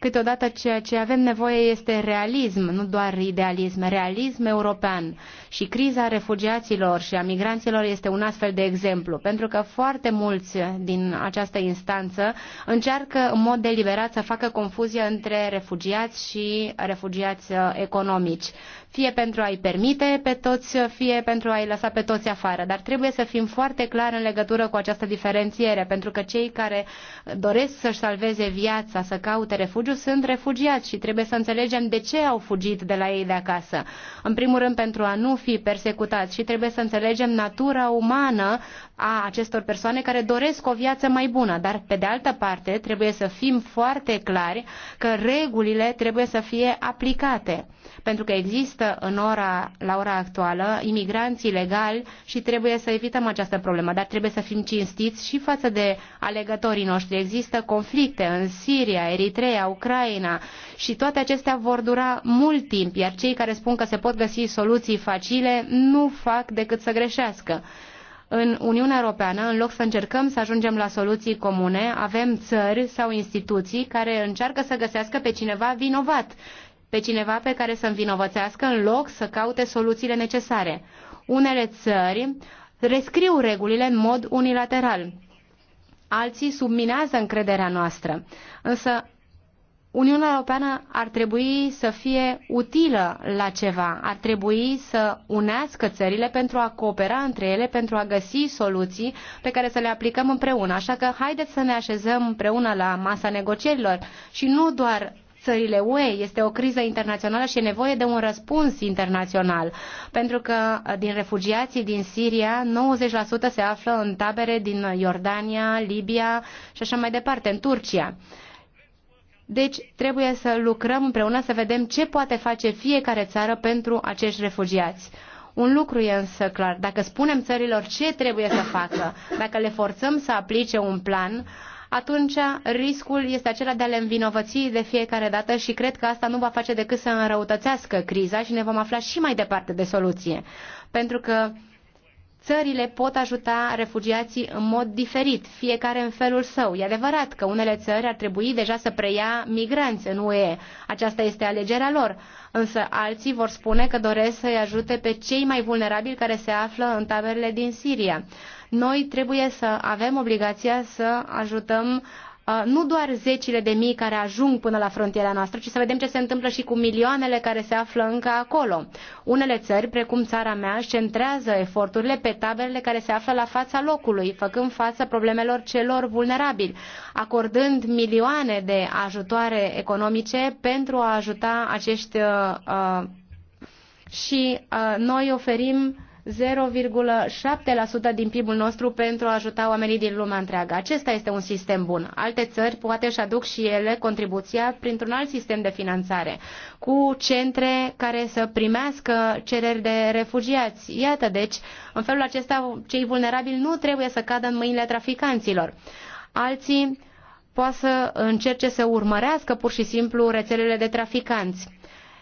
Câteodată ceea ce avem nevoie este realism, nu doar idealism, realism european. Și criza refugiaților și a migranților este un astfel de exemplu, pentru că foarte mulți din această instanță încearcă în mod deliberat să facă confuzie între refugiați și refugiați uh, economici fie pentru a-i permite pe toți, fie pentru a-i lăsa pe toți afară. Dar trebuie să fim foarte clari în legătură cu această diferențiere, pentru că cei care doresc să-și salveze viața, să caute refugiu, sunt refugiați și trebuie să înțelegem de ce au fugit de la ei de acasă. În primul rând pentru a nu fi persecutați și trebuie să înțelegem natura umană a acestor persoane care doresc o viață mai bună. Dar, pe de altă parte, trebuie să fim foarte clari că regulile trebuie să fie aplicate pentru că există în ora, la ora actuală imigranți ilegali și trebuie să evităm această problemă, dar trebuie să fim cinstiți și față de alegătorii noștri. Există conflicte în Siria, Eritrea, Ucraina și toate acestea vor dura mult timp, iar cei care spun că se pot găsi soluții facile nu fac decât să greșească în Uniunea Europeană, în loc să încercăm să ajungem la soluții comune, avem țări sau instituții care încearcă să găsească pe cineva vinovat pe cineva pe care să învinovățească în loc să caute soluțiile necesare. Unele țări rescriu regulile în mod unilateral. Alții subminează încrederea noastră. Însă Uniunea Europeană ar trebui să fie utilă la ceva, ar trebui să unească țările pentru a coopera între ele, pentru a găsi soluții pe care să le aplicăm împreună. Așa că haideți să ne așezăm împreună la masa negocierilor și nu doar țările UE. Este o criză internațională și e nevoie de un răspuns internațional, pentru că uh, din refugiații din Siria, 90% se află în tabere din Iordania, Libia și așa mai departe, în Turcia. Deci trebuie să lucrăm împreună să vedem ce poate face fiecare țară pentru acești refugiați. Un lucru e însă clar, dacă spunem țărilor ce trebuie să facă, dacă le forțăm să aplice un plan, atunci riscul este acela de a le învinovăți de fiecare dată și cred că asta nu va face decât să înrăutățească criza și ne vom afla și mai departe de soluție. Pentru că țările pot ajuta refugiații în mod diferit, fiecare în felul său. E adevărat că unele țări ar trebui deja să preia migranți în UE. Aceasta este alegerea lor. Însă alții vor spune că doresc să-i ajute pe cei mai vulnerabili care se află în taberele din Siria. Noi trebuie să avem obligația să ajutăm uh, nu doar zecile de mii care ajung până la frontiera noastră, ci să vedem ce se întâmplă și cu milioanele care se află încă acolo. Unele țări, precum țara mea, își centrează eforturile pe taberele care se află la fața locului, făcând față problemelor celor vulnerabili, acordând milioane de ajutoare economice pentru a ajuta acești uh, uh și uh, noi oferim 0,7% din PIB-ul nostru pentru a ajuta oamenii din lumea întreagă. Acesta este un sistem bun. Alte țări poate își aduc și ele contribuția printr-un alt sistem de finanțare, cu centre care să primească cereri de refugiați. Iată, deci, în felul acesta, cei vulnerabili nu trebuie să cadă în mâinile traficanților. Alții poate să încerce să urmărească pur și simplu rețelele de traficanți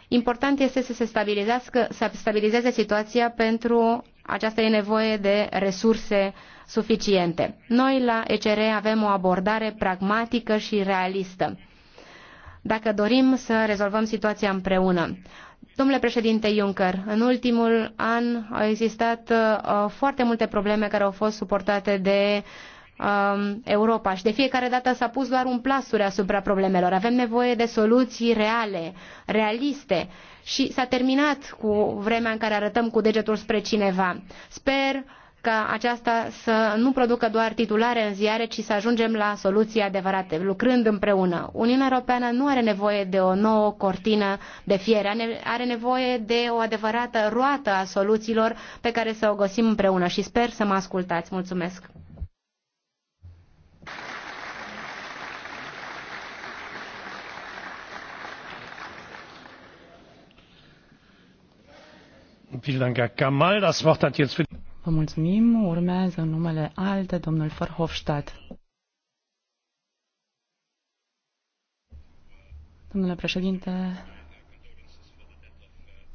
Important este să se stabilizeze situația pentru aceasta e nevoie de resurse suficiente. Noi la ECR avem o abordare pragmatică și realistă. Dacă dorim să rezolvăm situația împreună. Domnule președinte Juncker, în ultimul an au existat uh, foarte multe probleme care au fost suportate de uh, Um, Europa și de fiecare dată s-a pus doar un plasuri asupra problemelor. Avem nevoie de soluții reale, realiste și s-a terminat cu vremea în care arătăm cu degetul spre cineva. Sper ca aceasta să nu producă doar titulare în ziare, ci să ajungem la soluții adevărate, lucrând împreună. Uniunea Europeană nu are nevoie de o nouă cortină de fier, are nevoie de o adevărată roată a soluțiilor pe care să o găsim împreună și sper să mă ascultați. Mulțumesc! Vă mulțumim. Urmează în numele alte domnul Verhofstadt. Domnule președinte,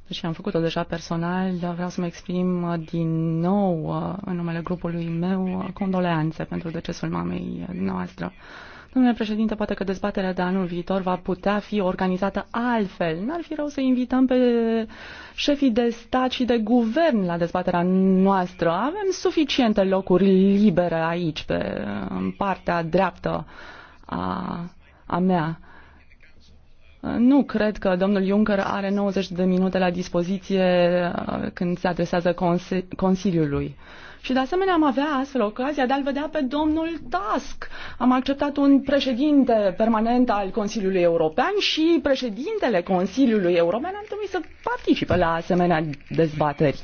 deși am făcut-o deja personal, vreau să mă exprim din nou uh, în numele grupului meu condoleanțe pentru decesul mamei noastre. Domnule președinte, poate că dezbaterea de anul viitor va putea fi organizată altfel. N-ar fi rău să invităm pe șefii de stat și de guvern la dezbaterea noastră. Avem suficiente locuri libere aici, pe partea dreaptă a, a mea. Nu cred că domnul Juncker are 90 de minute la dispoziție uh, când se adresează Consiliului. Și de asemenea am avea astfel ocazia de a-l vedea pe domnul Tusk. Am acceptat un președinte permanent al Consiliului European și președintele Consiliului European ar trebui să participe la asemenea dezbateri.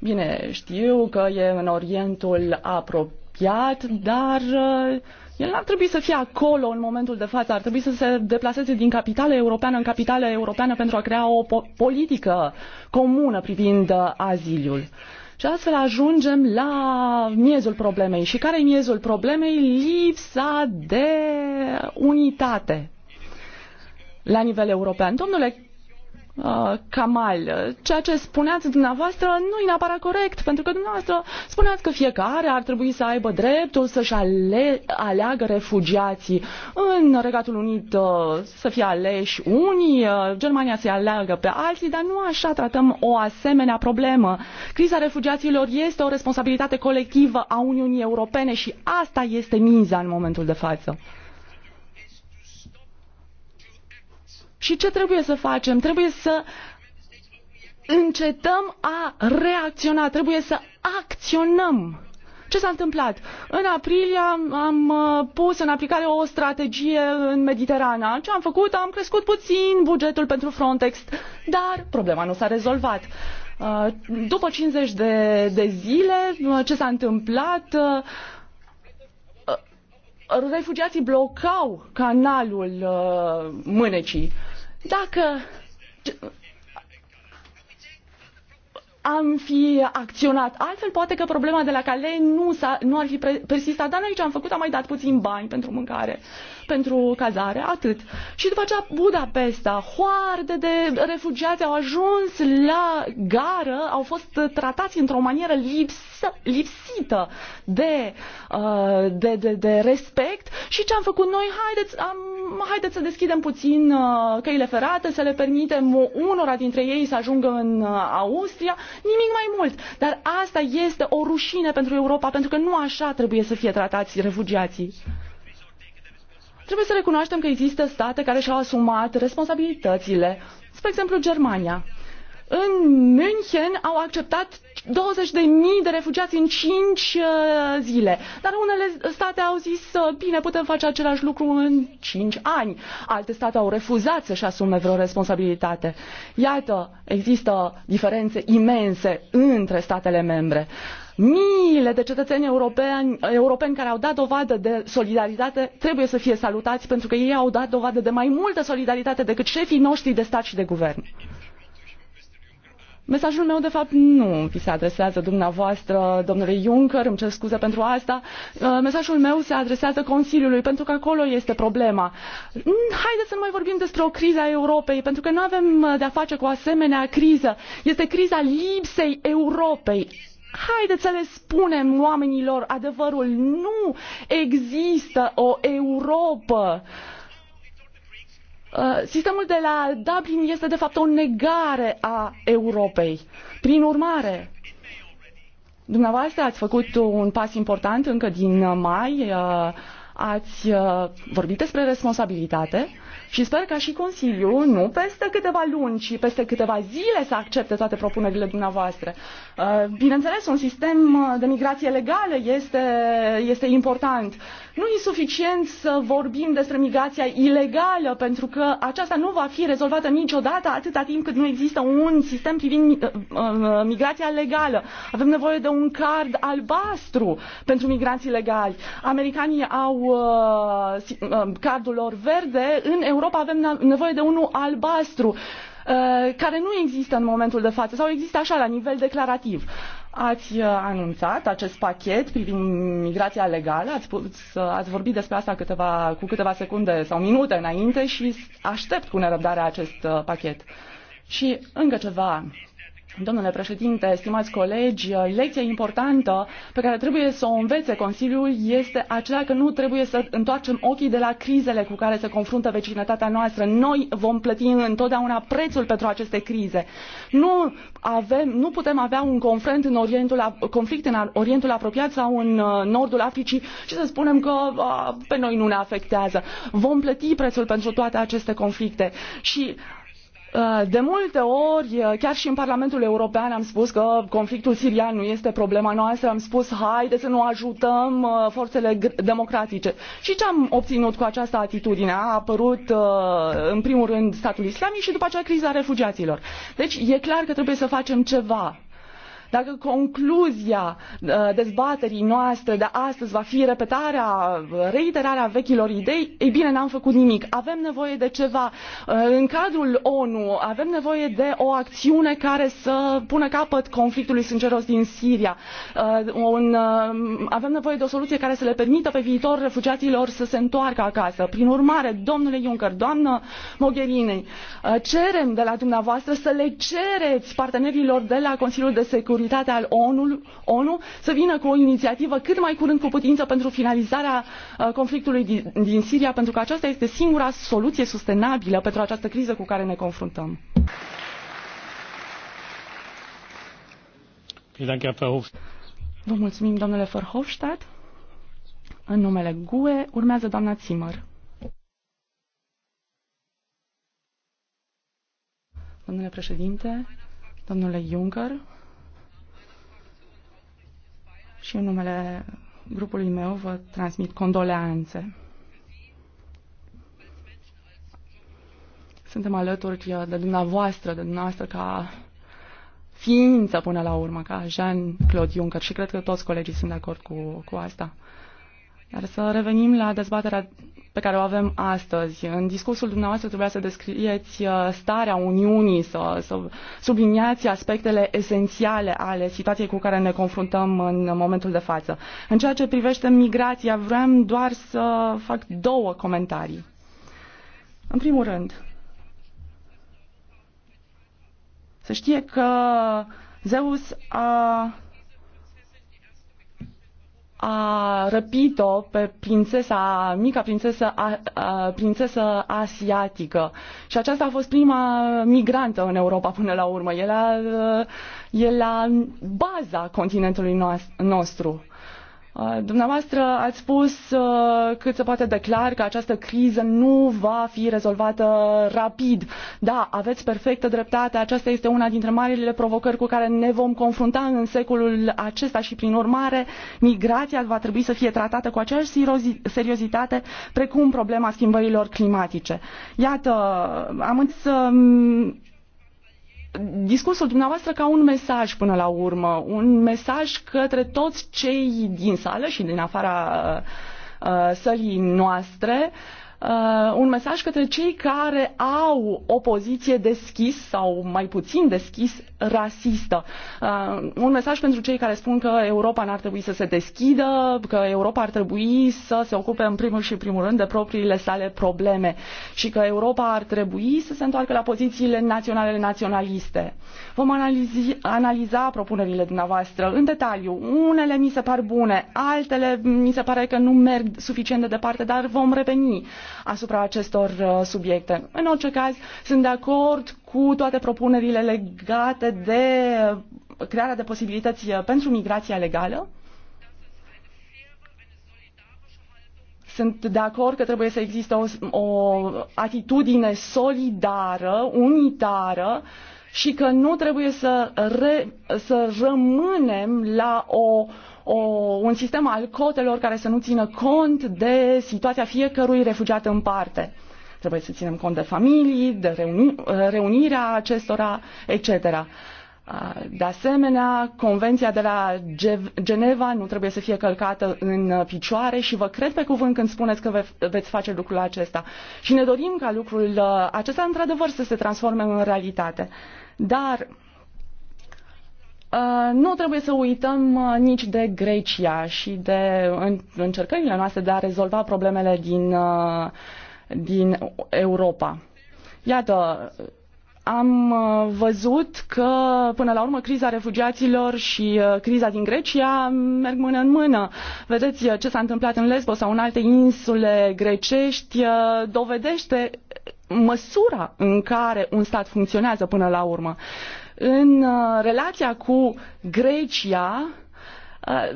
Bine, știu că e în Orientul apropiat, dar uh, el n-ar trebui să fie acolo în momentul de față, ar trebui să se deplaseze din capitala europeană în capitala europeană pentru a crea o po- politică comună privind uh, aziliul. Și astfel ajungem la miezul problemei. Și care e miezul problemei? Lipsa de unitate la nivel european. Domnule Camal, uh, ceea ce spuneați dumneavoastră nu e neapărat corect, pentru că dumneavoastră spuneați că fiecare ar trebui să aibă dreptul să-și ale- aleagă refugiații. În Regatul Unit uh, să fie aleși unii, uh, Germania să-i aleagă pe alții, dar nu așa tratăm o asemenea problemă. Criza refugiaților este o responsabilitate colectivă a Uniunii Europene și asta este miza în momentul de față. Și ce trebuie să facem? Trebuie să încetăm a reacționa, trebuie să acționăm. Ce s-a întâmplat? În aprilie am, am uh, pus în aplicare o strategie în Mediterana. Ce am făcut? Am crescut puțin bugetul pentru Frontex, dar problema nu s-a rezolvat. Uh, după 50 de, de zile, uh, ce s-a întâmplat? Refugiații blocau canalul mânecii dacă am fi acționat altfel, poate că problema de la Calais nu, nu ar fi persistat, dar noi ce am făcut? Am mai dat puțin bani pentru mâncare. Uh, pentru cazare, atât. Și după aceea Budapesta, hoarde de refugiați au ajuns la gară, au fost tratați într-o manieră lipsă, lipsită de, uh, de, de, de respect și ce am făcut noi? Haideți, am, haideți să deschidem puțin uh, căile ferate, să le permitem unora dintre ei să ajungă în uh, Austria, nimic mai mult. Dar asta este o rușine pentru Europa, pentru că nu așa trebuie să fie tratați refugiații. Trebuie să recunoaștem că există state care și-au asumat responsabilitățile, spre exemplu Germania. În München au acceptat 20.000 de refugiați în 5 uh, zile, dar unele state au zis, uh, bine, putem face același lucru în 5 ani. Alte state au refuzat să-și asume vreo responsabilitate. Iată, există diferențe imense între statele membre miile de cetățeni europeni, europeni care au dat dovadă de solidaritate trebuie să fie salutați pentru că ei au dat dovadă de mai multă solidaritate decât șefii noștri de stat și de guvern. Mesajul meu, de fapt, nu vi se adresează dumneavoastră, domnule Juncker, îmi cer scuze pentru asta. Uh, mesajul meu se adresează Consiliului, pentru că acolo este problema. Mm, haideți să nu mai vorbim despre o criză a Europei, pentru că nu avem uh, de-a face cu o asemenea criză. Este criza lipsei Europei Haideți să le spunem oamenilor adevărul. Nu există o Europa. Uh, sistemul de la Dublin este de fapt o negare a Europei. Prin urmare, dumneavoastră ați făcut un pas important încă din mai, uh, ați uh, vorbit despre responsabilitate, și sper ca și Consiliul, nu peste câteva luni, ci peste câteva zile să accepte toate propunerile dumneavoastră. Uh, bineînțeles, un sistem de migrație legală este, este important nu e suficient să vorbim despre migrația ilegală, pentru că aceasta nu va fi rezolvată niciodată atâta timp cât nu există un sistem privind uh, uh, migrația legală. Avem nevoie de un card albastru pentru migranții legali. Americanii au uh, cardul lor verde, în Europa avem nevoie de unul albastru care nu există în momentul de față sau există așa la nivel declarativ. Ați uh, anunțat acest pachet privind migrația legală, ați, spus, ați vorbit despre asta câteva, cu câteva secunde sau minute înainte și aștept cu nerăbdare acest uh, pachet. Și încă ceva, Domnule președinte, stimați colegi, lecția importantă pe care trebuie să o învețe Consiliul este aceea că nu trebuie să întoarcem ochii de la crizele cu care se confruntă vecinătatea noastră. Noi vom plăti întotdeauna prețul pentru aceste crize. Nu, avem, nu putem avea un conflict în, Orientul, conflict în Orientul apropiat sau în uh, Nordul Africii și să spunem că a, uh, pe noi nu ne afectează. Vom plăti prețul pentru toate aceste conflicte. Și Uh, de multe ori, uh, chiar și în Parlamentul European am spus că conflictul sirian nu este problema noastră, am spus haide să nu ajutăm uh, forțele democratice. Și ce am obținut cu această atitudine? A apărut în primul rând statul islamic și după aceea criza refugiaților. Deci e clar că trebuie să facem ceva dacă concluzia uh, dezbaterii noastre de astăzi va fi repetarea, uh, reiterarea vechilor idei, ei bine, n-am făcut nimic. Avem nevoie de ceva. Uh, în cadrul ONU avem nevoie de o acțiune care să pună capăt conflictului sângeros din Siria. Un, avem nevoie de o soluție care să le permită pe viitor refugiaților să se întoarcă acasă. Prin urmare, domnule Juncker, doamnă Mogherini, cerem de la dumneavoastră să le cereți partenerilor de la Consiliul de Securitate Securitate al ONU, ONU să vină cu o inițiativă cât mai curând cu putință pentru finalizarea uh, conflictului din, din Siria, pentru că aceasta este singura soluție sustenabilă pentru această criză cu care ne confruntăm. Vă mulțumim, domnule Verhofstadt. În numele GUE urmează doamna Zimmer. Domnule președinte, domnule Juncker, și în numele grupului meu vă transmit condoleanțe. Suntem alături de dumneavoastră, de dumneavoastră ca ființă până la urmă, ca Jean-Claude Juncker și cred că toți colegii sunt de acord cu, cu asta. Iar să revenim la dezbaterea pe care o avem astăzi. În discursul dumneavoastră trebuia să descrieți uh, starea Uniunii, să, să subliniați aspectele esențiale ale situației cu care ne confruntăm în momentul de față. În ceea ce privește migrația, vreau doar să fac două comentarii. În primul rând, să știe că Zeus a a răpit-o pe prințesa, mica prințesă, a, a, prințesă asiatică. Și aceasta a fost prima migrantă în Europa până la urmă. E la, e la baza continentului nostru. Uh, dumneavoastră ați spus uh, cât se poate de clar că această criză nu va fi rezolvată rapid. Da, aveți perfectă dreptate, aceasta este una dintre marile provocări cu care ne vom confrunta în secolul acesta și prin urmare migrația va trebui să fie tratată cu aceeași seriozitate precum problema schimbărilor climatice. Iată, am să discursul dumneavoastră ca un mesaj până la urmă, un mesaj către toți cei din sală și din afara uh, uh sălii noastre, uh, un mesaj către cei care au o poziție deschis sau mai puțin deschis rasistă. Uh, un mesaj pentru cei care spun că Europa n-ar trebui să se deschidă, că Europa ar trebui să se ocupe în primul și primul rând de propriile sale probleme și că Europa ar trebui să se întoarcă la pozițiile naționale naționaliste. Vom analizi, analiza propunerile dumneavoastră în detaliu. Unele mi se par bune, altele mi se pare că nu merg suficient de departe, dar vom reveni asupra acestor uh, subiecte. În orice caz, sunt de acord cu toate propunerile legate de crearea de posibilități pentru migrația legală. Sunt de acord că trebuie să existe o, o atitudine solidară, unitară și că nu trebuie să, re, să rămânem la o, o, un sistem al cotelor care să nu țină cont de situația fiecărui refugiat în parte. Trebuie să ținem cont de familii, de reuni- reunirea acestora, etc. De asemenea, Convenția de la Geneva nu trebuie să fie călcată în picioare și vă cred pe cuvânt când spuneți că ve- veți face lucrul acesta. Și ne dorim ca lucrul uh, acesta într-adevăr să se transforme în realitate. Dar uh, nu trebuie să uităm uh, nici de Grecia și de încercările noastre de a rezolva problemele din din Europa. Iată, am uh, văzut că, până la urmă, criza refugiaților și uh, criza din Grecia merg mână în mână. Vedeți uh, ce s-a întâmplat în Lesbos sau în alte insule grecești, dovedește măsura în care un stat funcționează până la urmă. În relația cu Grecia,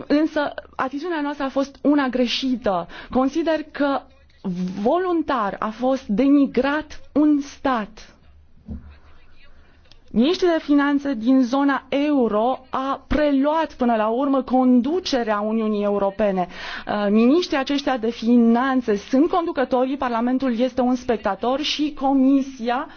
însă, atitudinea noastră a fost una greșită. Consider că voluntar a fost denigrat un stat. Ministrul de Finanțe din zona euro a preluat până la urmă conducerea Uniunii Europene. Uh, ministrii aceștia de Finanțe sunt conducătorii, Parlamentul este un spectator și Comisia uh,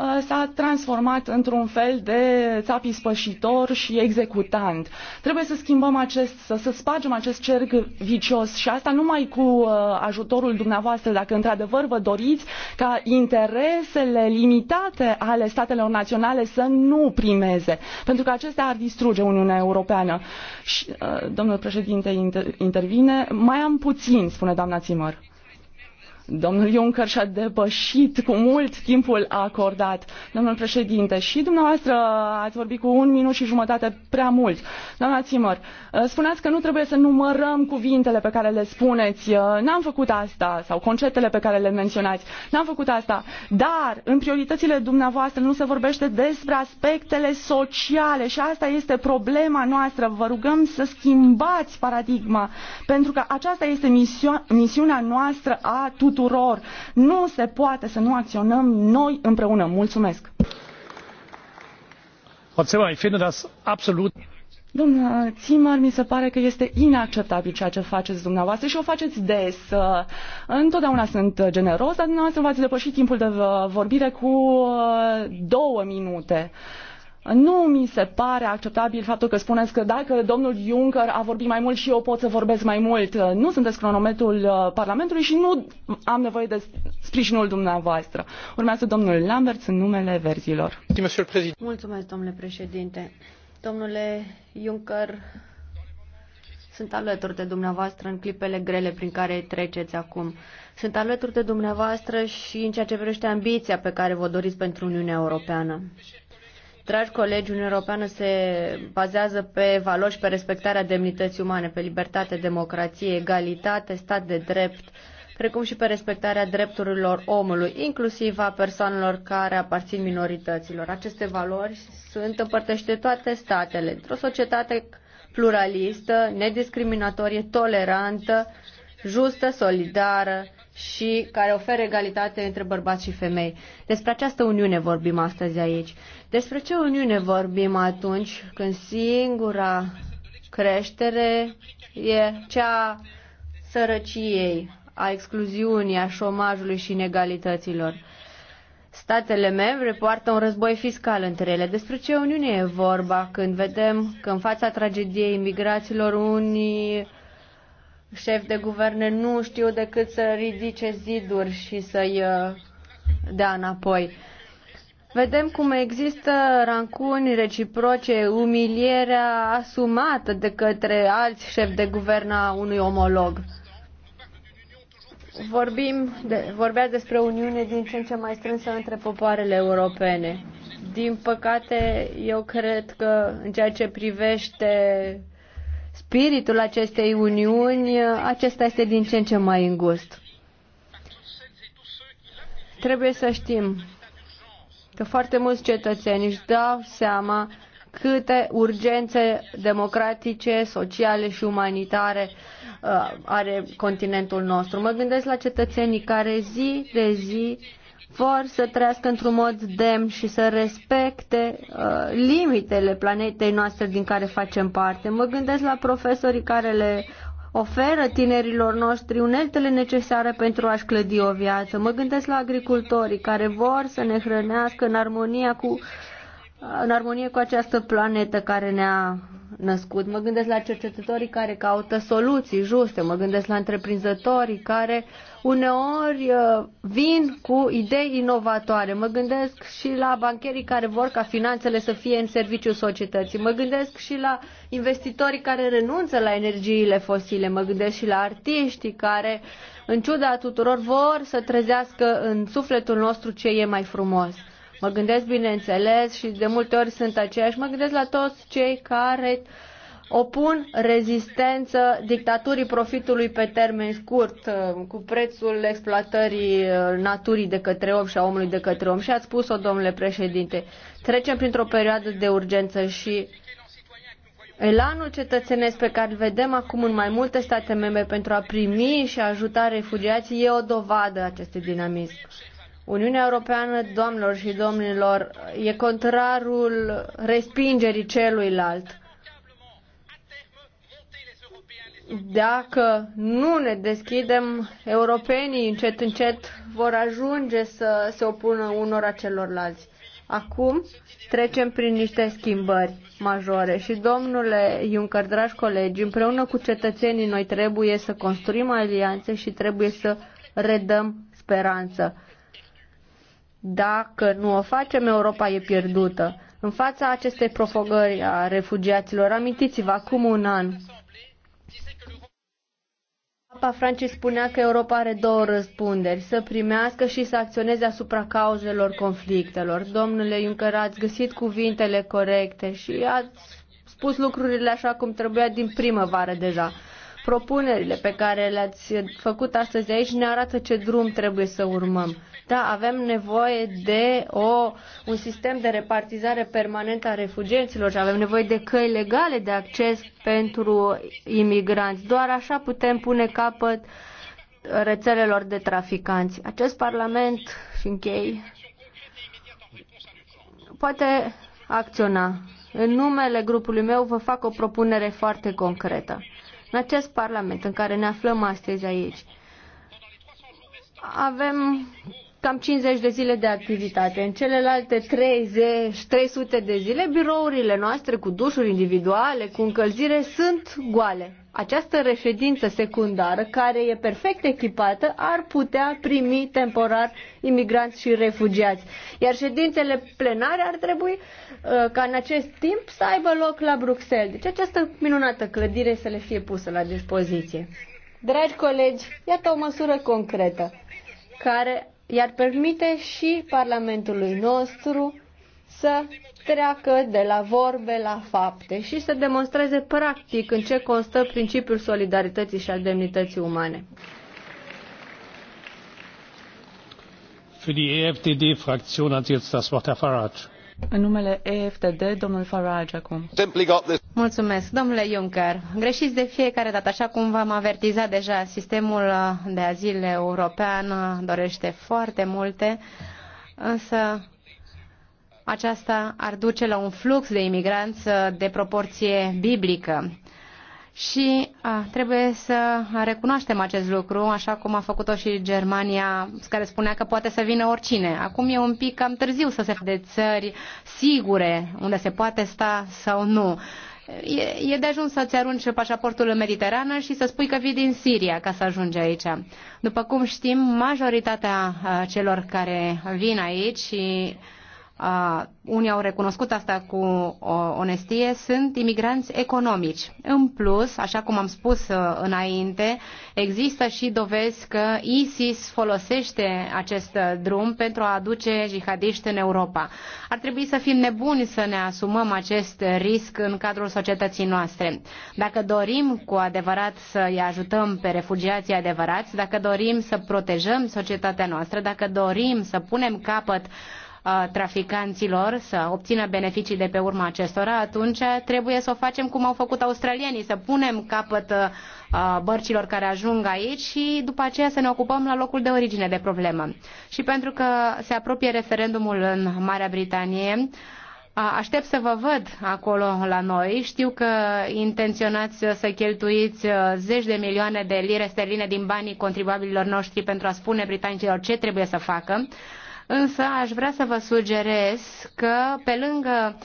Uh, s-a transformat într-un fel de țap ispășitor și executant. Trebuie să schimbăm acest, să, să spargem acest cerc vicios și asta numai cu uh, ajutorul dumneavoastră, dacă într-adevăr vă doriți ca interesele limitate ale statelor naționale să nu primeze, pentru că acestea ar distruge Uniunea Europeană. Și, uh, domnul președinte intervine, mai am puțin, spune doamna Țimăr. Domnul Juncker și-a depășit cu mult timpul acordat. Domnul președinte, și dumneavoastră ați vorbit cu un minut și jumătate prea mult. Doamna Țimăr, eh, spuneați că nu trebuie să numărăm cuvintele pe care le spuneți. Eh, n-am făcut asta, sau conceptele pe care le menționați. N-am făcut asta. Dar în prioritățile dumneavoastră nu se vorbește despre aspectele sociale și asta este problema noastră. Vă rugăm să schimbați paradigma, pentru că aceasta este misiunea noastră a tuturor tuturor. Nu se poate să nu acționăm noi împreună. Mulțumesc! Domnule Zimmer, mi se pare că este inacceptabil ceea ce faceți dumneavoastră și o faceți des. Întotdeauna sunt generos, dar dumneavoastră v-ați depășit timpul de vorbire cu două minute. Uh, nu mi se pare acceptabil faptul că spuneți că dacă domnul Juncker a vorbit mai mult și eu pot să vorbesc mai mult. Nu sunteți cronometrul uh, Parlamentului și nu am nevoie de sprijinul dumneavoastră. Urmează domnul Lambert în numele verzilor. Mulțumesc, domnule președinte. Domnule Juncker, sunt alături de dumneavoastră în clipele grele prin care treceți acum. Sunt alături de dumneavoastră și în ceea ce privește ambiția pe care vă doriți pentru Uniunea Europeană. Dragi colegi, Uniunea Europeană se bazează pe valori și pe respectarea demnității umane, pe libertate, democrație, egalitate, stat de drept, precum și pe respectarea drepturilor omului, inclusiv a persoanelor care aparțin minorităților. Aceste valori sunt împărtășite toate statele într-o societate pluralistă, nediscriminatorie, tolerantă, justă, solidară, și care oferă egalitate între bărbați și femei. Despre această uniune vorbim astăzi aici. Despre ce uniune vorbim atunci când singura creștere e cea sărăciei, a excluziunii, a șomajului și inegalităților? Statele membre poartă un război fiscal între ele. Despre ce uniune e vorba când vedem că în fața tragediei imigraților unii șefi de guverne nu știu decât să ridice ziduri și să-i uh, dea înapoi. Vedem cum există rancuni reciproce, umilierea asumată de către alți șefi de guvern a unui omolog. Vorbim de, vorbea despre uniune din ce în ce mai strânsă între popoarele europene. Din păcate, eu cred că în ceea ce privește spiritul acestei uniuni, acesta este din ce în ce mai îngust. Trebuie să știm că foarte mulți cetățeni își dau seama câte urgențe democratice, sociale și umanitare uh, are continentul nostru. Mă gândesc la cetățenii care zi de zi uh, vor să trăiască într-un mod demn și să respecte uh, limitele planetei noastre din care facem parte. Mă gândesc la profesorii care le oferă tinerilor noștri uneltele necesare pentru a-și clădi o viață. Mă gândesc la agricultorii care vor să ne hrănească în armonia cu în armonie cu această planetă care ne-a născut. Mă gândesc la cercetătorii care caută soluții juste, mă gândesc la întreprinzătorii care uh, uneori uh, vin cu idei inovatoare. Mă gândesc și la bancherii care vor ca finanțele să fie în serviciul societății. Mă gândesc și la investitorii care renunță la energiile fosile. Mă gândesc și la artiștii care, în ciuda tuturor, vor să trezească în sufletul nostru ce e mai frumos. Mă gândesc, bineînțeles, și de multe ori sunt aceiași, mă gândesc la toți cei care opun rezistență dictaturii profitului pe termen scurt uh, cu prețul exploatării uh, naturii de către om și a omului de către om. Și ați spus-o, domnule președinte, trecem printr-o perioadă de urgență și elanul cetățenesc pe care îl vedem acum în mai multe state membre pentru a primi și a ajuta refugiații e o dovadă a acestui dinamism. Uniunea Europeană, doamnelor și domnilor, e contrarul respingerii celuilalt dacă nu ne deschidem, europenii încet încet vor ajunge să se opună unora celorlalți. Acum trecem prin niște schimbări majore și, domnule Juncker, dragi colegi, împreună cu cetățenii noi trebuie să construim alianțe și trebuie să redăm speranță. Dacă nu o facem, Europa e pierdută. În fața acestei profogări a refugiaților, amintiți-vă, acum un an, Papa Francis spunea că Europa are două răspunderi, să primească și să acționeze asupra cauzelor conflictelor. Domnule Juncker, ați găsit cuvintele corecte și ați spus lucrurile așa cum trebuia din primăvară deja. Propunerile pe care le-ați făcut astăzi aici ne arată ce drum trebuie să urmăm. Da, avem nevoie de o, un sistem de repartizare permanentă a refugienților și avem nevoie de căi legale de acces pentru imigranți. Doar așa putem pune capăt rețelelor de traficanți. Acest Parlament, și închei, poate acționa. În numele grupului meu vă fac o propunere foarte concretă. În acest Parlament în care ne aflăm astăzi aici, avem cam 50 de zile de activitate. În celelalte 30, 300 de zile, birourile noastre cu dușuri individuale, cu încălzire, sunt goale. Această reședință secundară, care e perfect echipată, ar putea primi temporar imigranți și refugiați. Iar ședințele plenare ar trebui uh, ca în acest timp să aibă loc la Bruxelles. Deci această minunată clădire să le fie pusă la dispoziție. Dragi colegi, iată o măsură concretă care iar permite și Parlamentului nostru să treacă de la vorbe la fapte și să demonstreze practic în ce constă principiul solidarității și al demnității umane. Für die EFDD-Fraktion hat jetzt das Wort Herr Farage. În numele EFTD, domnul Farage acum. Mulțumesc. Domnule Juncker, greșiți de fiecare dată, așa cum v-am avertizat deja, sistemul de azil european dorește foarte multe, însă aceasta ar duce la un flux de imigranți de proporție biblică. Și a, trebuie să recunoaștem acest lucru, așa cum a făcut-o și Germania, care spunea că poate să vină oricine. Acum e un pic cam târziu să se de țări sigure, unde se poate sta sau nu. E, e de ajuns să-ți arunci pașaportul în Mediterană și să spui că vii din Siria ca să ajungi aici. După cum știm, majoritatea celor care vin aici și uh, unii au recunoscut asta cu uh, onestie, sunt imigranți economici. În plus, așa cum am spus uh, înainte, există și dovezi că ISIS folosește acest uh, drum pentru a aduce jihadiști în Europa. Ar trebui să fim nebuni să ne asumăm acest risc în cadrul societății noastre. Dacă dorim cu adevărat să-i ajutăm pe refugiații adevărați, dacă dorim să protejăm societatea noastră, dacă dorim să punem capăt uh, traficanților să obțină beneficii de pe urma acestora, atunci trebuie să o facem cum au făcut australienii, să punem capăt bărcilor care ajung aici și după aceea să ne ocupăm la locul de origine de problemă. Și pentru că se apropie referendumul în Marea Britanie, Aștept să vă văd acolo la noi. Știu că intenționați să cheltuiți zeci de milioane de lire sterline din banii contribuabililor noștri pentru a spune britanicilor ce trebuie să facă. Însă aș vrea să vă sugerez că pe lângă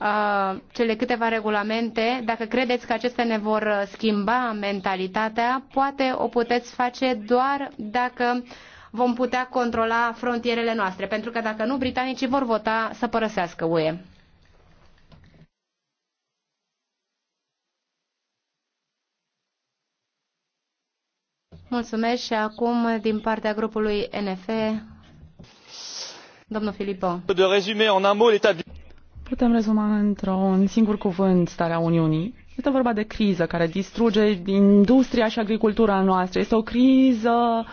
uh, cele câteva regulamente, dacă credeți că acestea ne vor schimba mentalitatea, poate o puteți face doar dacă vom putea controla frontierele noastre, pentru că dacă nu, britanicii vor vota să părăsească UE. Mulțumesc și acum din partea grupului NF în Putem rezuma într-un singur cuvânt starea Uniunii. Este vorba de criză care distruge industria și agricultura noastră. Este o criză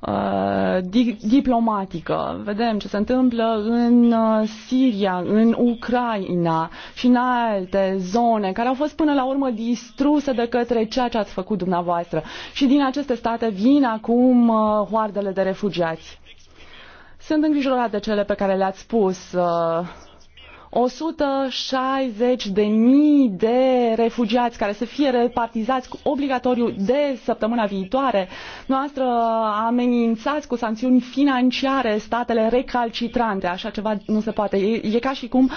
uh, di diplomatică. Vedem ce se întâmplă în uh, Siria, în Ucraina și în alte zone care au fost până la urmă distruse de către ceea ce ați făcut dumneavoastră. Și din aceste state vin acum uh, hoardele de refugiați. Sunt îngrijorat de cele pe care le-ați spus. 160 uh, de mii de refugiați care să fie repartizați obligatoriu de săptămâna viitoare. Noastră amenințați cu sancțiuni financiare statele recalcitrante. Așa ceva nu se poate. E, e ca și cum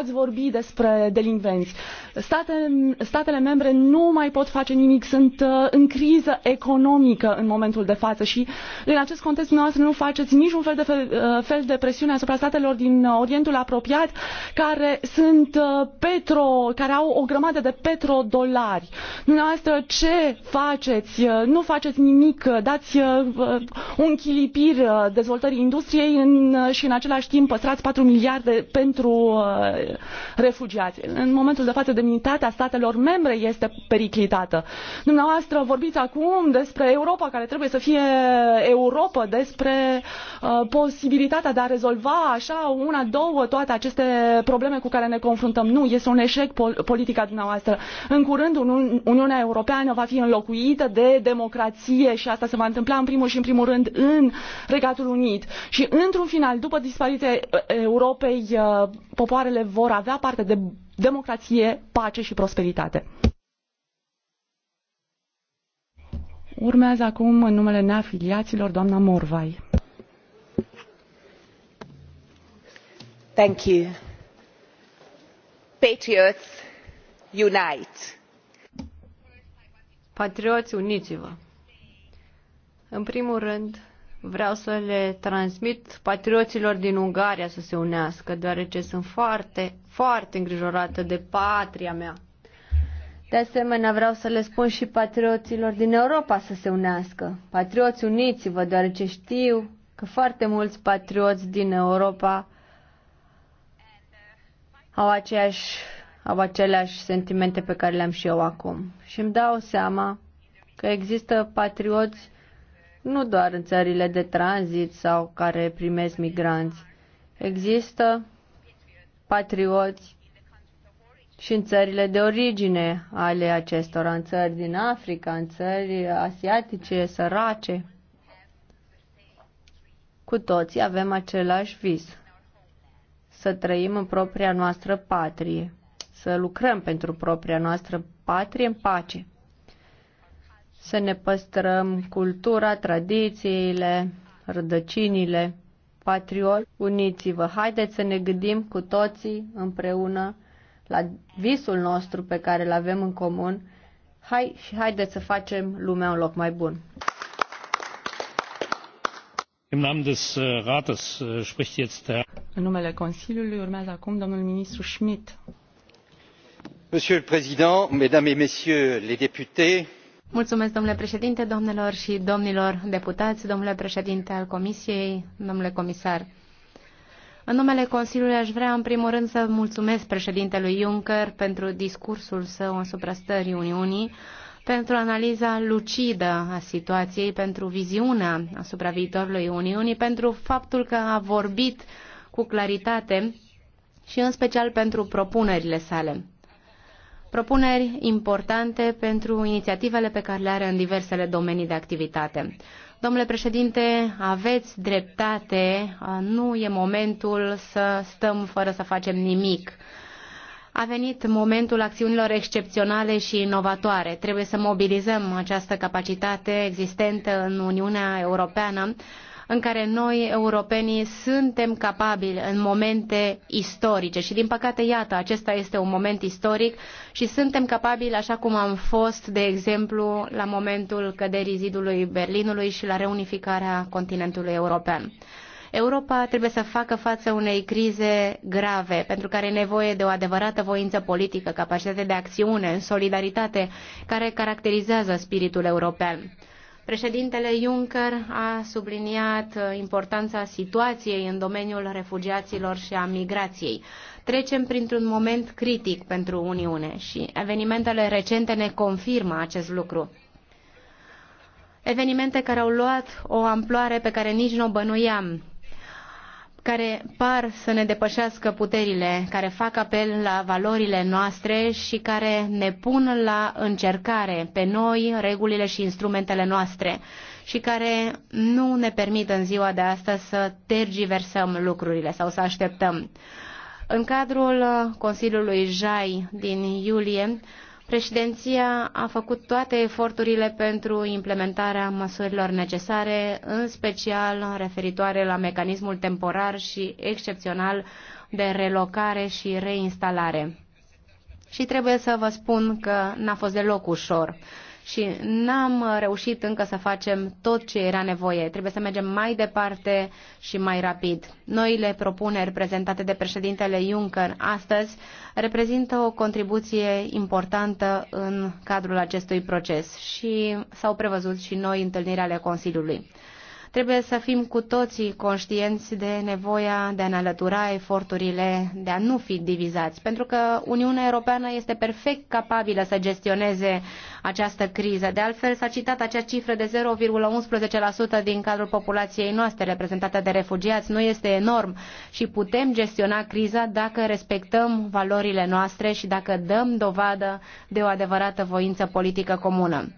ați vorbit despre delinvenți. State, statele membre nu mai pot face nimic, sunt uh, în criză economică în momentul de față și în acest context dumneavoastră nu faceți niciun fel de, fel, uh, fel de presiune asupra statelor din uh, Orientul apropiat care sunt petro, care au o grămadă de petrodolari. Dumneavoastră ce faceți? Nu faceți nimic, dați un chilipir dezvoltării industriei în, și în același timp păstrați 4 miliarde pentru refugiați. În momentul de față, demnitatea statelor membre este periclitată. Dumneavoastră vorbiți acum despre Europa care trebuie să fie Europa, despre uh, posibilitatea de a rezolva așa una, două, toate aceste probleme cu care ne confruntăm. Nu, este un eșec pol- politica dumneavoastră. În curând, Uniunea Europeană va fi înlocuită de democrație și asta se va întâmpla în primul și în primul rând în Regatul Unit. Și într-un final, după dispariția Europei, uh, popoarele vor avea parte de democrație, pace și prosperitate. Urmează acum, în numele neafiliaților, doamna Morvai. Thank you. Patriots, unite! Patrioți, uniți-vă! În primul rând, Vreau să le transmit patrioților din Ungaria să se unească, deoarece sunt foarte, foarte îngrijorată de patria mea. De asemenea, vreau să le spun și patrioților din Europa să se unească. Patrioți, uniți-vă, deoarece știu că foarte mulți patrioți din Europa au aceeași au aceleași sentimente pe care le-am și eu acum. Și îmi dau seama că există patrioți nu doar în țările de tranzit sau care primesc migranți. Există patrioți și în țările de origine ale acestora, în țări din Africa, în țări asiatice, sărace. Cu toții avem același vis. Să trăim în propria noastră patrie, să lucrăm pentru propria noastră patrie în pace să ne păstrăm cultura, tradițiile, rădăcinile. Patriot, uniți-vă! Haideți să ne gândim cu toții împreună la visul nostru pe care îl avem în comun. Hai și haideți să facem lumea un loc mai bun. Äh, äh, în numele Consiliului urmează acum domnul ministru Schmidt. Monsieur le Président, Mesdames et Messieurs les députés, Mulțumesc, domnule președinte, domnilor și domnilor deputați, domnule președinte al Comisiei, domnule comisar. În numele Consiliului aș vrea în primul rând să mulțumesc președintelui Juncker pentru discursul său asupra stării Uniunii, pentru analiza lucidă a situației, pentru viziunea asupra viitorului Uniunii, pentru faptul că a vorbit cu claritate și în special pentru propunerile sale propuneri importante pentru inițiativele pe care le are în diversele domenii de activitate. Domnule președinte, aveți dreptate, nu e momentul să stăm fără să facem nimic. A venit momentul acțiunilor excepționale și inovatoare. Trebuie să mobilizăm această capacitate existentă în Uniunea Europeană în care noi, europenii, suntem capabili în momente istorice. Și, din păcate, iată, acesta este un moment istoric și suntem capabili, așa cum am fost, de exemplu, la momentul căderii zidului Berlinului și la reunificarea continentului european. Europa trebuie să facă față unei crize grave, pentru care e nevoie de o adevărată voință politică, capacitate de acțiune, solidaritate, care caracterizează spiritul european. Președintele Juncker a subliniat importanța situației în domeniul refugiaților și a migrației. Trecem printr-un moment critic pentru Uniune și evenimentele recente ne confirmă acest lucru. Evenimente care au luat o amploare pe care nici nu o bănuiam care par să ne depășească puterile, care fac apel la valorile noastre și care ne pun la încercare pe noi, regulile și instrumentele noastre și care nu ne permit în ziua de astăzi să tergiversăm lucrurile sau să așteptăm. În cadrul Consiliului JAI din iulie, Președinția a făcut toate eforturile pentru implementarea măsurilor necesare, în special referitoare la mecanismul temporar și excepțional de relocare și reinstalare. Și trebuie să vă spun că n-a fost deloc ușor și n-am uh, reușit încă să facem tot ce era nevoie. Trebuie să mergem mai departe și mai rapid. Noile propuneri prezentate de președintele Juncker astăzi reprezintă o contribuție importantă în cadrul acestui proces și s-au prevăzut și noi întâlniri ale Consiliului. Trebuie să fim cu toții conștienți de nevoia de a ne alătura eforturile de a nu fi divizați, pentru că Uniunea Europeană este perfect capabilă să gestioneze această criză. De altfel, s-a citat acea cifră de 0,11% din cadrul populației noastre reprezentată de refugiați. Nu este enorm și putem gestiona criza dacă respectăm valorile noastre și dacă dăm dovadă de o adevărată voință politică comună.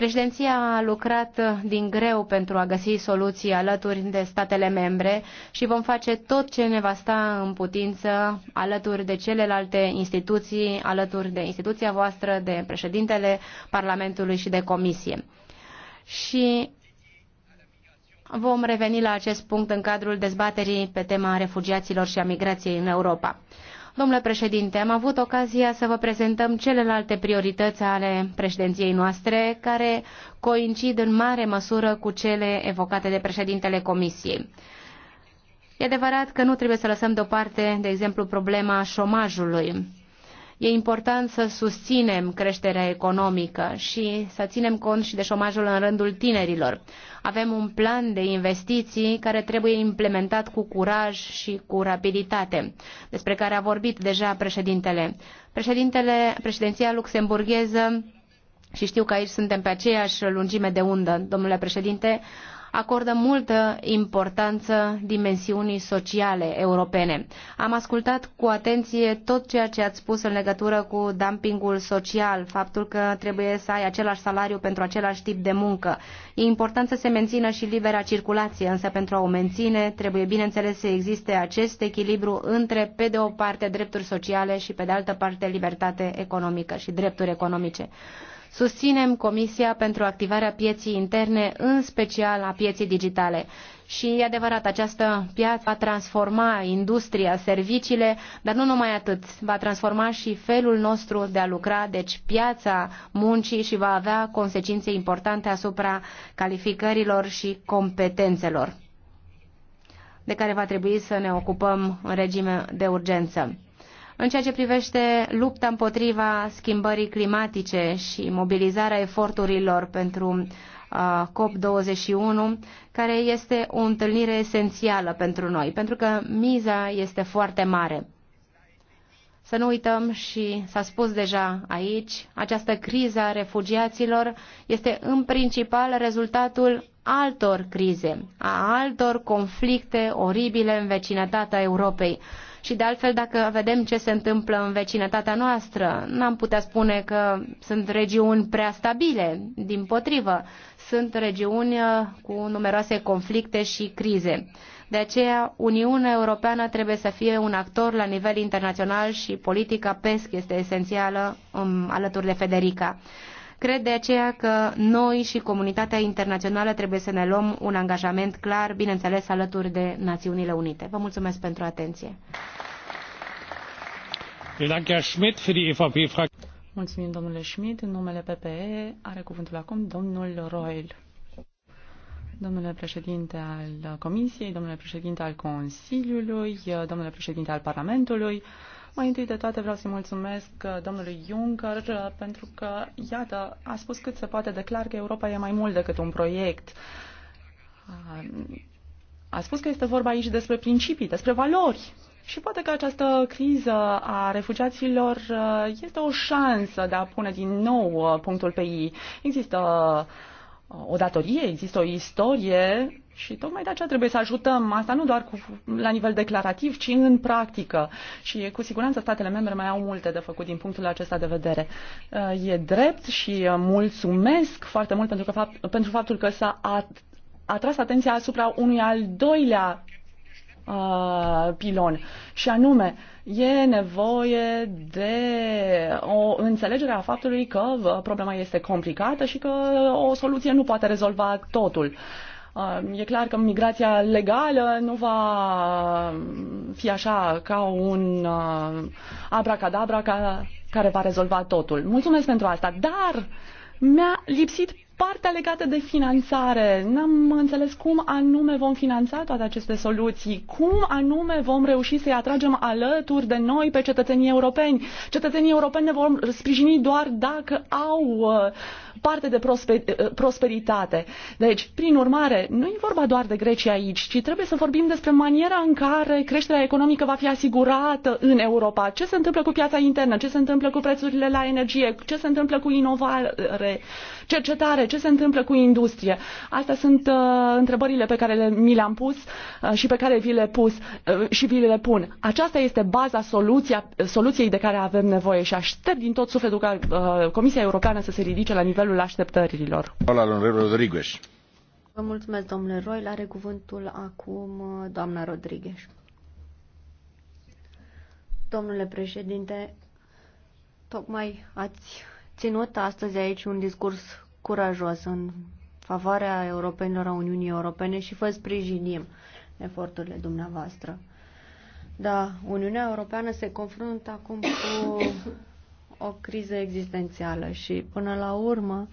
Președinția a lucrat din greu pentru a găsi soluții alături de statele membre și vom face tot ce ne va sta în putință alături de celelalte instituții, alături de instituția voastră, de președintele Parlamentului și de Comisie. Și Vom reveni la acest punct în cadrul dezbaterii pe tema refugiaților și a migrației în Europa. Domnule președinte, am avut ocazia să vă prezentăm celelalte priorități ale președinției noastre, care coincid în mare măsură cu cele evocate de președintele Comisiei. E adevărat că nu trebuie să lăsăm deoparte, de exemplu, problema șomajului E important să susținem creșterea economică și să ținem cont și de șomajul în rândul tinerilor. Avem un plan de investiții care trebuie implementat cu curaj și cu rapiditate, despre care a vorbit deja președintele. Președintele, președinția luxemburgheză și știu că aici suntem pe aceeași lungime de undă, domnule președinte, acordă multă importanță dimensiunii sociale europene. Am ascultat cu atenție tot ceea ce ați spus în legătură cu dumpingul social, faptul că trebuie să ai același salariu pentru același tip de muncă. E important să se mențină și libera circulație, însă pentru a o menține trebuie bineînțeles să existe acest echilibru între, pe de o parte, drepturi sociale și, pe de altă parte, libertate economică și drepturi economice. Susținem Comisia pentru activarea pieții interne, în special a pieții digitale. Și e adevărat, această piață va transforma industria, serviciile, dar nu numai atât, va transforma și felul nostru de a lucra, deci piața muncii și va avea consecințe importante asupra calificărilor și competențelor de care va trebui să ne ocupăm în regime de urgență. În ceea ce privește lupta împotriva schimbării climatice și mobilizarea eforturilor pentru uh, COP21, care este o întâlnire esențială pentru noi, pentru că miza este foarte mare. Să nu uităm și s-a spus deja aici, această criză a refugiaților este în principal rezultatul altor crize, a altor conflicte oribile în vecinătatea Europei. Și de altfel, dacă vedem ce se întâmplă în vecinătatea noastră, n-am putea spune că sunt regiuni prea stabile, din potrivă, sunt regiuni uh, cu numeroase conflicte și crize. De aceea, Uniunea Europeană trebuie să fie un actor la nivel internațional și politica PESC este esențială în, um, alături de Federica. Cred de aceea că noi și comunitatea internațională trebuie să ne luăm un angajament clar, bineînțeles alături de Națiunile Unite. Vă mulțumesc pentru atenție. Mulțumim, domnule Schmidt. În numele PPE are cuvântul acum domnul Roel. Domnule președinte al Comisiei, domnule președinte al Consiliului, domnule președinte al Parlamentului, mai întâi de toate vreau să-i mulțumesc uh, domnului Juncker uh, pentru că, iată, a spus cât se poate declar că Europa e mai mult decât un proiect. Uh, a spus că este vorba aici despre principii, despre valori. Și poate că această criză a refugiaților este o șansă de a pune din nou punctul pe ei. Există o datorie, există o istorie și tocmai de aceea trebuie să ajutăm asta nu doar cu, la nivel declarativ, ci în practică. Și cu siguranță statele membre mai au multe de făcut din punctul acesta de vedere. Uh, e drept și uh, mulțumesc foarte mult pentru, că fapt, pentru faptul că s-a atras atenția asupra unui al doilea uh, pilon. Și anume, e nevoie de o înțelegere a faptului că uh, problema este complicată și că o soluție nu poate rezolva totul. Uh, Uh, e clar că migrația legală nu va fi așa ca un uh, abracadabra ca, care va rezolva totul. Mulțumesc pentru asta, dar mi-a lipsit partea legată de finanțare. N-am înțeles cum anume vom finanța toate aceste soluții, cum anume vom reuși să-i atragem alături de noi pe cetățenii europeni. Cetățenii europeni ne vor sprijini doar dacă au uh, parte de eh, prosperitate. Deci, prin urmare, nu e vorba doar de Grecia aici, ci trebuie să vorbim despre maniera în care creșterea economică va fi asigurată în Europa. Ce se întâmplă cu piața internă, ce se întâmplă cu prețurile la energie, ce se întâmplă cu inovare, cercetare, ce se întâmplă cu industrie. Astea sunt uh, întrebările pe care le, mi le-am pus uh, și pe care vi le, pus, uh, și vi le pun. Aceasta este baza soluția, soluției de care avem nevoie și aștept din tot sufletul ca uh, Comisia Europeană să se ridice la nivel nivelul așteptărilor. Vă mulțumesc, domnule Roy. Are cuvântul acum uh, doamna Rodriguez. Domnule președinte, tocmai ați ținut astăzi aici un discurs curajos în favoarea europenilor a Uniunii Europene și vă sprijinim eforturile dumneavoastră. Da, Uniunea Europeană se confruntă acum cu o criză existențială și până la urmă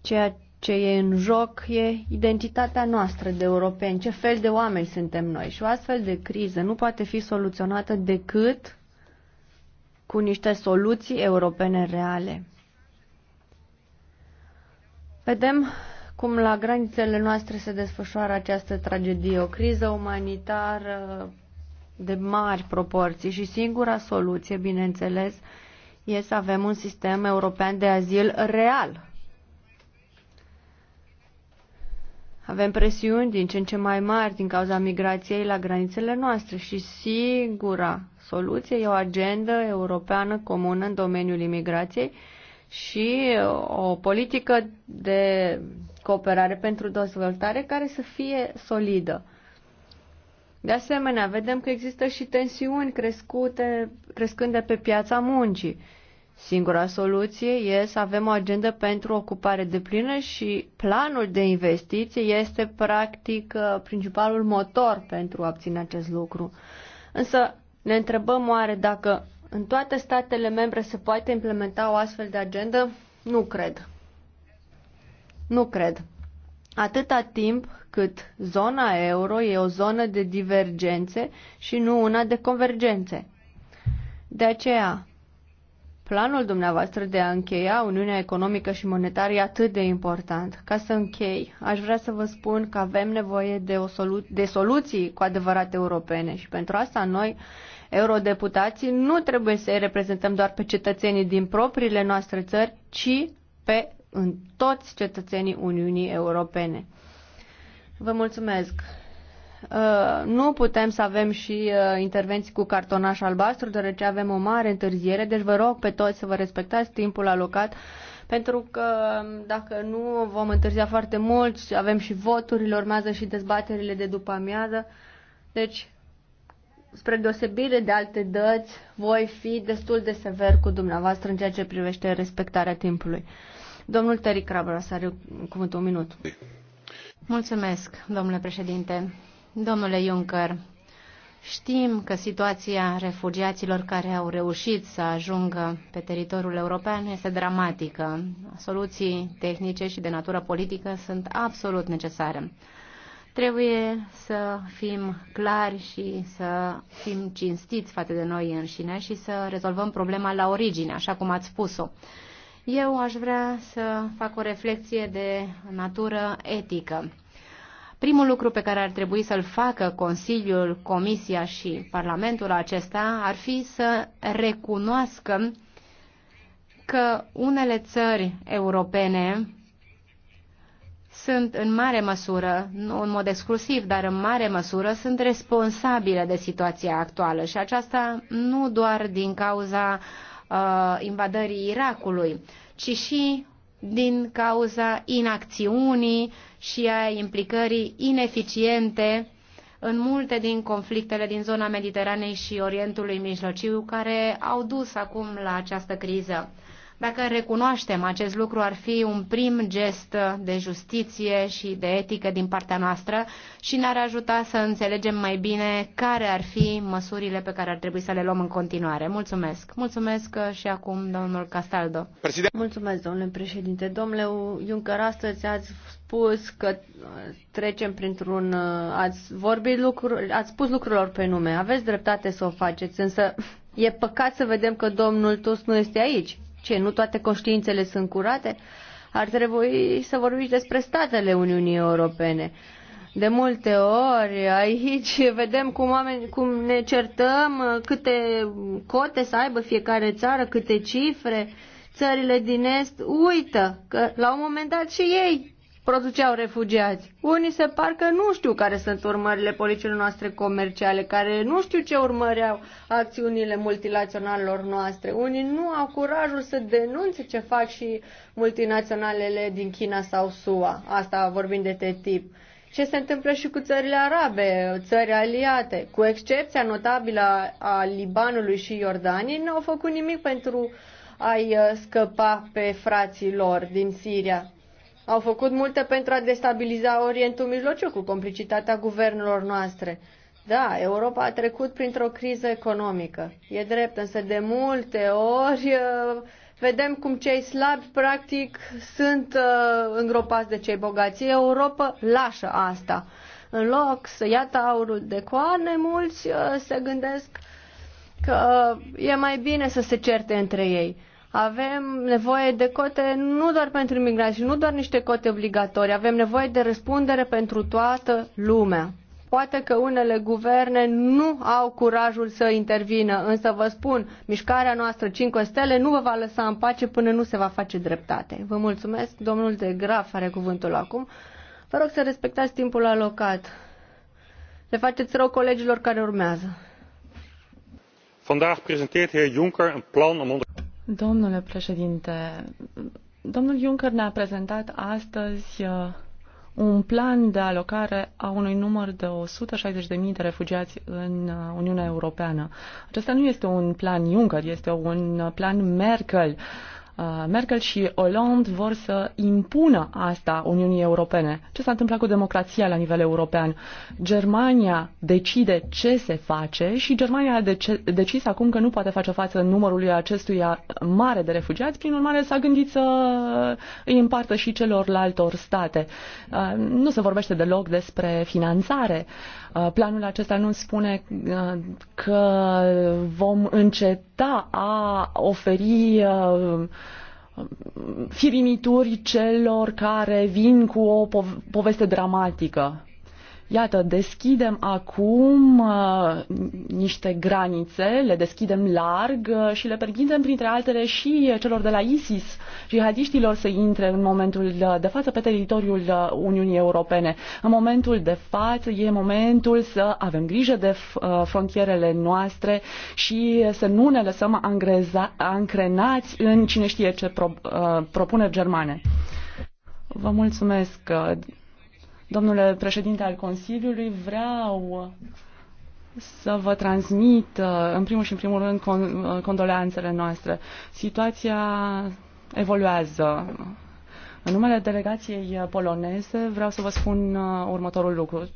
ceea ce e în joc e identitatea noastră de europeni, ce fel de oameni suntem noi. Și o astfel de criză nu poate fi soluționată decât cu niște soluții europene reale. Vedem cum la granițele noastre se desfășoară această tragedie, o criză umanitară de mari proporții și singura soluție, bineînțeles, e să avem un sistem european de azil real. Avem presiuni din ce în ce mai mari din cauza migrației la granițele noastre și singura soluție e o agendă europeană comună în domeniul imigrației și o politică de cooperare pentru dezvoltare care să fie solidă. De asemenea, vedem că există și tensiuni crescute, crescânde pe piața muncii. Singura soluție e să avem o agendă pentru ocupare de plină și planul de investiții este practic uh, principalul motor pentru a obține acest lucru. Însă ne întrebăm oare dacă în toate statele membre se poate implementa o astfel de agendă? Nu cred. Nu cred atâta timp cât zona euro e o zonă de divergențe și nu una de convergențe. De aceea, planul dumneavoastră de a încheia Uniunea Economică și Monetară e atât de important. Ca să închei, aș vrea să vă spun că avem nevoie de, o solu- de soluții cu adevărat europene și pentru asta noi, eurodeputații, nu trebuie să i reprezentăm doar pe cetățenii din propriile noastre țări, ci pe în toți cetățenii Uniunii Europene. Vă mulțumesc! Uh, nu putem să avem și uh, intervenții cu cartonaș albastru, deoarece avem o mare întârziere, deci vă rog pe toți să vă respectați timpul alocat, pentru că um, dacă nu vom întârzia foarte mult, avem și voturile, urmează și dezbaterile de după amiază, deci spre deosebire de alte dăți, voi fi destul de sever cu dumneavoastră în ceea ce privește respectarea timpului. Domnul Tăric Crabra, să are cuvântul un minut. Mulțumesc, domnule președinte. Domnule Juncker, Știm că situația refugiaților care au reușit să ajungă pe teritoriul european este dramatică. Soluții tehnice și de natură politică sunt absolut necesare. Trebuie să fim clari și să fim cinstiți față de noi înșine și să rezolvăm problema la origine, așa cum ați spus-o. Eu aș vrea să fac o reflexie de natură etică. Primul lucru pe care ar trebui să-l facă Consiliul, Comisia și Parlamentul acesta ar fi să recunoască că unele țări europene sunt în mare măsură, nu în mod exclusiv, dar în mare măsură sunt responsabile de situația actuală și aceasta nu doar din cauza uh, uh, invadării Irakului, ci și din cauza inacțiunii și a implicării ineficiente în multe din conflictele din zona Mediteranei și Orientului Mijlociu care au dus acum la această criză. Dacă recunoaștem acest lucru, ar fi un prim gest de justiție și de etică din partea noastră și ne-ar ajuta să înțelegem mai bine care ar fi măsurile pe care ar trebui să le luăm în continuare. Mulțumesc. Mulțumesc și acum domnul Castaldo. President... Mulțumesc, domnule președinte. Domnule Juncker, astăzi ați spus că trecem printr-un... Ați vorbit lucruri, ați spus lucrurilor pe nume. Aveți dreptate să o faceți, însă e păcat să vedem că domnul Tus nu este aici ce, nu toate conștiințele sunt curate? Ar trebui să vorbiți despre statele Uniunii Europene. De multe ori aici *laughs* vedem cum, oameni, cum ne certăm câte cote să aibă fiecare țară, câte cifre. Țările din Est uită că la un moment dat și ei produceau refugiați. Unii se par că nu știu care sunt urmările politicilor noastre comerciale, care nu știu ce urmăreau acțiunile multinaționalelor noastre. Unii nu au curajul să denunțe ce fac și multinaționalele din China sau SUA. Asta vorbim de TTIP. Ce se întâmplă și cu țările arabe, țări aliate, cu excepția notabilă a Libanului și Iordaniei, n-au făcut nimic pentru a-i uh, scăpa pe frații lor din Siria au făcut multe pentru a destabiliza Orientul Mijlociu cu complicitatea guvernelor noastre. Da, Europa a trecut printr-o criză economică. E drept, însă de multe ori uh, vedem cum cei slabi practic sunt uh, îngropați de cei bogați. Europa lasă asta. În loc să ia taurul de coane, mulți uh, se gândesc că e mai bine să se certe între ei. Avem nevoie de cote nu doar pentru imigranți, nu doar niște cote obligatorii, avem nevoie de răspundere pentru toată lumea. Poate că unele guverne nu au curajul să intervină, însă vă spun, mișcarea noastră 5 stele nu vă va lăsa în pace până nu se va face dreptate. Vă mulțumesc, domnul de Graf are cuvântul acum. Vă rog să respectați timpul alocat. Le faceți rău colegilor care urmează. Vandaag presenteert heer Juncker een plan om onder Domnule președinte, domnul Juncker ne-a prezentat astăzi uh, un plan de alocare a unui număr de 160.000 de refugiați în uh, Uniunea Europeană. Acesta nu este un plan Juncker, este un uh, plan Merkel. Uh, Uh, Merkel și Hollande vor să impună asta Uniunii Europene. Ce s-a întâmplat cu democrația la nivel european? Germania decide ce se face și Germania a decis acum că nu poate face față numărului acestuia mare de refugiați, prin urmare s-a gândit să îi împartă și celorlaltor state. Uh, nu se vorbește deloc despre finanțare. Uh, planul acesta nu spune uh, că vom înceta a oferi uh, firimituri celor care vin cu o poveste dramatică. Iată, deschidem acum uh, niște granițe, le deschidem larg uh, și le permitem, printre altele, și celor de la ISIS, jihadiștilor, să intre în momentul uh, de față pe teritoriul Uniunii Europene. În momentul de față e momentul să avem grijă de frontierele noastre și să nu ne lăsăm angreza, ancrenați în cine știe ce pro, uh, propuneri germane. Vă mulțumesc domnule președinte al Consiliului, vreau să vă transmit, uh, în primul și în primul rând, uh, condoleanțele noastre. Situația evoluează. În numele delegației poloneze vreau să vă spun uh, următorul lucru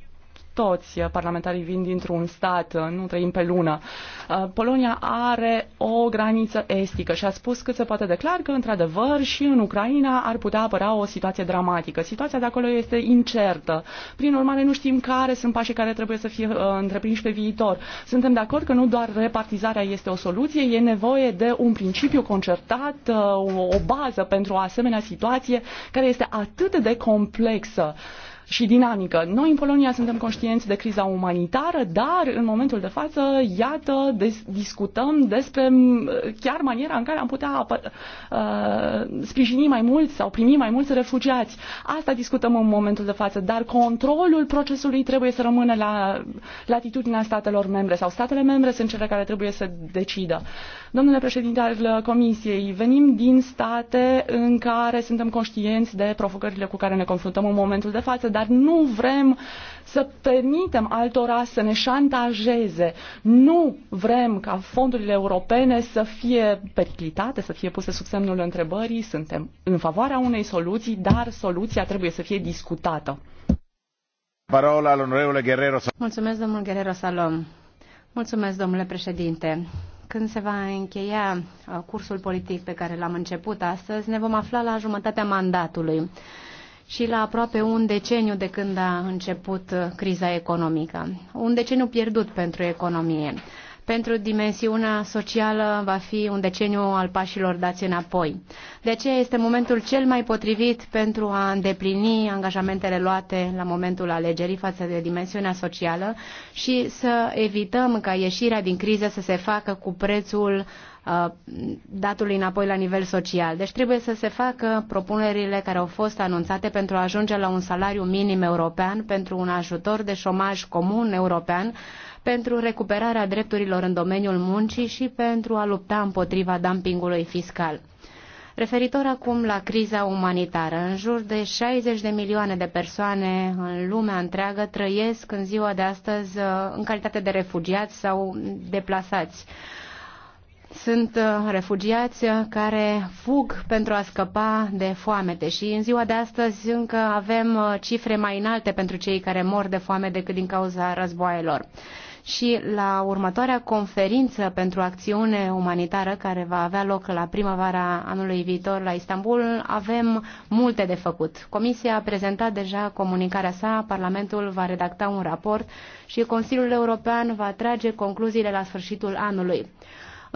toți parlamentarii vin dintr-un stat, uh, nu trăim pe lună. Uh, Polonia are o graniță estică și a spus cât se poate declar că, într-adevăr, și în Ucraina ar putea apărea o situație dramatică. Situația de acolo este incertă. Prin urmare, nu știm care sunt pașii care trebuie să fie uh, întreprinși pe viitor. Suntem de acord că nu doar repartizarea este o soluție, e nevoie de un principiu concertat, o bază pentru o asemenea situație care este atât de complexă și dinamică. Noi în Polonia suntem conștienți de criza umanitară, dar în momentul de față, iată, des- discutăm despre chiar maniera în care am putea uh, sprijini mai mult sau primi mai mulți refugiați. Asta discutăm în momentul de față, dar controlul procesului trebuie să rămână la latitudinea statelor membre sau statele membre sunt cele care trebuie să decidă. Domnule președinte al Comisiei, venim din state în care suntem conștienți de provocările cu care ne confruntăm în momentul de față, dar nu vrem să permitem altora să ne șantajeze. Nu vrem ca fondurile europene să fie periclitate, să fie puse sub semnul întrebării. Suntem în favoarea unei soluții, dar soluția trebuie să fie discutată. Parola al onorevole Guerrero. Mulțumesc, domnul Guerrero Salom. Mulțumesc, domnule președinte. Când se va încheia uh, cursul politic pe care l-am început astăzi, ne vom afla la jumătatea mandatului și la aproape un deceniu de când a început uh, criza economică. Un deceniu pierdut pentru economie. Pentru dimensiunea socială va fi un deceniu al pașilor dați înapoi. De aceea este momentul cel mai potrivit pentru a îndeplini angajamentele luate la momentul alegerii față de dimensiunea socială și să evităm ca ieșirea din criză să se facă cu prețul uh, Uh, datului înapoi la nivel social. Deci trebuie să se facă propunerile care au fost anunțate pentru a ajunge la un salariu minim european, pentru un ajutor de șomaj comun european, pentru recuperarea drepturilor în domeniul muncii și pentru a lupta împotriva dumpingului fiscal. Referitor acum la criza umanitară, în jur de 60 de milioane de persoane în lumea întreagă trăiesc în ziua de astăzi uh, în calitate de refugiați sau deplasați. Sunt uh, refugiați uh, care fug pentru a scăpa de foamete și în ziua de astăzi încă avem uh, cifre mai înalte pentru cei care mor de foame decât din cauza războaielor și la următoarea conferință pentru acțiune umanitară care va avea loc la primăvara anului viitor la Istanbul, avem multe de făcut. Comisia a prezentat deja comunicarea sa, Parlamentul va redacta un raport și Consiliul European va trage concluziile la sfârșitul anului.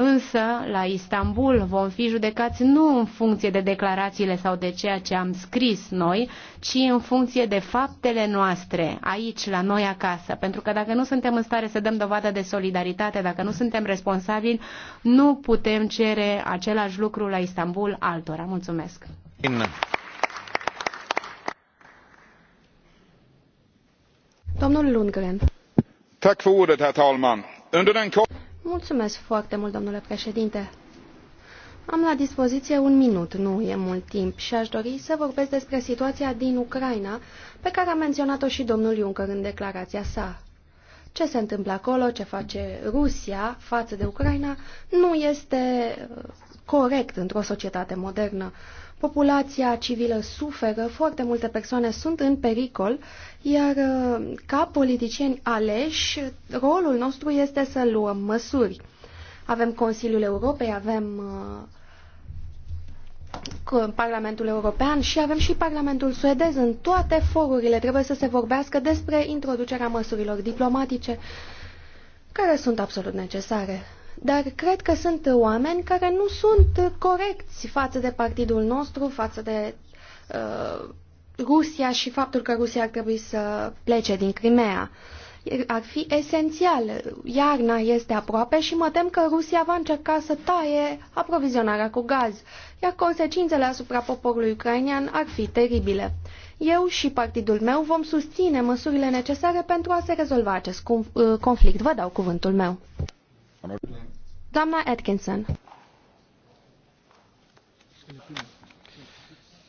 Însă, la Istanbul vom fi judecați nu în funcție de declarațiile sau de ceea ce am scris noi, ci în funcție de faptele noastre, aici, la noi acasă. Pentru că dacă nu suntem în stare să dăm dovadă de solidaritate, dacă nu suntem responsabili, nu putem cere același lucru la Istanbul altora. Mulțumesc! In... Domnul Lundgren. Tack för ordet, herr talman. Under den Mulțumesc foarte mult, domnule președinte. Am la dispoziție un minut, nu e mult timp, și aș dori să vorbesc despre situația din Ucraina, pe care a menționat-o și domnul Juncker în declarația sa. Ce se întâmplă acolo, ce face Rusia față de Ucraina, nu este uh, corect într-o societate modernă. Populația civilă suferă, foarte multe persoane sunt în pericol iar uh, ca politicieni aleși, rolul nostru este să luăm măsuri. Avem Consiliul Europei, avem uh, Parlamentul European și avem și Parlamentul suedez în toate forurile. Trebuie să se vorbească despre introducerea măsurilor diplomatice care sunt absolut necesare. Dar cred că sunt oameni care nu sunt corecți față de partidul nostru, față de uh, Rusia și faptul că Rusia ar trebui să plece din Crimea. Ar fi esențial. Iarna este aproape și mă tem că Rusia va încerca să taie aprovizionarea cu gaz, iar consecințele asupra poporului ucrainian ar fi teribile. Eu și partidul meu vom susține măsurile necesare pentru a se rezolva acest uh, conflict. Vă dau cuvântul meu. Doamna Atkinson.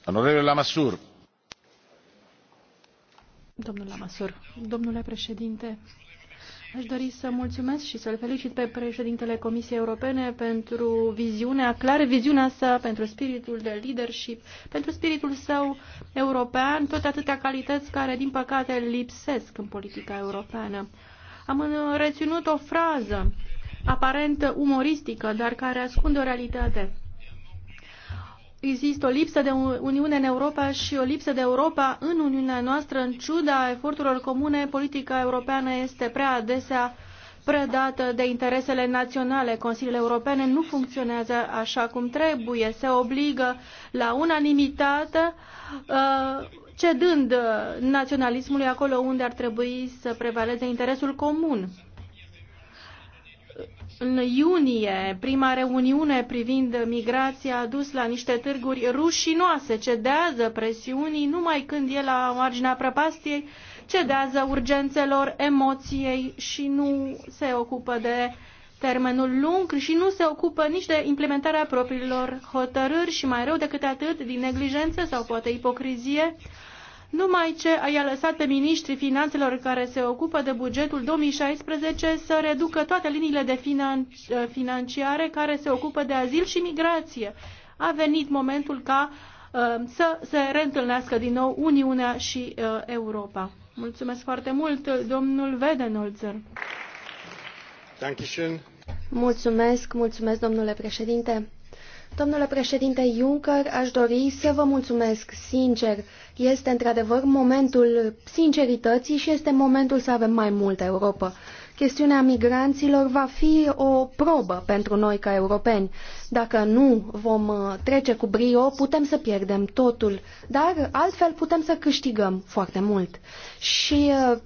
Onorele Lamassur, Domnule Masur, domnule președinte, aș dori să mulțumesc și să-l felicit pe președintele Comisiei Europene pentru viziunea clară, viziunea sa, pentru spiritul de leadership, pentru spiritul său european, tot atâtea calități care, din păcate, lipsesc în politica europeană. Am reținut o frază aparent umoristică, dar care ascunde o realitate există o lipsă de Uniune în Europa și o lipsă de Europa în Uniunea noastră, în ciuda eforturilor comune, politica europeană este prea adesea prădată de interesele naționale. Consiliile europene nu funcționează așa cum trebuie, se obligă la unanimitate, uh, cedând naționalismului acolo unde ar trebui să prevaleze interesul comun. În iunie, prima reuniune privind migrația a dus la niște târguri rușinoase, cedează presiunii numai când e la marginea prăpastiei, cedează urgențelor, emoției și nu se ocupă de termenul lung și nu se ocupă nici de implementarea propriilor hotărâri și mai rău decât atât, din neglijență sau poate ipocrizie, numai ce i-a lăsat pe miniștrii finanțelor care se ocupă de bugetul 2016 să reducă toate liniile de finan- eh, financiare care se ocupă de azil și migrație. A venit momentul ca uh, să se reîntâlnească din nou Uniunea și uh, Europa. Mulțumesc foarte mult, domnul Vedenolzer. Mulțumesc, mulțumesc, domnule președinte. Domnule președinte Juncker, aș dori să vă mulțumesc sincer. Este într-adevăr momentul sincerității și este momentul să avem mai multă Europa. Chestiunea migranților va fi o probă pentru noi ca europeni. Dacă nu vom uh, trece cu brio, putem să pierdem totul, dar altfel putem să câștigăm foarte mult. Și uh,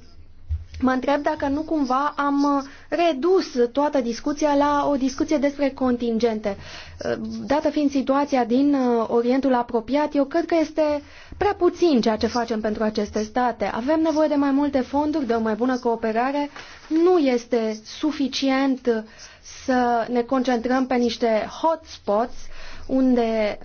Mă întreb dacă nu cumva am uh, redus toată discuția la o discuție despre contingente. Uh, dată fiind situația din uh, Orientul apropiat, eu cred că este prea puțin ceea ce facem pentru aceste state. Avem nevoie de mai multe fonduri, de o mai bună cooperare. Nu este suficient să ne concentrăm pe niște hotspots unde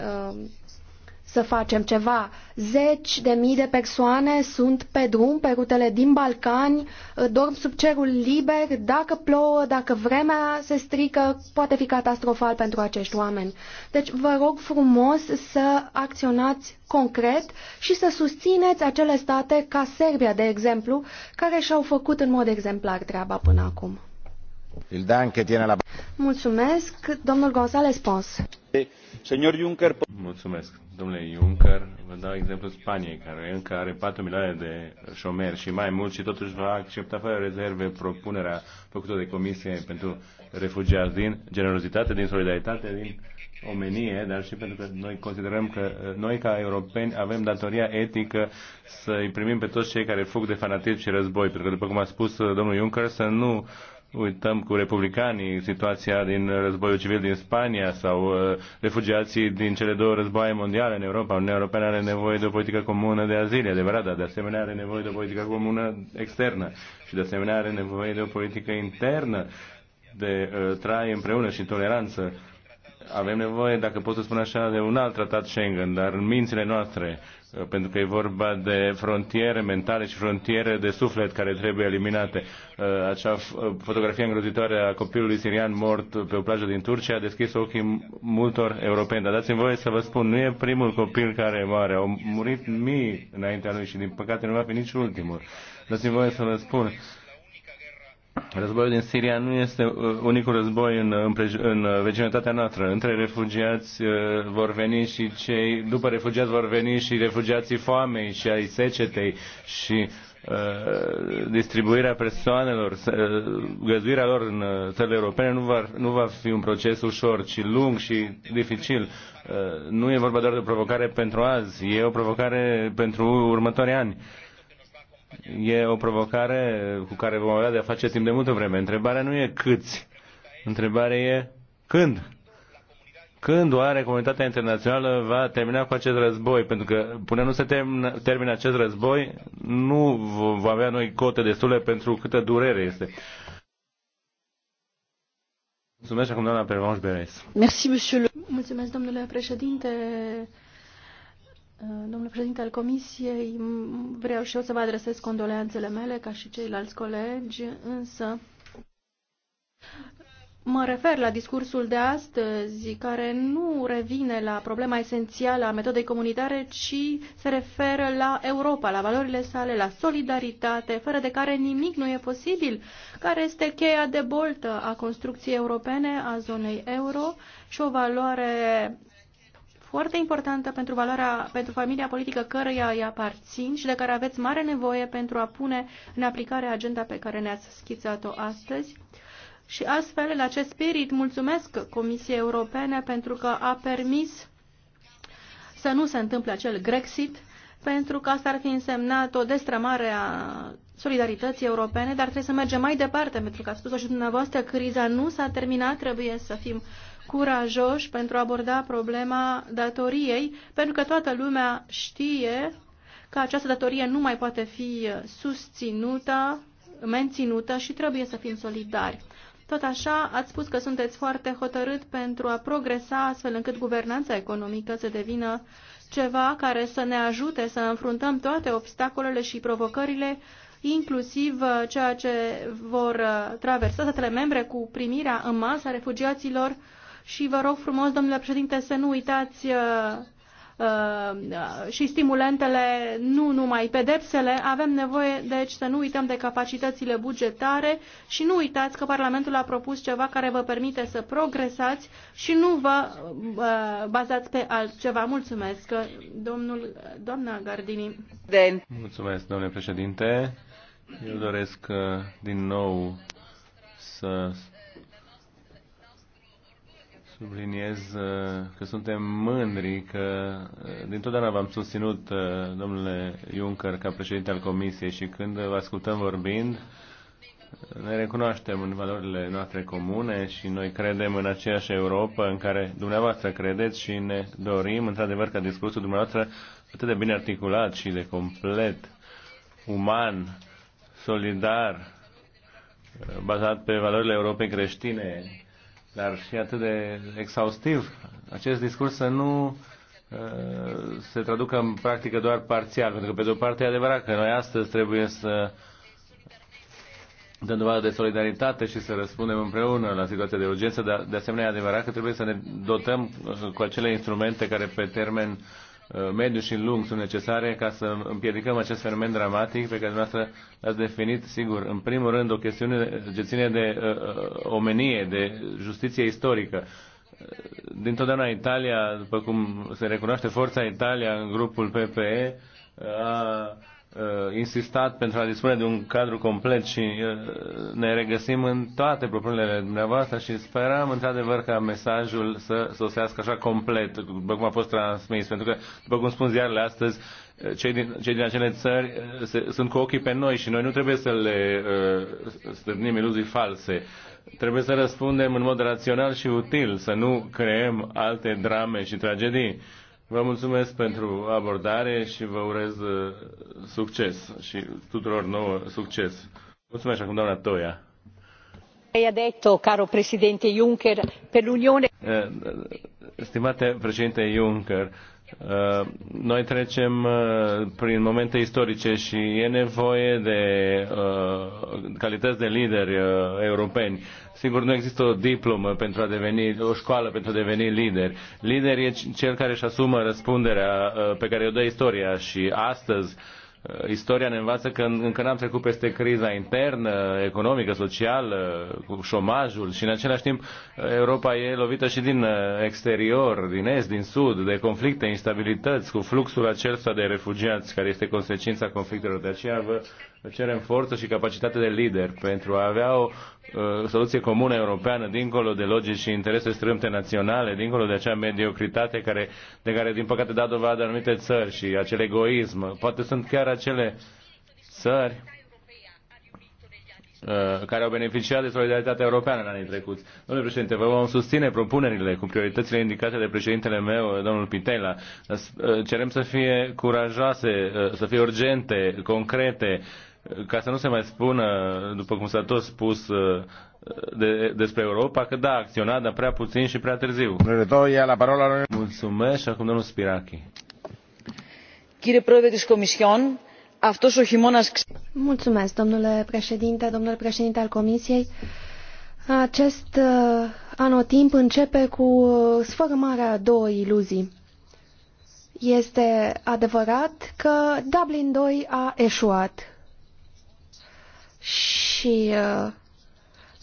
să facem ceva. Zeci de mii de persoane sunt pe drum, pe rutele din Balcani, ă, dorm sub cerul liber, dacă plouă, dacă vremea se strică, poate fi catastrofal pentru acești oameni. Deci vă rog frumos să acționați concret și să susțineți acele state ca Serbia, de exemplu, care și-au făcut în mod exemplar treaba până acum. Mulțumesc, domnul González Pons. Señor Juncker... Mulțumesc. Domnule Juncker, vă dau exemplu Spaniei, care încă are 4 milioane de șomeri și mai mult și totuși va accepta fără rezerve propunerea făcută de Comisie pentru refugiați din generozitate, din solidaritate, din omenie, dar și pentru că noi considerăm că eh, noi ca europeni avem datoria etică să îi primim pe toți cei care fug de fanatism și război, pentru că după cum a spus eh, domnul Juncker, să nu uităm cu republicanii situația din războiul civil din Spania sau uh, refugiații din cele două războaie mondiale în Europa. Uniunea Europeană are nevoie de o politică comună de azil, e adevărat, dar de asemenea are nevoie de o politică comună externă și de asemenea are nevoie de o politică internă de uh, trai împreună și toleranță. Avem nevoie, dacă pot să spun așa, de un alt tratat Schengen, dar în mințile noastre Uh, pentru că e vorba de frontiere mentale și frontiere de suflet care trebuie eliminate. Uh, acea uh, fotografie îngrozitoare a copilului sirian mort pe o plajă din Turcia a deschis ochii multor europeni. Dar dați-mi voie să vă spun, nu e primul copil care moare. Au murit mii înaintea lui și din păcate nu va fi nici ultimul. Dați-mi voie să vă spun, Războiul din Siria nu este uh, unicul război în, uh, în, în uh, vecinătatea noastră. Între refugiați vor veni și cei, după refugiați vor veni și refugiații foamei și ai secetei și uh, distribuirea persoanelor, uh, găzduirea lor în țările europene nu va, nu va fi un proces ușor, ci lung și dificil. Uh, nu e vorba doar de o provocare pentru azi, e o provocare pentru următorii ani. Uh, e o provocare cu care vom avea de-a face timp de multă vreme. Întrebarea nu e câți, întrebarea e când. Când oare comunitatea internațională va termina cu acest război? Pentru că până nu se termină, termină acest război, nu vom avea noi cote destule pentru câtă durere este. Mulțumesc acum doamna Pervanș Beres. Mulțumesc, domnule președinte. Uh, domnule președinte al Comisiei, vreau și eu să vă adresez condoleanțele mele, ca și ceilalți colegi, însă mă refer la discursul de astăzi, care nu revine la problema esențială a metodei comunitare, ci se referă la Europa, la valorile sale, la solidaritate, fără de care nimic nu e posibil, care este cheia de boltă a construcției europene, a zonei euro și o valoare foarte importantă pentru, valoarea, pentru familia politică căreia îi aparțin și de care aveți mare nevoie pentru a pune în aplicare agenda pe care ne-ați schițat-o astăzi. Și astfel, în acest spirit, mulțumesc Comisiei Europene pentru că a permis să nu se întâmple acel Grexit, pentru că asta ar fi însemnat o destrămare a solidarității europene, dar trebuie să mergem mai departe, pentru că a spus-o și dumneavoastră, criza nu s-a terminat, trebuie să fim uh, curajoși pentru a aborda problema datoriei, pentru că toată lumea știe că această datorie nu mai poate fi susținută, menținută și trebuie să fim solidari. Tot așa, ați spus că sunteți foarte hotărât pentru a progresa astfel încât guvernanța economică să devină ceva care să ne ajute să înfruntăm toate obstacolele și provocările, inclusiv uh, ceea ce vor uh, traversa statele membre cu primirea în masă a refugiaților și vă rog frumos, domnule președinte, să nu uitați uh, uh, și stimulentele, nu numai pedepsele, avem nevoie deci să nu uităm de capacitățile bugetare și nu uitați că Parlamentul a propus ceva care vă permite să progresați și nu vă uh, bazați pe altceva. Mulțumesc, domnul, doamna Gardini. Mulțumesc, domnule președinte. Eu doresc uh, din nou să subliniez uh, că suntem mândri că uh, dintotdeauna v-am susținut, uh, domnule Juncker, ca președinte al Comisiei și când vă ascultăm vorbind, ne recunoaștem în valorile noastre comune și noi credem în aceeași Europa în care dumneavoastră credeți și ne dorim, într-adevăr, ca discursul dumneavoastră atât de bine articulat și de complet, uman, solidar, bazat pe valorile Europei creștine, dar și atât de exhaustiv, acest discurs să nu uh, se traducă în practică doar parțial, pentru că pe de o parte e adevărat că noi astăzi trebuie să dăm dovadă de solidaritate și să răspundem împreună la situația de urgență, dar de asemenea e adevărat că trebuie să ne dotăm uh, cu acele instrumente care pe termen Uh, mediu și lung sunt necesare ca să împiedicăm acest fenomen dramatic pe care dumneavoastră l-ați definit, sigur, în primul rând o chestiune ce ține de uh, uh omenie, de justiție istorică. Uh, dintotdeauna Italia, după cum se recunoaște forța Italia în grupul PPE, a Uh, insistat pentru a dispune de un cadru complet și uh, ne regăsim în toate propunerile dumneavoastră și sperăm într-adevăr ca mesajul să sosească așa complet, după cum a fost transmis, pentru că, după cum spun ziarele astăzi, uh, cei din, cei din acele țări se, sunt cu ochii pe noi și noi nu trebuie să le uh, stârnim iluzii false. Trebuie să răspundem în mod rațional și util, să nu creăm alte drame și tragedii. Uh, Vă mulțumesc pentru abordare și vă urez uh, succes și tuturor nouă succes. Mulțumesc acum doamna Toia. Lei a detto, caro președinte Juncker, per l'Unione... Eh, stimate președinte Juncker, noi trecem uh, prin momente istorice și e nevoie de uh, calități de lideri uh, europeni. Sigur, nu există o diplomă pentru a deveni, o școală pentru a deveni lider. Lider e cel care își asumă răspunderea pe care o dă istoria și astăzi uh, Uh, istoria ne învață că încă n-am trecut peste criza internă, economică, socială, cu șomajul și în același timp uh, Europa e lovită și din uh, exterior, din est, din sud, de conflicte, instabilități, cu fluxul acesta de refugiați care este consecința conflictelor. De aceea vă cerem forță și capacitate de lider pentru a avea o Uh, soluție comună europeană, dincolo de logici și interese strâmte naționale, dincolo de acea mediocritate care, de care, din păcate, da dovadă anumite țări și acel egoism. Poate sunt chiar acele țări uh, care au beneficiat de solidaritatea europeană în anii trecuți. Domnule președinte, vă vom susține propunerile cu prioritățile indicate de președintele meu, domnul Pitela. Uh, cerem să fie curajoase, să fie urgente, concrete, ca să nu se mai spună, după cum s-a tot spus uh, de, despre Europa, că da, a acționat, dar prea puțin și prea târziu. la parola Mulțumesc și acum domnul Spirachi. Chire prove de comision, Mulțumesc, domnule președinte, domnule președinte al Comisiei. Acest uh, anotimp începe cu uh, sfărâmarea două iluzii. Este adevărat că Dublin 2 a eșuat și uh,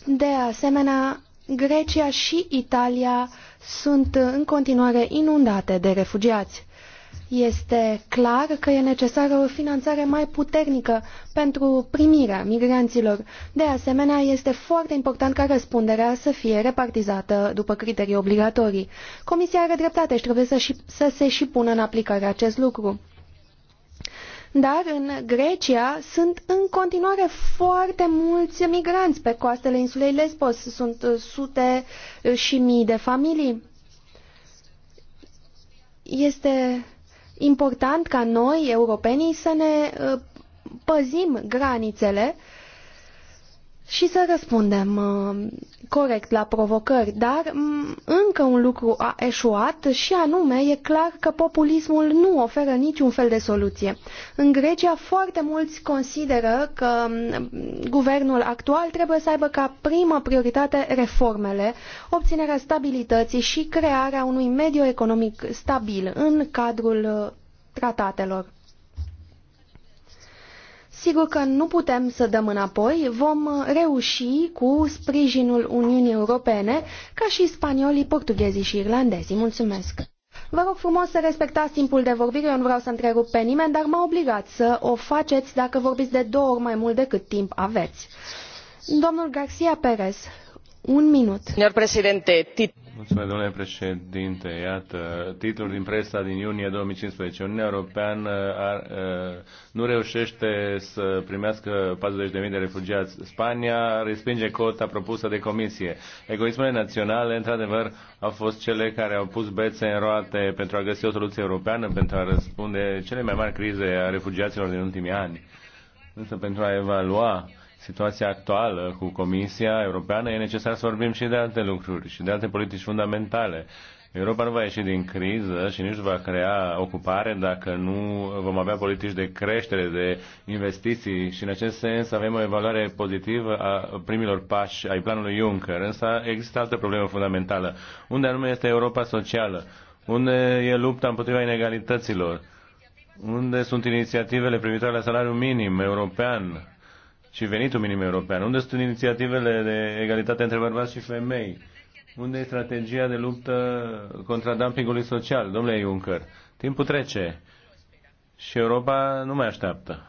de asemenea, Grecia și Italia sunt în continuare inundate de refugiați. Este clar că e necesară o finanțare mai puternică pentru primirea migranților. De asemenea, este foarte important ca răspunderea să fie repartizată după criterii obligatorii. Comisia are dreptate și trebuie să, și, să se și pună în aplicare acest lucru dar în Grecia sunt în continuare foarte mulți migranți pe coastele insulei Lesbos. Sunt uh, sute uh, și mii de familii. Este important ca noi, europenii, să ne uh, păzim granițele și să răspundem uh, corect la provocări, dar mm, încă un lucru a eșuat și anume e clar că populismul nu oferă niciun fel de soluție. În Grecia foarte mulți consideră că mm, guvernul actual trebuie să aibă ca primă prioritate reformele, obținerea stabilității și crearea unui mediu economic stabil în cadrul uh, tratatelor. Sigur că nu putem să dăm înapoi, vom uh, reuși cu sprijinul Uniunii Europene, ca și spaniolii, portughezii și irlandezii. Mulțumesc! Vă rog frumos să respectați timpul de vorbire, eu nu vreau să întrerup pe nimeni, dar mă obligați să o faceți dacă vorbiți de două ori mai mult decât timp aveți. Domnul Garcia Perez, un minut. Domnul președinte, Mulțumesc, domnule președinte. Iată, titlul din presa din iunie 2015. Uniunea Europeană ar, uh, nu reușește să primească 40.000 de refugiați. Spania respinge cota propusă de comisie. Egoismele naționale, într-adevăr, au fost cele care au pus bețe în roate pentru a găsi o soluție europeană pentru a răspunde cele mai mari crize a refugiaților din ultimii ani. Însă pentru a evalua uh, situația actuală cu Comisia Europeană, e necesar să vorbim și de alte lucruri și de alte politici fundamentale. Europa nu va ieși din criză și nici nu va crea ocupare dacă nu vom avea politici de creștere, de investiții și în acest sens avem o evaluare pozitivă a primilor pași ai planului Juncker. Însă există altă problemă fundamentală. Unde anume este Europa socială? Unde e lupta împotriva inegalităților? Unde sunt inițiativele privitoare la salariul minim european? și venitul minim european? Unde sunt inițiativele de egalitate între bărbați și femei? Unde e strategia de luptă contra dumpingului social, domnule Juncker? Timpul trece și Europa nu mai așteaptă.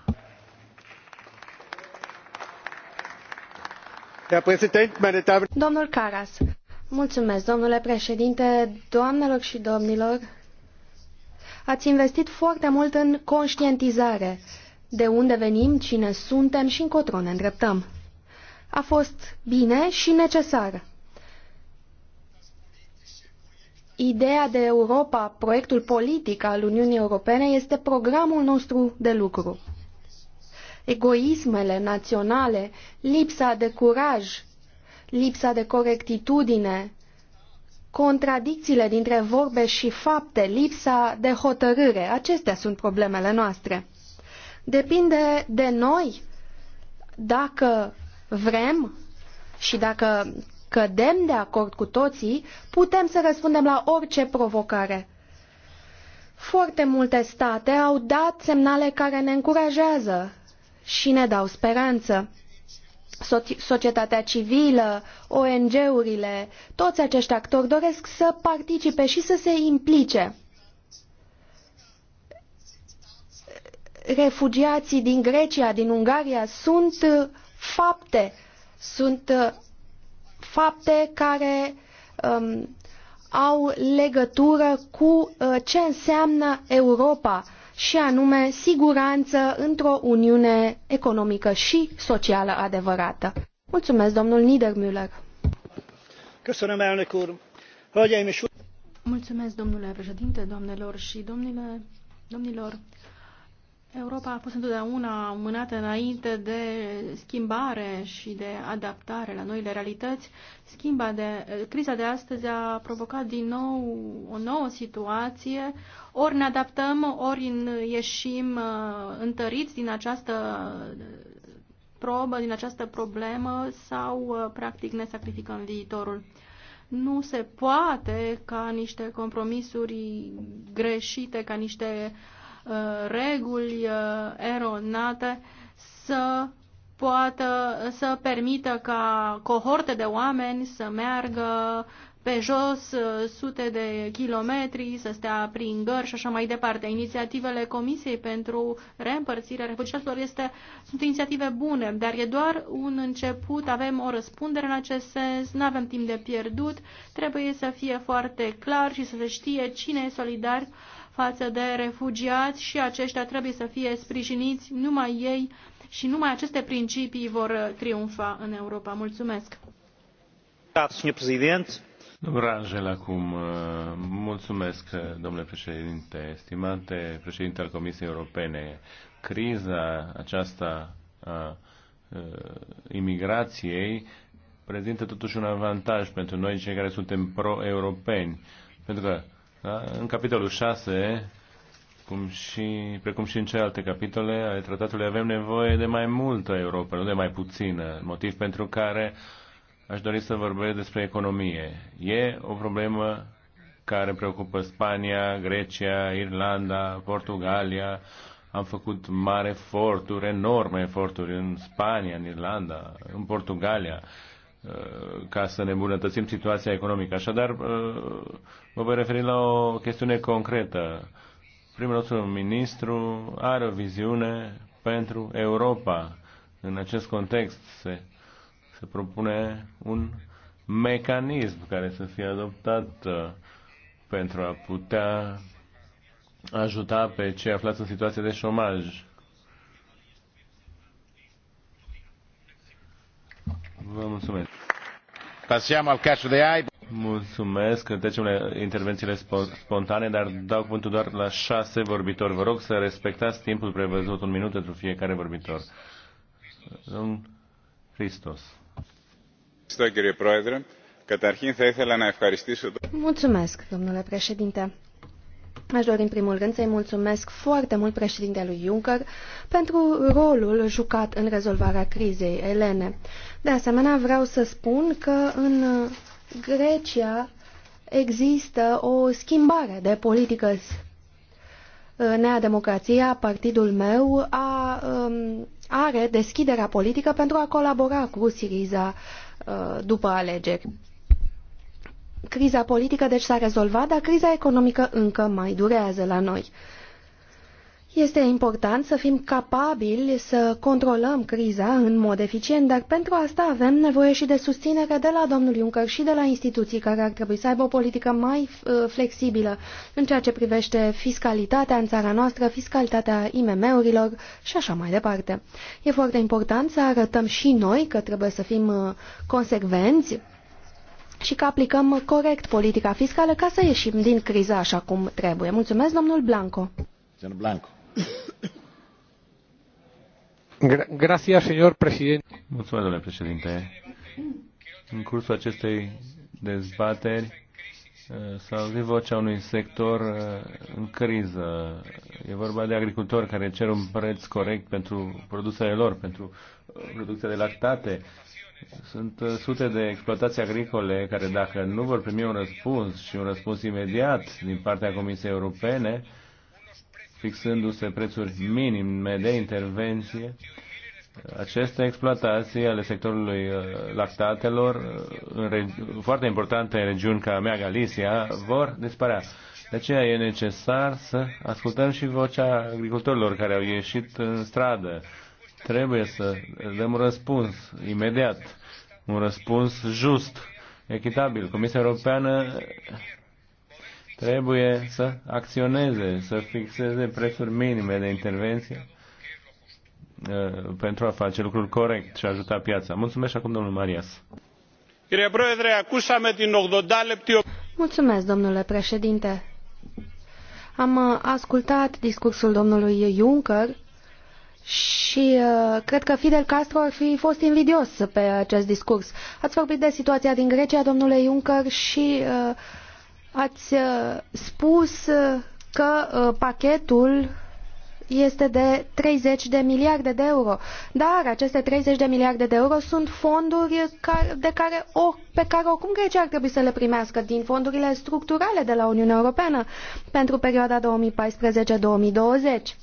Domnul Caras, mulțumesc, domnule președinte, doamnelor și domnilor. Ați investit foarte mult în conștientizare de unde venim, cine suntem și încotro ne îndreptăm. A fost bine și necesar. Ideea de Europa, proiectul politic al Uniunii Europene, este programul nostru de lucru. Egoismele naționale, lipsa de curaj, lipsa de corectitudine, contradicțiile dintre vorbe și fapte, lipsa de hotărâre, acestea sunt problemele noastre. Depinde de noi dacă vrem și dacă cădem de acord cu toții, putem să răspundem la orice provocare. Foarte multe state au dat semnale care ne încurajează și ne dau speranță. Societatea civilă, ONG-urile, toți acești actori doresc să participe și să se implice. refugiații din Grecia, din Ungaria, sunt uh, fapte, sunt uh, fapte care um, au legătură cu uh, ce înseamnă Europa și anume siguranță într-o uniune economică și socială adevărată. Mulțumesc, domnul Niedermüller. Mulțumesc, domnule președinte, doamnelor și domnile, domnilor. Europa a fost întotdeauna mânată înainte de schimbare și de adaptare la noile realități. Schimba de, criza de astăzi a provocat din nou o nouă situație. Ori ne adaptăm, ori ieșim uh, întăriți din această uh, probă, din această problemă sau, uh, practic, ne sacrificăm viitorul. Nu se poate ca niște compromisuri greșite, ca niște uh, Uh, reguli uh, eronate să poată să permită ca cohorte de oameni să meargă pe jos uh, sute de kilometri, să stea prin gări și așa mai departe. Inițiativele Comisiei pentru reîmpărțirea refugiaților este, sunt inițiative bune, dar e doar un început, avem o răspundere în acest sens, nu avem timp de pierdut, trebuie să fie foarte clar și să se știe cine e solidar față de refugiați și aceștia trebuie să fie sprijiniți numai ei și numai aceste principii vor triumfa în Europa. Mulțumesc! Domnul Rangel, acum, uh, mulțumesc, uh, domnule președinte, estimate președinte al Comisiei Europene. Criza aceasta a uh, imigrației prezintă totuși un avantaj pentru noi, cei care suntem pro-europeni, pentru că da? În capitolul 6, cum și, precum și în celelalte capitole ale tratatului, avem nevoie de mai multă Europa, nu de mai puțină, motiv pentru care aș dori să vorbesc despre economie. E o problemă care preocupă Spania, Grecia, Irlanda, Portugalia. Am făcut mari eforturi, enorme eforturi în Spania, în Irlanda, în Portugalia Uh, ca să ne îmbunătățim situația economică. Așadar, uh, mă voi referi la o chestiune concretă. Primul nostru ministru are o viziune pentru Europa. În acest context se, se propune un mecanism care să fie adoptat uh, pentru a putea ajuta pe cei aflați în situație de șomaj Vă mulțumesc. Pasiam al cașul de AI. Mulțumesc. Trecem la intervențiile spontane, dar dau cuvântul doar la șase vorbitori. Vă rog să respectați timpul prevăzut, un minut pentru fiecare vorbitor. Domnul Hristos. Mulțumesc, domnule președinte. Aș dori în primul rând să-i mulțumesc foarte mult președintelui Juncker pentru rolul jucat în rezolvarea crizei elene. De asemenea, vreau să spun că în Grecia există o schimbare de politică. Nea Democrația, partidul meu, a, um, are deschiderea politică pentru a colabora cu Siriza uh, după alegeri. Criza politică deci s-a rezolvat, dar criza economică încă mai durează la noi. Este important să fim capabili să controlăm criza în mod eficient, dar pentru asta avem nevoie și de susținere de la domnul Juncker și de la instituții care ar trebui să aibă o politică mai uh, flexibilă în ceea ce privește fiscalitatea în țara noastră, fiscalitatea IMM-urilor și așa mai departe. E foarte important să arătăm și noi că trebuie să fim uh, consecvenți și că aplicăm corect politica fiscală ca să ieșim din criză așa cum trebuie. Mulțumesc, domnul Blanco. Domnul Blanco. Gracias, señor presidente. Mulțumesc, domnule președinte. În cursul acestei dezbateri uh, s-a auzit vocea unui sector uh, în criză. E vorba de agricultori care cer un preț corect pentru produsele lor, pentru uh, producția de lactate sunt uh, sute de exploatații agricole care dacă nu vor primi un răspuns și un răspuns imediat din partea Comisiei Europene, fixându-se prețuri minime de intervenție, aceste exploatații ale sectorului uh, lactatelor, uh, în foarte importante în regiuni ca mea Galicia, vor dispărea. De aceea e necesar să ascultăm și vocea agricultorilor care au ieșit în stradă Trebuie să dăm un răspuns imediat, un răspuns just, echitabil. Comisia Europeană trebuie să acționeze, să fixeze prețuri minime de intervenție uh, pentru a face lucrul corect și a ajuta piața. Mulțumesc și acum domnul Marias. Mulțumesc, domnule președinte. Am ascultat discursul domnului Juncker și uh, cred că Fidel Castro ar fi fost invidios pe acest discurs. Ați vorbit de situația din Grecia, domnule Juncker, și uh, ați uh, spus uh, că uh, pachetul este de 30 de miliarde de euro. Dar aceste 30 de miliarde de euro sunt fonduri de care o, pe care oricum Grecia ar trebui să le primească din fondurile structurale de la Uniunea Europeană pentru perioada 2014-2020.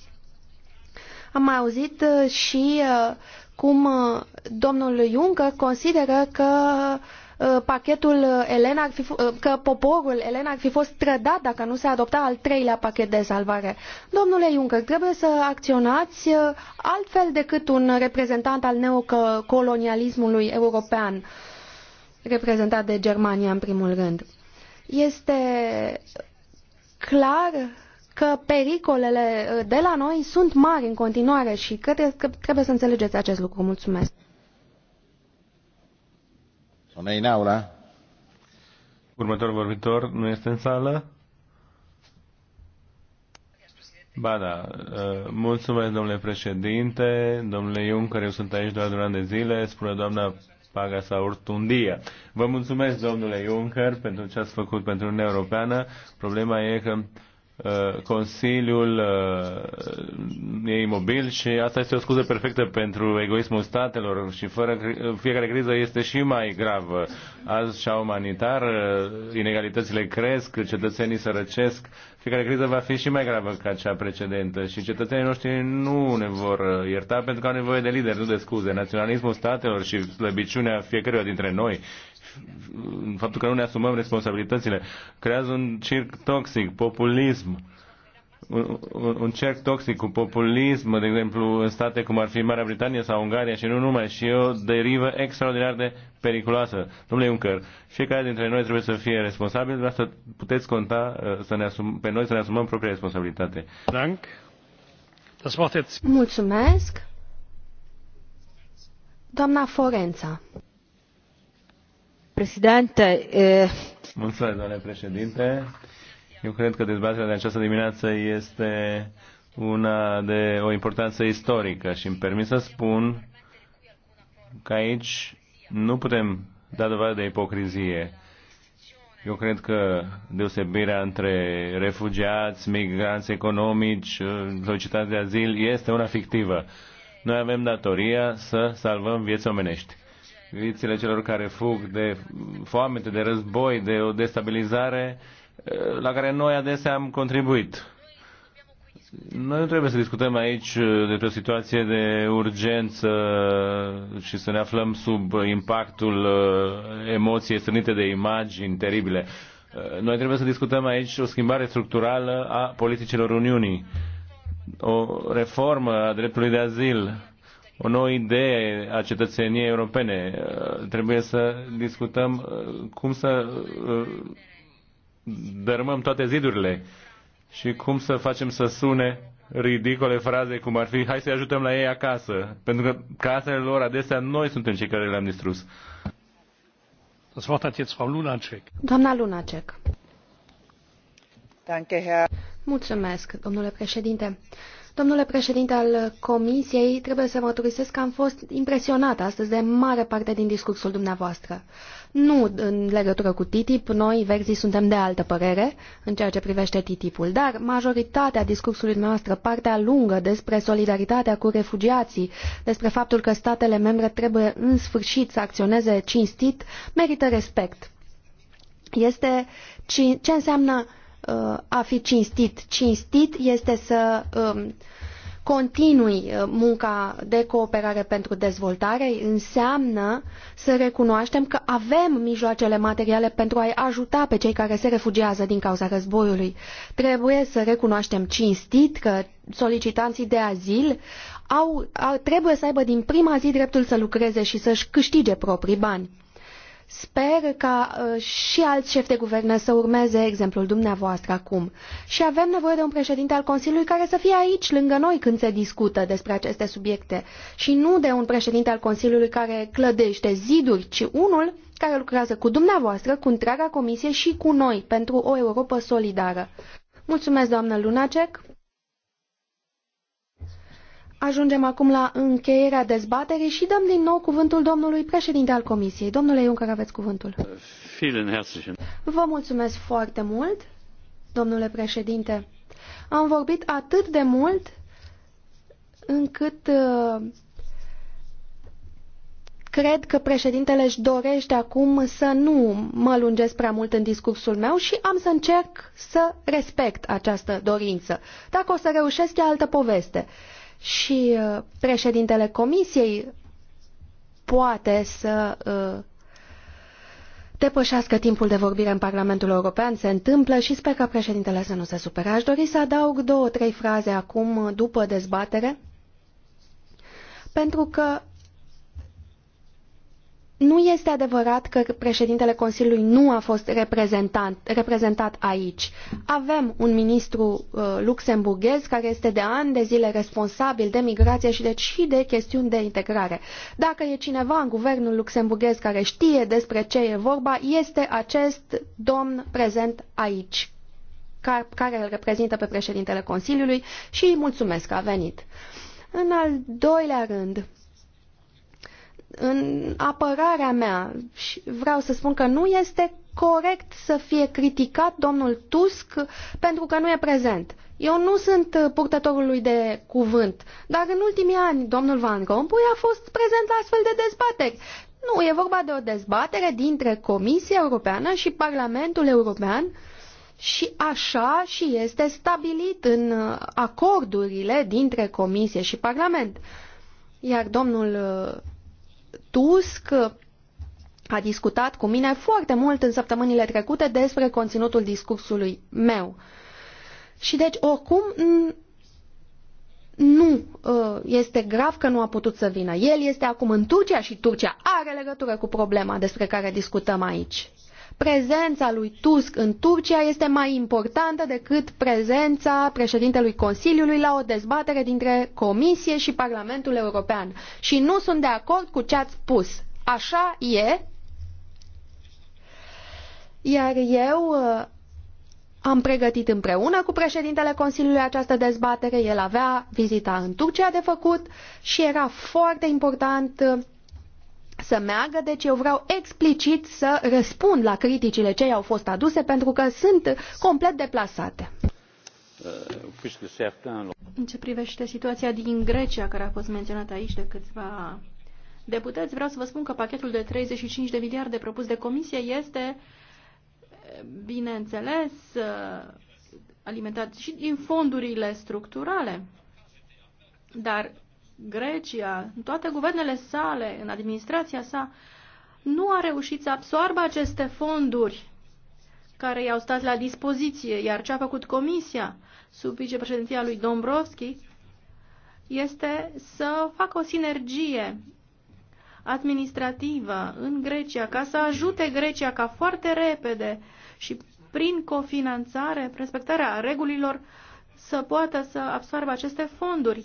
Am mai auzit uh, și uh, cum uh, domnul Juncker consideră că pachetul Elena ar fi, că poporul Elena ar fi fost trădat dacă nu se adopta al treilea pachet de salvare. Domnule Juncker, trebuie să acționați altfel decât un reprezentant al neocolonialismului european, reprezentat de Germania în primul rând. Este clar că pericolele uh, de la noi sunt mari în continuare și cred că trebuie să înțelegeți acest lucru. Mulțumesc. Sono in aula? Următorul vorbitor nu este în sală? Ba da, uh, mulțumesc domnule președinte, domnule Juncker, eu sunt aici doar durant de zile, spune doamna Paga sau Vă mulțumesc domnule Juncker pentru ce ați făcut pentru Uniunea Europeană. Problema e că Uh, Consiliul uh, e imobil și asta este o scuză perfectă pentru egoismul statelor și fără fiecare criză este și mai gravă. Azi și umanitar, uh, inegalitățile cresc, cetățenii sărăcesc, fiecare criză va fi și mai gravă ca cea precedentă și cetățenii noștri nu ne vor ierta pentru că au nevoie de lideri, nu de scuze. Naționalismul statelor și slăbiciunea fiecăruia dintre noi faptul că nu ne asumăm responsabilitățile, creează un circ toxic, populism, un, un, cerc toxic cu populism, de exemplu, în state cum ar fi Marea Britanie sau Ungaria și nu numai, și o derivă extraordinar de periculoasă. Domnule Juncker, fiecare dintre noi trebuie să fie responsabil, de asta puteți conta uh, să ne asum, pe noi să ne asumăm propria responsabilitate. Dank. Mulțumesc. Doamna Forența. Președinte, Mulțumesc, domnule președinte. Eu cred că dezbaterea de această dimineață este una de o importanță istorică și îmi permit să spun că aici nu putem da dovadă de ipocrizie. Eu cred că deosebirea între refugiați, migranți economici, solicitați de azil este una fictivă. Noi avem datoria să salvăm vieți omenești viețile celor care fug de foamete, de război, de o destabilizare eh, la care noi adesea am contribuit. Noi nu trebuie să discutăm aici eh, despre o situație de urgență și să ne aflăm sub impactul eh, emoției strânite de imagini teribile. Noi trebuie să discutăm aici o schimbare structurală a politicilor Uniunii, o reformă a dreptului de azil, o nouă idee a cetățeniei europene. Uh, trebuie să discutăm uh, cum să uh, dărâmăm toate zidurile și cum să facem să sune ridicole fraze cum ar fi hai să-i ajutăm la ei acasă, pentru că casele lor adesea noi suntem cei care le-am distrus. Lunacek. Doamna Lunacek. Danke, Herr. Mulțumesc, domnule președinte. Domnule președinte al Comisiei, trebuie să mărturisesc că am fost impresionat astăzi de mare parte din discursul dumneavoastră. Nu în legătură cu TTIP, noi, verzii, suntem de altă părere în ceea ce privește TTIP-ul, dar majoritatea discursului noastră, partea lungă despre solidaritatea cu refugiații, despre faptul că statele membre trebuie în sfârșit să acționeze cinstit, merită respect. Este ce înseamnă a fi cinstit. Cinstit este să um, continui uh, munca de cooperare pentru dezvoltare, înseamnă să recunoaștem că avem mijloacele materiale pentru a-i ajuta pe cei care se refugiază din cauza războiului. Trebuie să recunoaștem cinstit că solicitanții de azil au, au, trebuie să aibă din prima zi dreptul să lucreze și să-și câștige proprii bani. Sper ca uh, și alți șefi de guvernă să urmeze exemplul dumneavoastră acum. Și avem nevoie de un președinte al Consiliului care să fie aici, lângă noi, când se discută despre aceste subiecte. Și nu de un președinte al Consiliului care clădește ziduri, ci unul care lucrează cu dumneavoastră, cu întreaga comisie și cu noi pentru o Europa solidară. Mulțumesc, doamnă Lunacek. Ajungem acum la încheierea dezbaterii și dăm din nou cuvântul domnului președinte al Comisiei. Domnule Juncker, aveți cuvântul. Vă mulțumesc foarte mult, domnule președinte. Am vorbit atât de mult încât uh, cred că președintele își dorește acum să nu mă lungesc prea mult în discursul meu și am să încerc să respect această dorință. Dacă o să reușesc, e altă poveste și uh, președintele comisiei poate să uh, depășească timpul de vorbire în Parlamentul European, se întâmplă și sper ca președintele să nu se supere. Aș dori să adaug două, trei fraze acum, după dezbatere, pentru că nu este adevărat că președintele Consiliului nu a fost reprezentat aici. Avem un ministru uh, luxemburghez care este de ani de zile responsabil de migrație și deci și de chestiuni de integrare. Dacă e cineva în guvernul luxemburghez care știe despre ce e vorba, este acest domn prezent aici, care îl reprezintă pe președintele Consiliului și îi mulțumesc că a venit. În al doilea rând, în apărarea mea și vreau să spun că nu este corect să fie criticat domnul Tusk pentru că nu e prezent. Eu nu sunt purtătorul lui de cuvânt, dar în ultimii ani domnul Van Rompuy a fost prezent la astfel de dezbateri. Nu, e vorba de o dezbatere dintre Comisia Europeană și Parlamentul European și așa și este stabilit în acordurile dintre Comisie și Parlament. Iar domnul Tusk a discutat cu mine foarte mult în săptămânile trecute despre conținutul discursului meu. Și deci, oricum, nu uh, este grav că nu a putut să vină. El este acum în Turcia și Turcia are legătură cu problema despre care discutăm aici prezența lui Tusk în Turcia este mai importantă decât prezența președintelui Consiliului la o dezbatere dintre Comisie și Parlamentul European. Și nu sunt de acord cu ce ați spus. Așa e. Iar eu uh, am pregătit împreună cu președintele Consiliului această dezbatere. El avea vizita în Turcia de făcut și era foarte important uh, să meargă, deci eu vreau explicit să răspund la criticile ce i-au fost aduse pentru că sunt complet deplasate. Uh, În ce privește situația din Grecia, care a fost menționată aici de câțiva deputați, vreau să vă spun că pachetul de 35 de miliarde propus de comisie este, bineînțeles, uh, alimentat și din fondurile structurale. Dar Grecia, în toate guvernele sale, în administrația sa, nu a reușit să absoarbă aceste fonduri care i-au stat la dispoziție, iar ce a făcut Comisia sub vicepreședinția lui Dombrovski este să facă o sinergie administrativă în Grecia ca să ajute Grecia ca foarte repede și prin cofinanțare, respectarea regulilor uh, să poată să absoarbă aceste fonduri,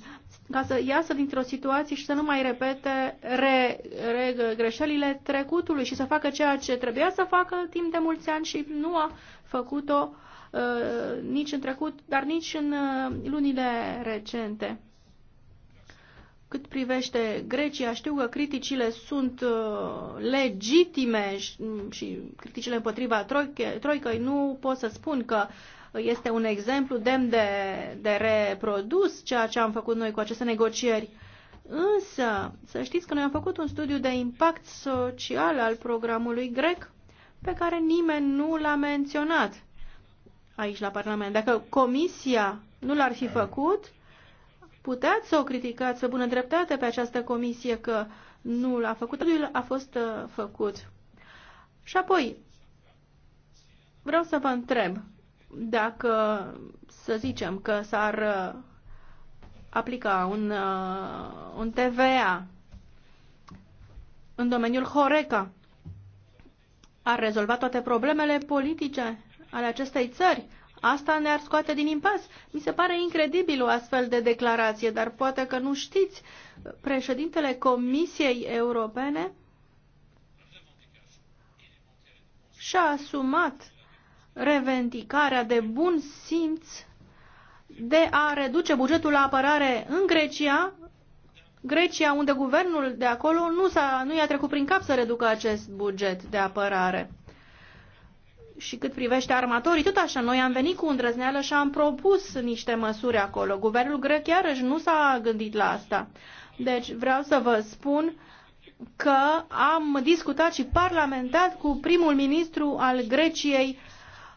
ca să iasă dintr-o situație și să nu mai repete re, re, greșelile trecutului și să facă ceea ce trebuia să facă timp de mulți ani și nu a făcut-o uh, nici în trecut, dar nici în uh, lunile recente. Cât privește Grecia, știu că criticile sunt uh, legitime mm, și criticile împotriva Troicăi nu pot să spun că este un exemplu demn de, de reprodus ceea ce am făcut noi cu aceste negocieri. Însă, să știți că noi am făcut un studiu de impact social al programului grec pe care nimeni nu l-a menționat aici la Parlament. Dacă Comisia nu l-ar fi făcut, puteți să o criticați pe bună dreptate pe această comisie că nu l-a făcut, nu a fost uh, făcut. Și apoi, vreau să vă întreb dacă, să zicem, că s-ar uh, aplica un, uh, un TVA în domeniul Horeca, ar rezolva toate problemele politice ale acestei țări? Asta ne-ar scoate din impas. Mi se pare incredibil o astfel de declarație, dar poate că nu știți. Președintele Comisiei Europene și-a asumat revendicarea de bun simț de a reduce bugetul la apărare în Grecia, Grecia unde guvernul de acolo nu, s-a, nu i-a trecut prin cap să reducă acest buget de apărare și cât privește armatorii, tot așa, noi am venit cu îndrăzneală și am propus niște măsuri acolo. Guvernul grec iarăși nu s-a gândit la asta. Deci vreau să vă spun că am discutat și parlamentat cu primul ministru al Greciei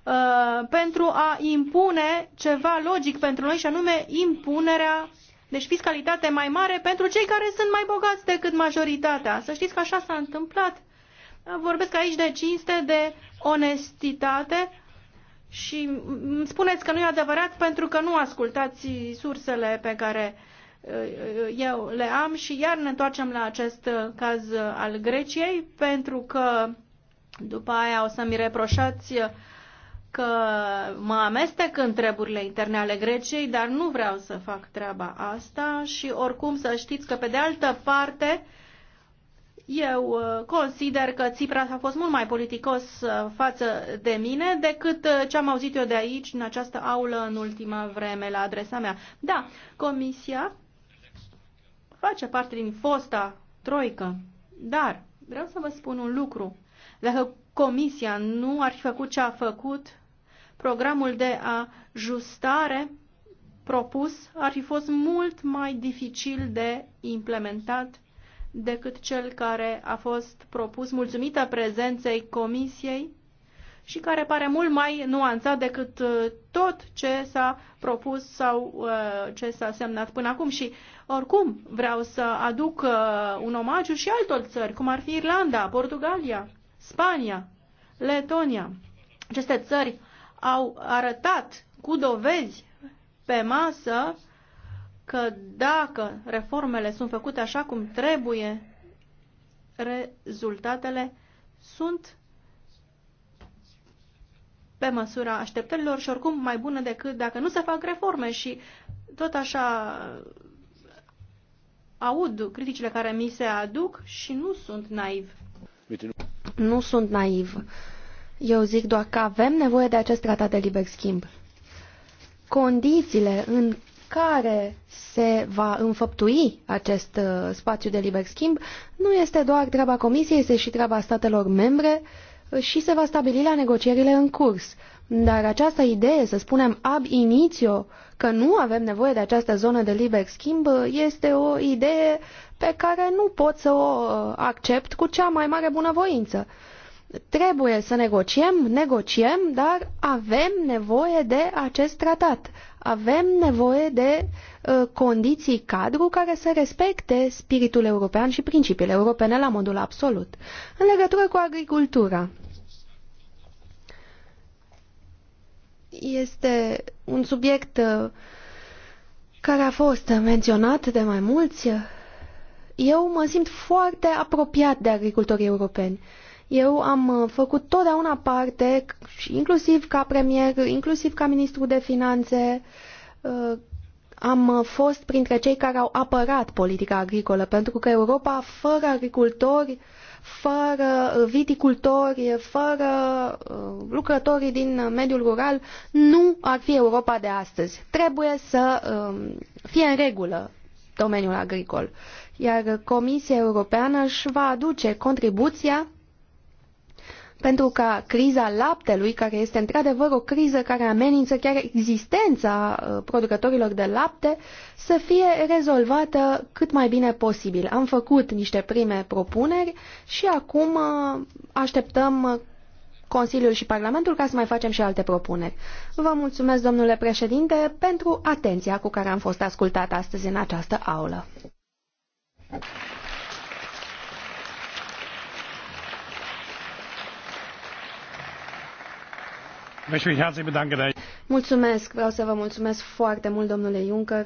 uh, pentru a impune ceva logic pentru noi și anume impunerea deci fiscalitate mai mare pentru cei care sunt mai bogați decât majoritatea. Să știți că așa s-a întâmplat. Vorbesc aici de cinste, de onestitate și îmi spuneți că nu e adevărat pentru că nu ascultați sursele pe care uh, eu le am și iar ne întoarcem la acest uh, caz uh, al Greciei pentru că după aia o să-mi reproșați că mă amestec în treburile interne ale Greciei, dar nu vreau să fac treaba asta și oricum să știți că pe de altă parte uh, eu uh, consider că Tsipras a fost mult mai politicos uh, față de mine decât uh, ce am auzit eu de aici, în această aulă, în ultima vreme, la adresa mea. Da, Comisia face parte din fosta troică, dar vreau să vă spun un lucru. Dacă Comisia nu ar fi făcut ce a făcut, programul de ajustare propus ar fi fost mult mai dificil de implementat decât cel care a fost propus mulțumită prezenței comisiei și care pare mult mai nuanțat decât uh, tot ce s-a propus sau uh, ce s-a semnat până acum. Și oricum vreau să aduc uh, un omagiu și altor țări, cum ar fi Irlanda, Portugalia, Spania, Letonia. Aceste țări au arătat cu dovezi pe masă uh, că dacă reformele sunt făcute așa cum trebuie, rezultatele sunt pe măsura așteptărilor și oricum mai bune decât dacă nu se fac reforme și tot așa aud criticile care mi se aduc și nu sunt naiv. Nu sunt naiv. Eu zic doar că avem nevoie de acest tratat de liber schimb. Condițiile în care se va înfăptui acest uh, spațiu de liber schimb nu este doar treaba Comisiei, este și treaba statelor membre uh, și se va stabili la negocierile în curs. Dar această idee, să spunem ab initio, că nu avem nevoie de această zonă de liber schimb, uh, este o idee pe care nu pot să o accept cu cea mai mare bunăvoință. Trebuie să negociem, negociem, dar avem nevoie de acest tratat. Avem nevoie de uh, condiții cadru care să respecte spiritul european și principiile europene la modul absolut. În legătură cu agricultura, este un subiect uh, care a fost menționat de mai mulți. Eu mă simt foarte apropiat de agricultorii europeni eu am uh, făcut totdeauna parte, inclusiv ca premier, inclusiv ca ministru de finanțe, uh, am uh, fost printre cei care au apărat politica agricolă, pentru că Europa fără agricultori, fără viticultori, fără lucrătorii din mediul rural, nu ar fi Europa de astăzi. Trebuie să um, fie în regulă domeniul agricol. Iar Comisia Europeană își va aduce contribuția pentru ca criza laptelui, care este într-adevăr o criză care amenință chiar existența uh, producătorilor de lapte, să fie rezolvată cât mai bine posibil. Am făcut niște prime propuneri și acum uh, așteptăm uh, Consiliul și Parlamentul ca să mai facem și alte propuneri. Vă mulțumesc, domnule președinte, pentru atenția cu care am fost ascultat astăzi în această aulă. Mulțumesc, vreau să vă mulțumesc foarte mult, domnule Juncker,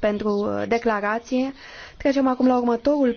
pentru declarație. Trecem acum la următorul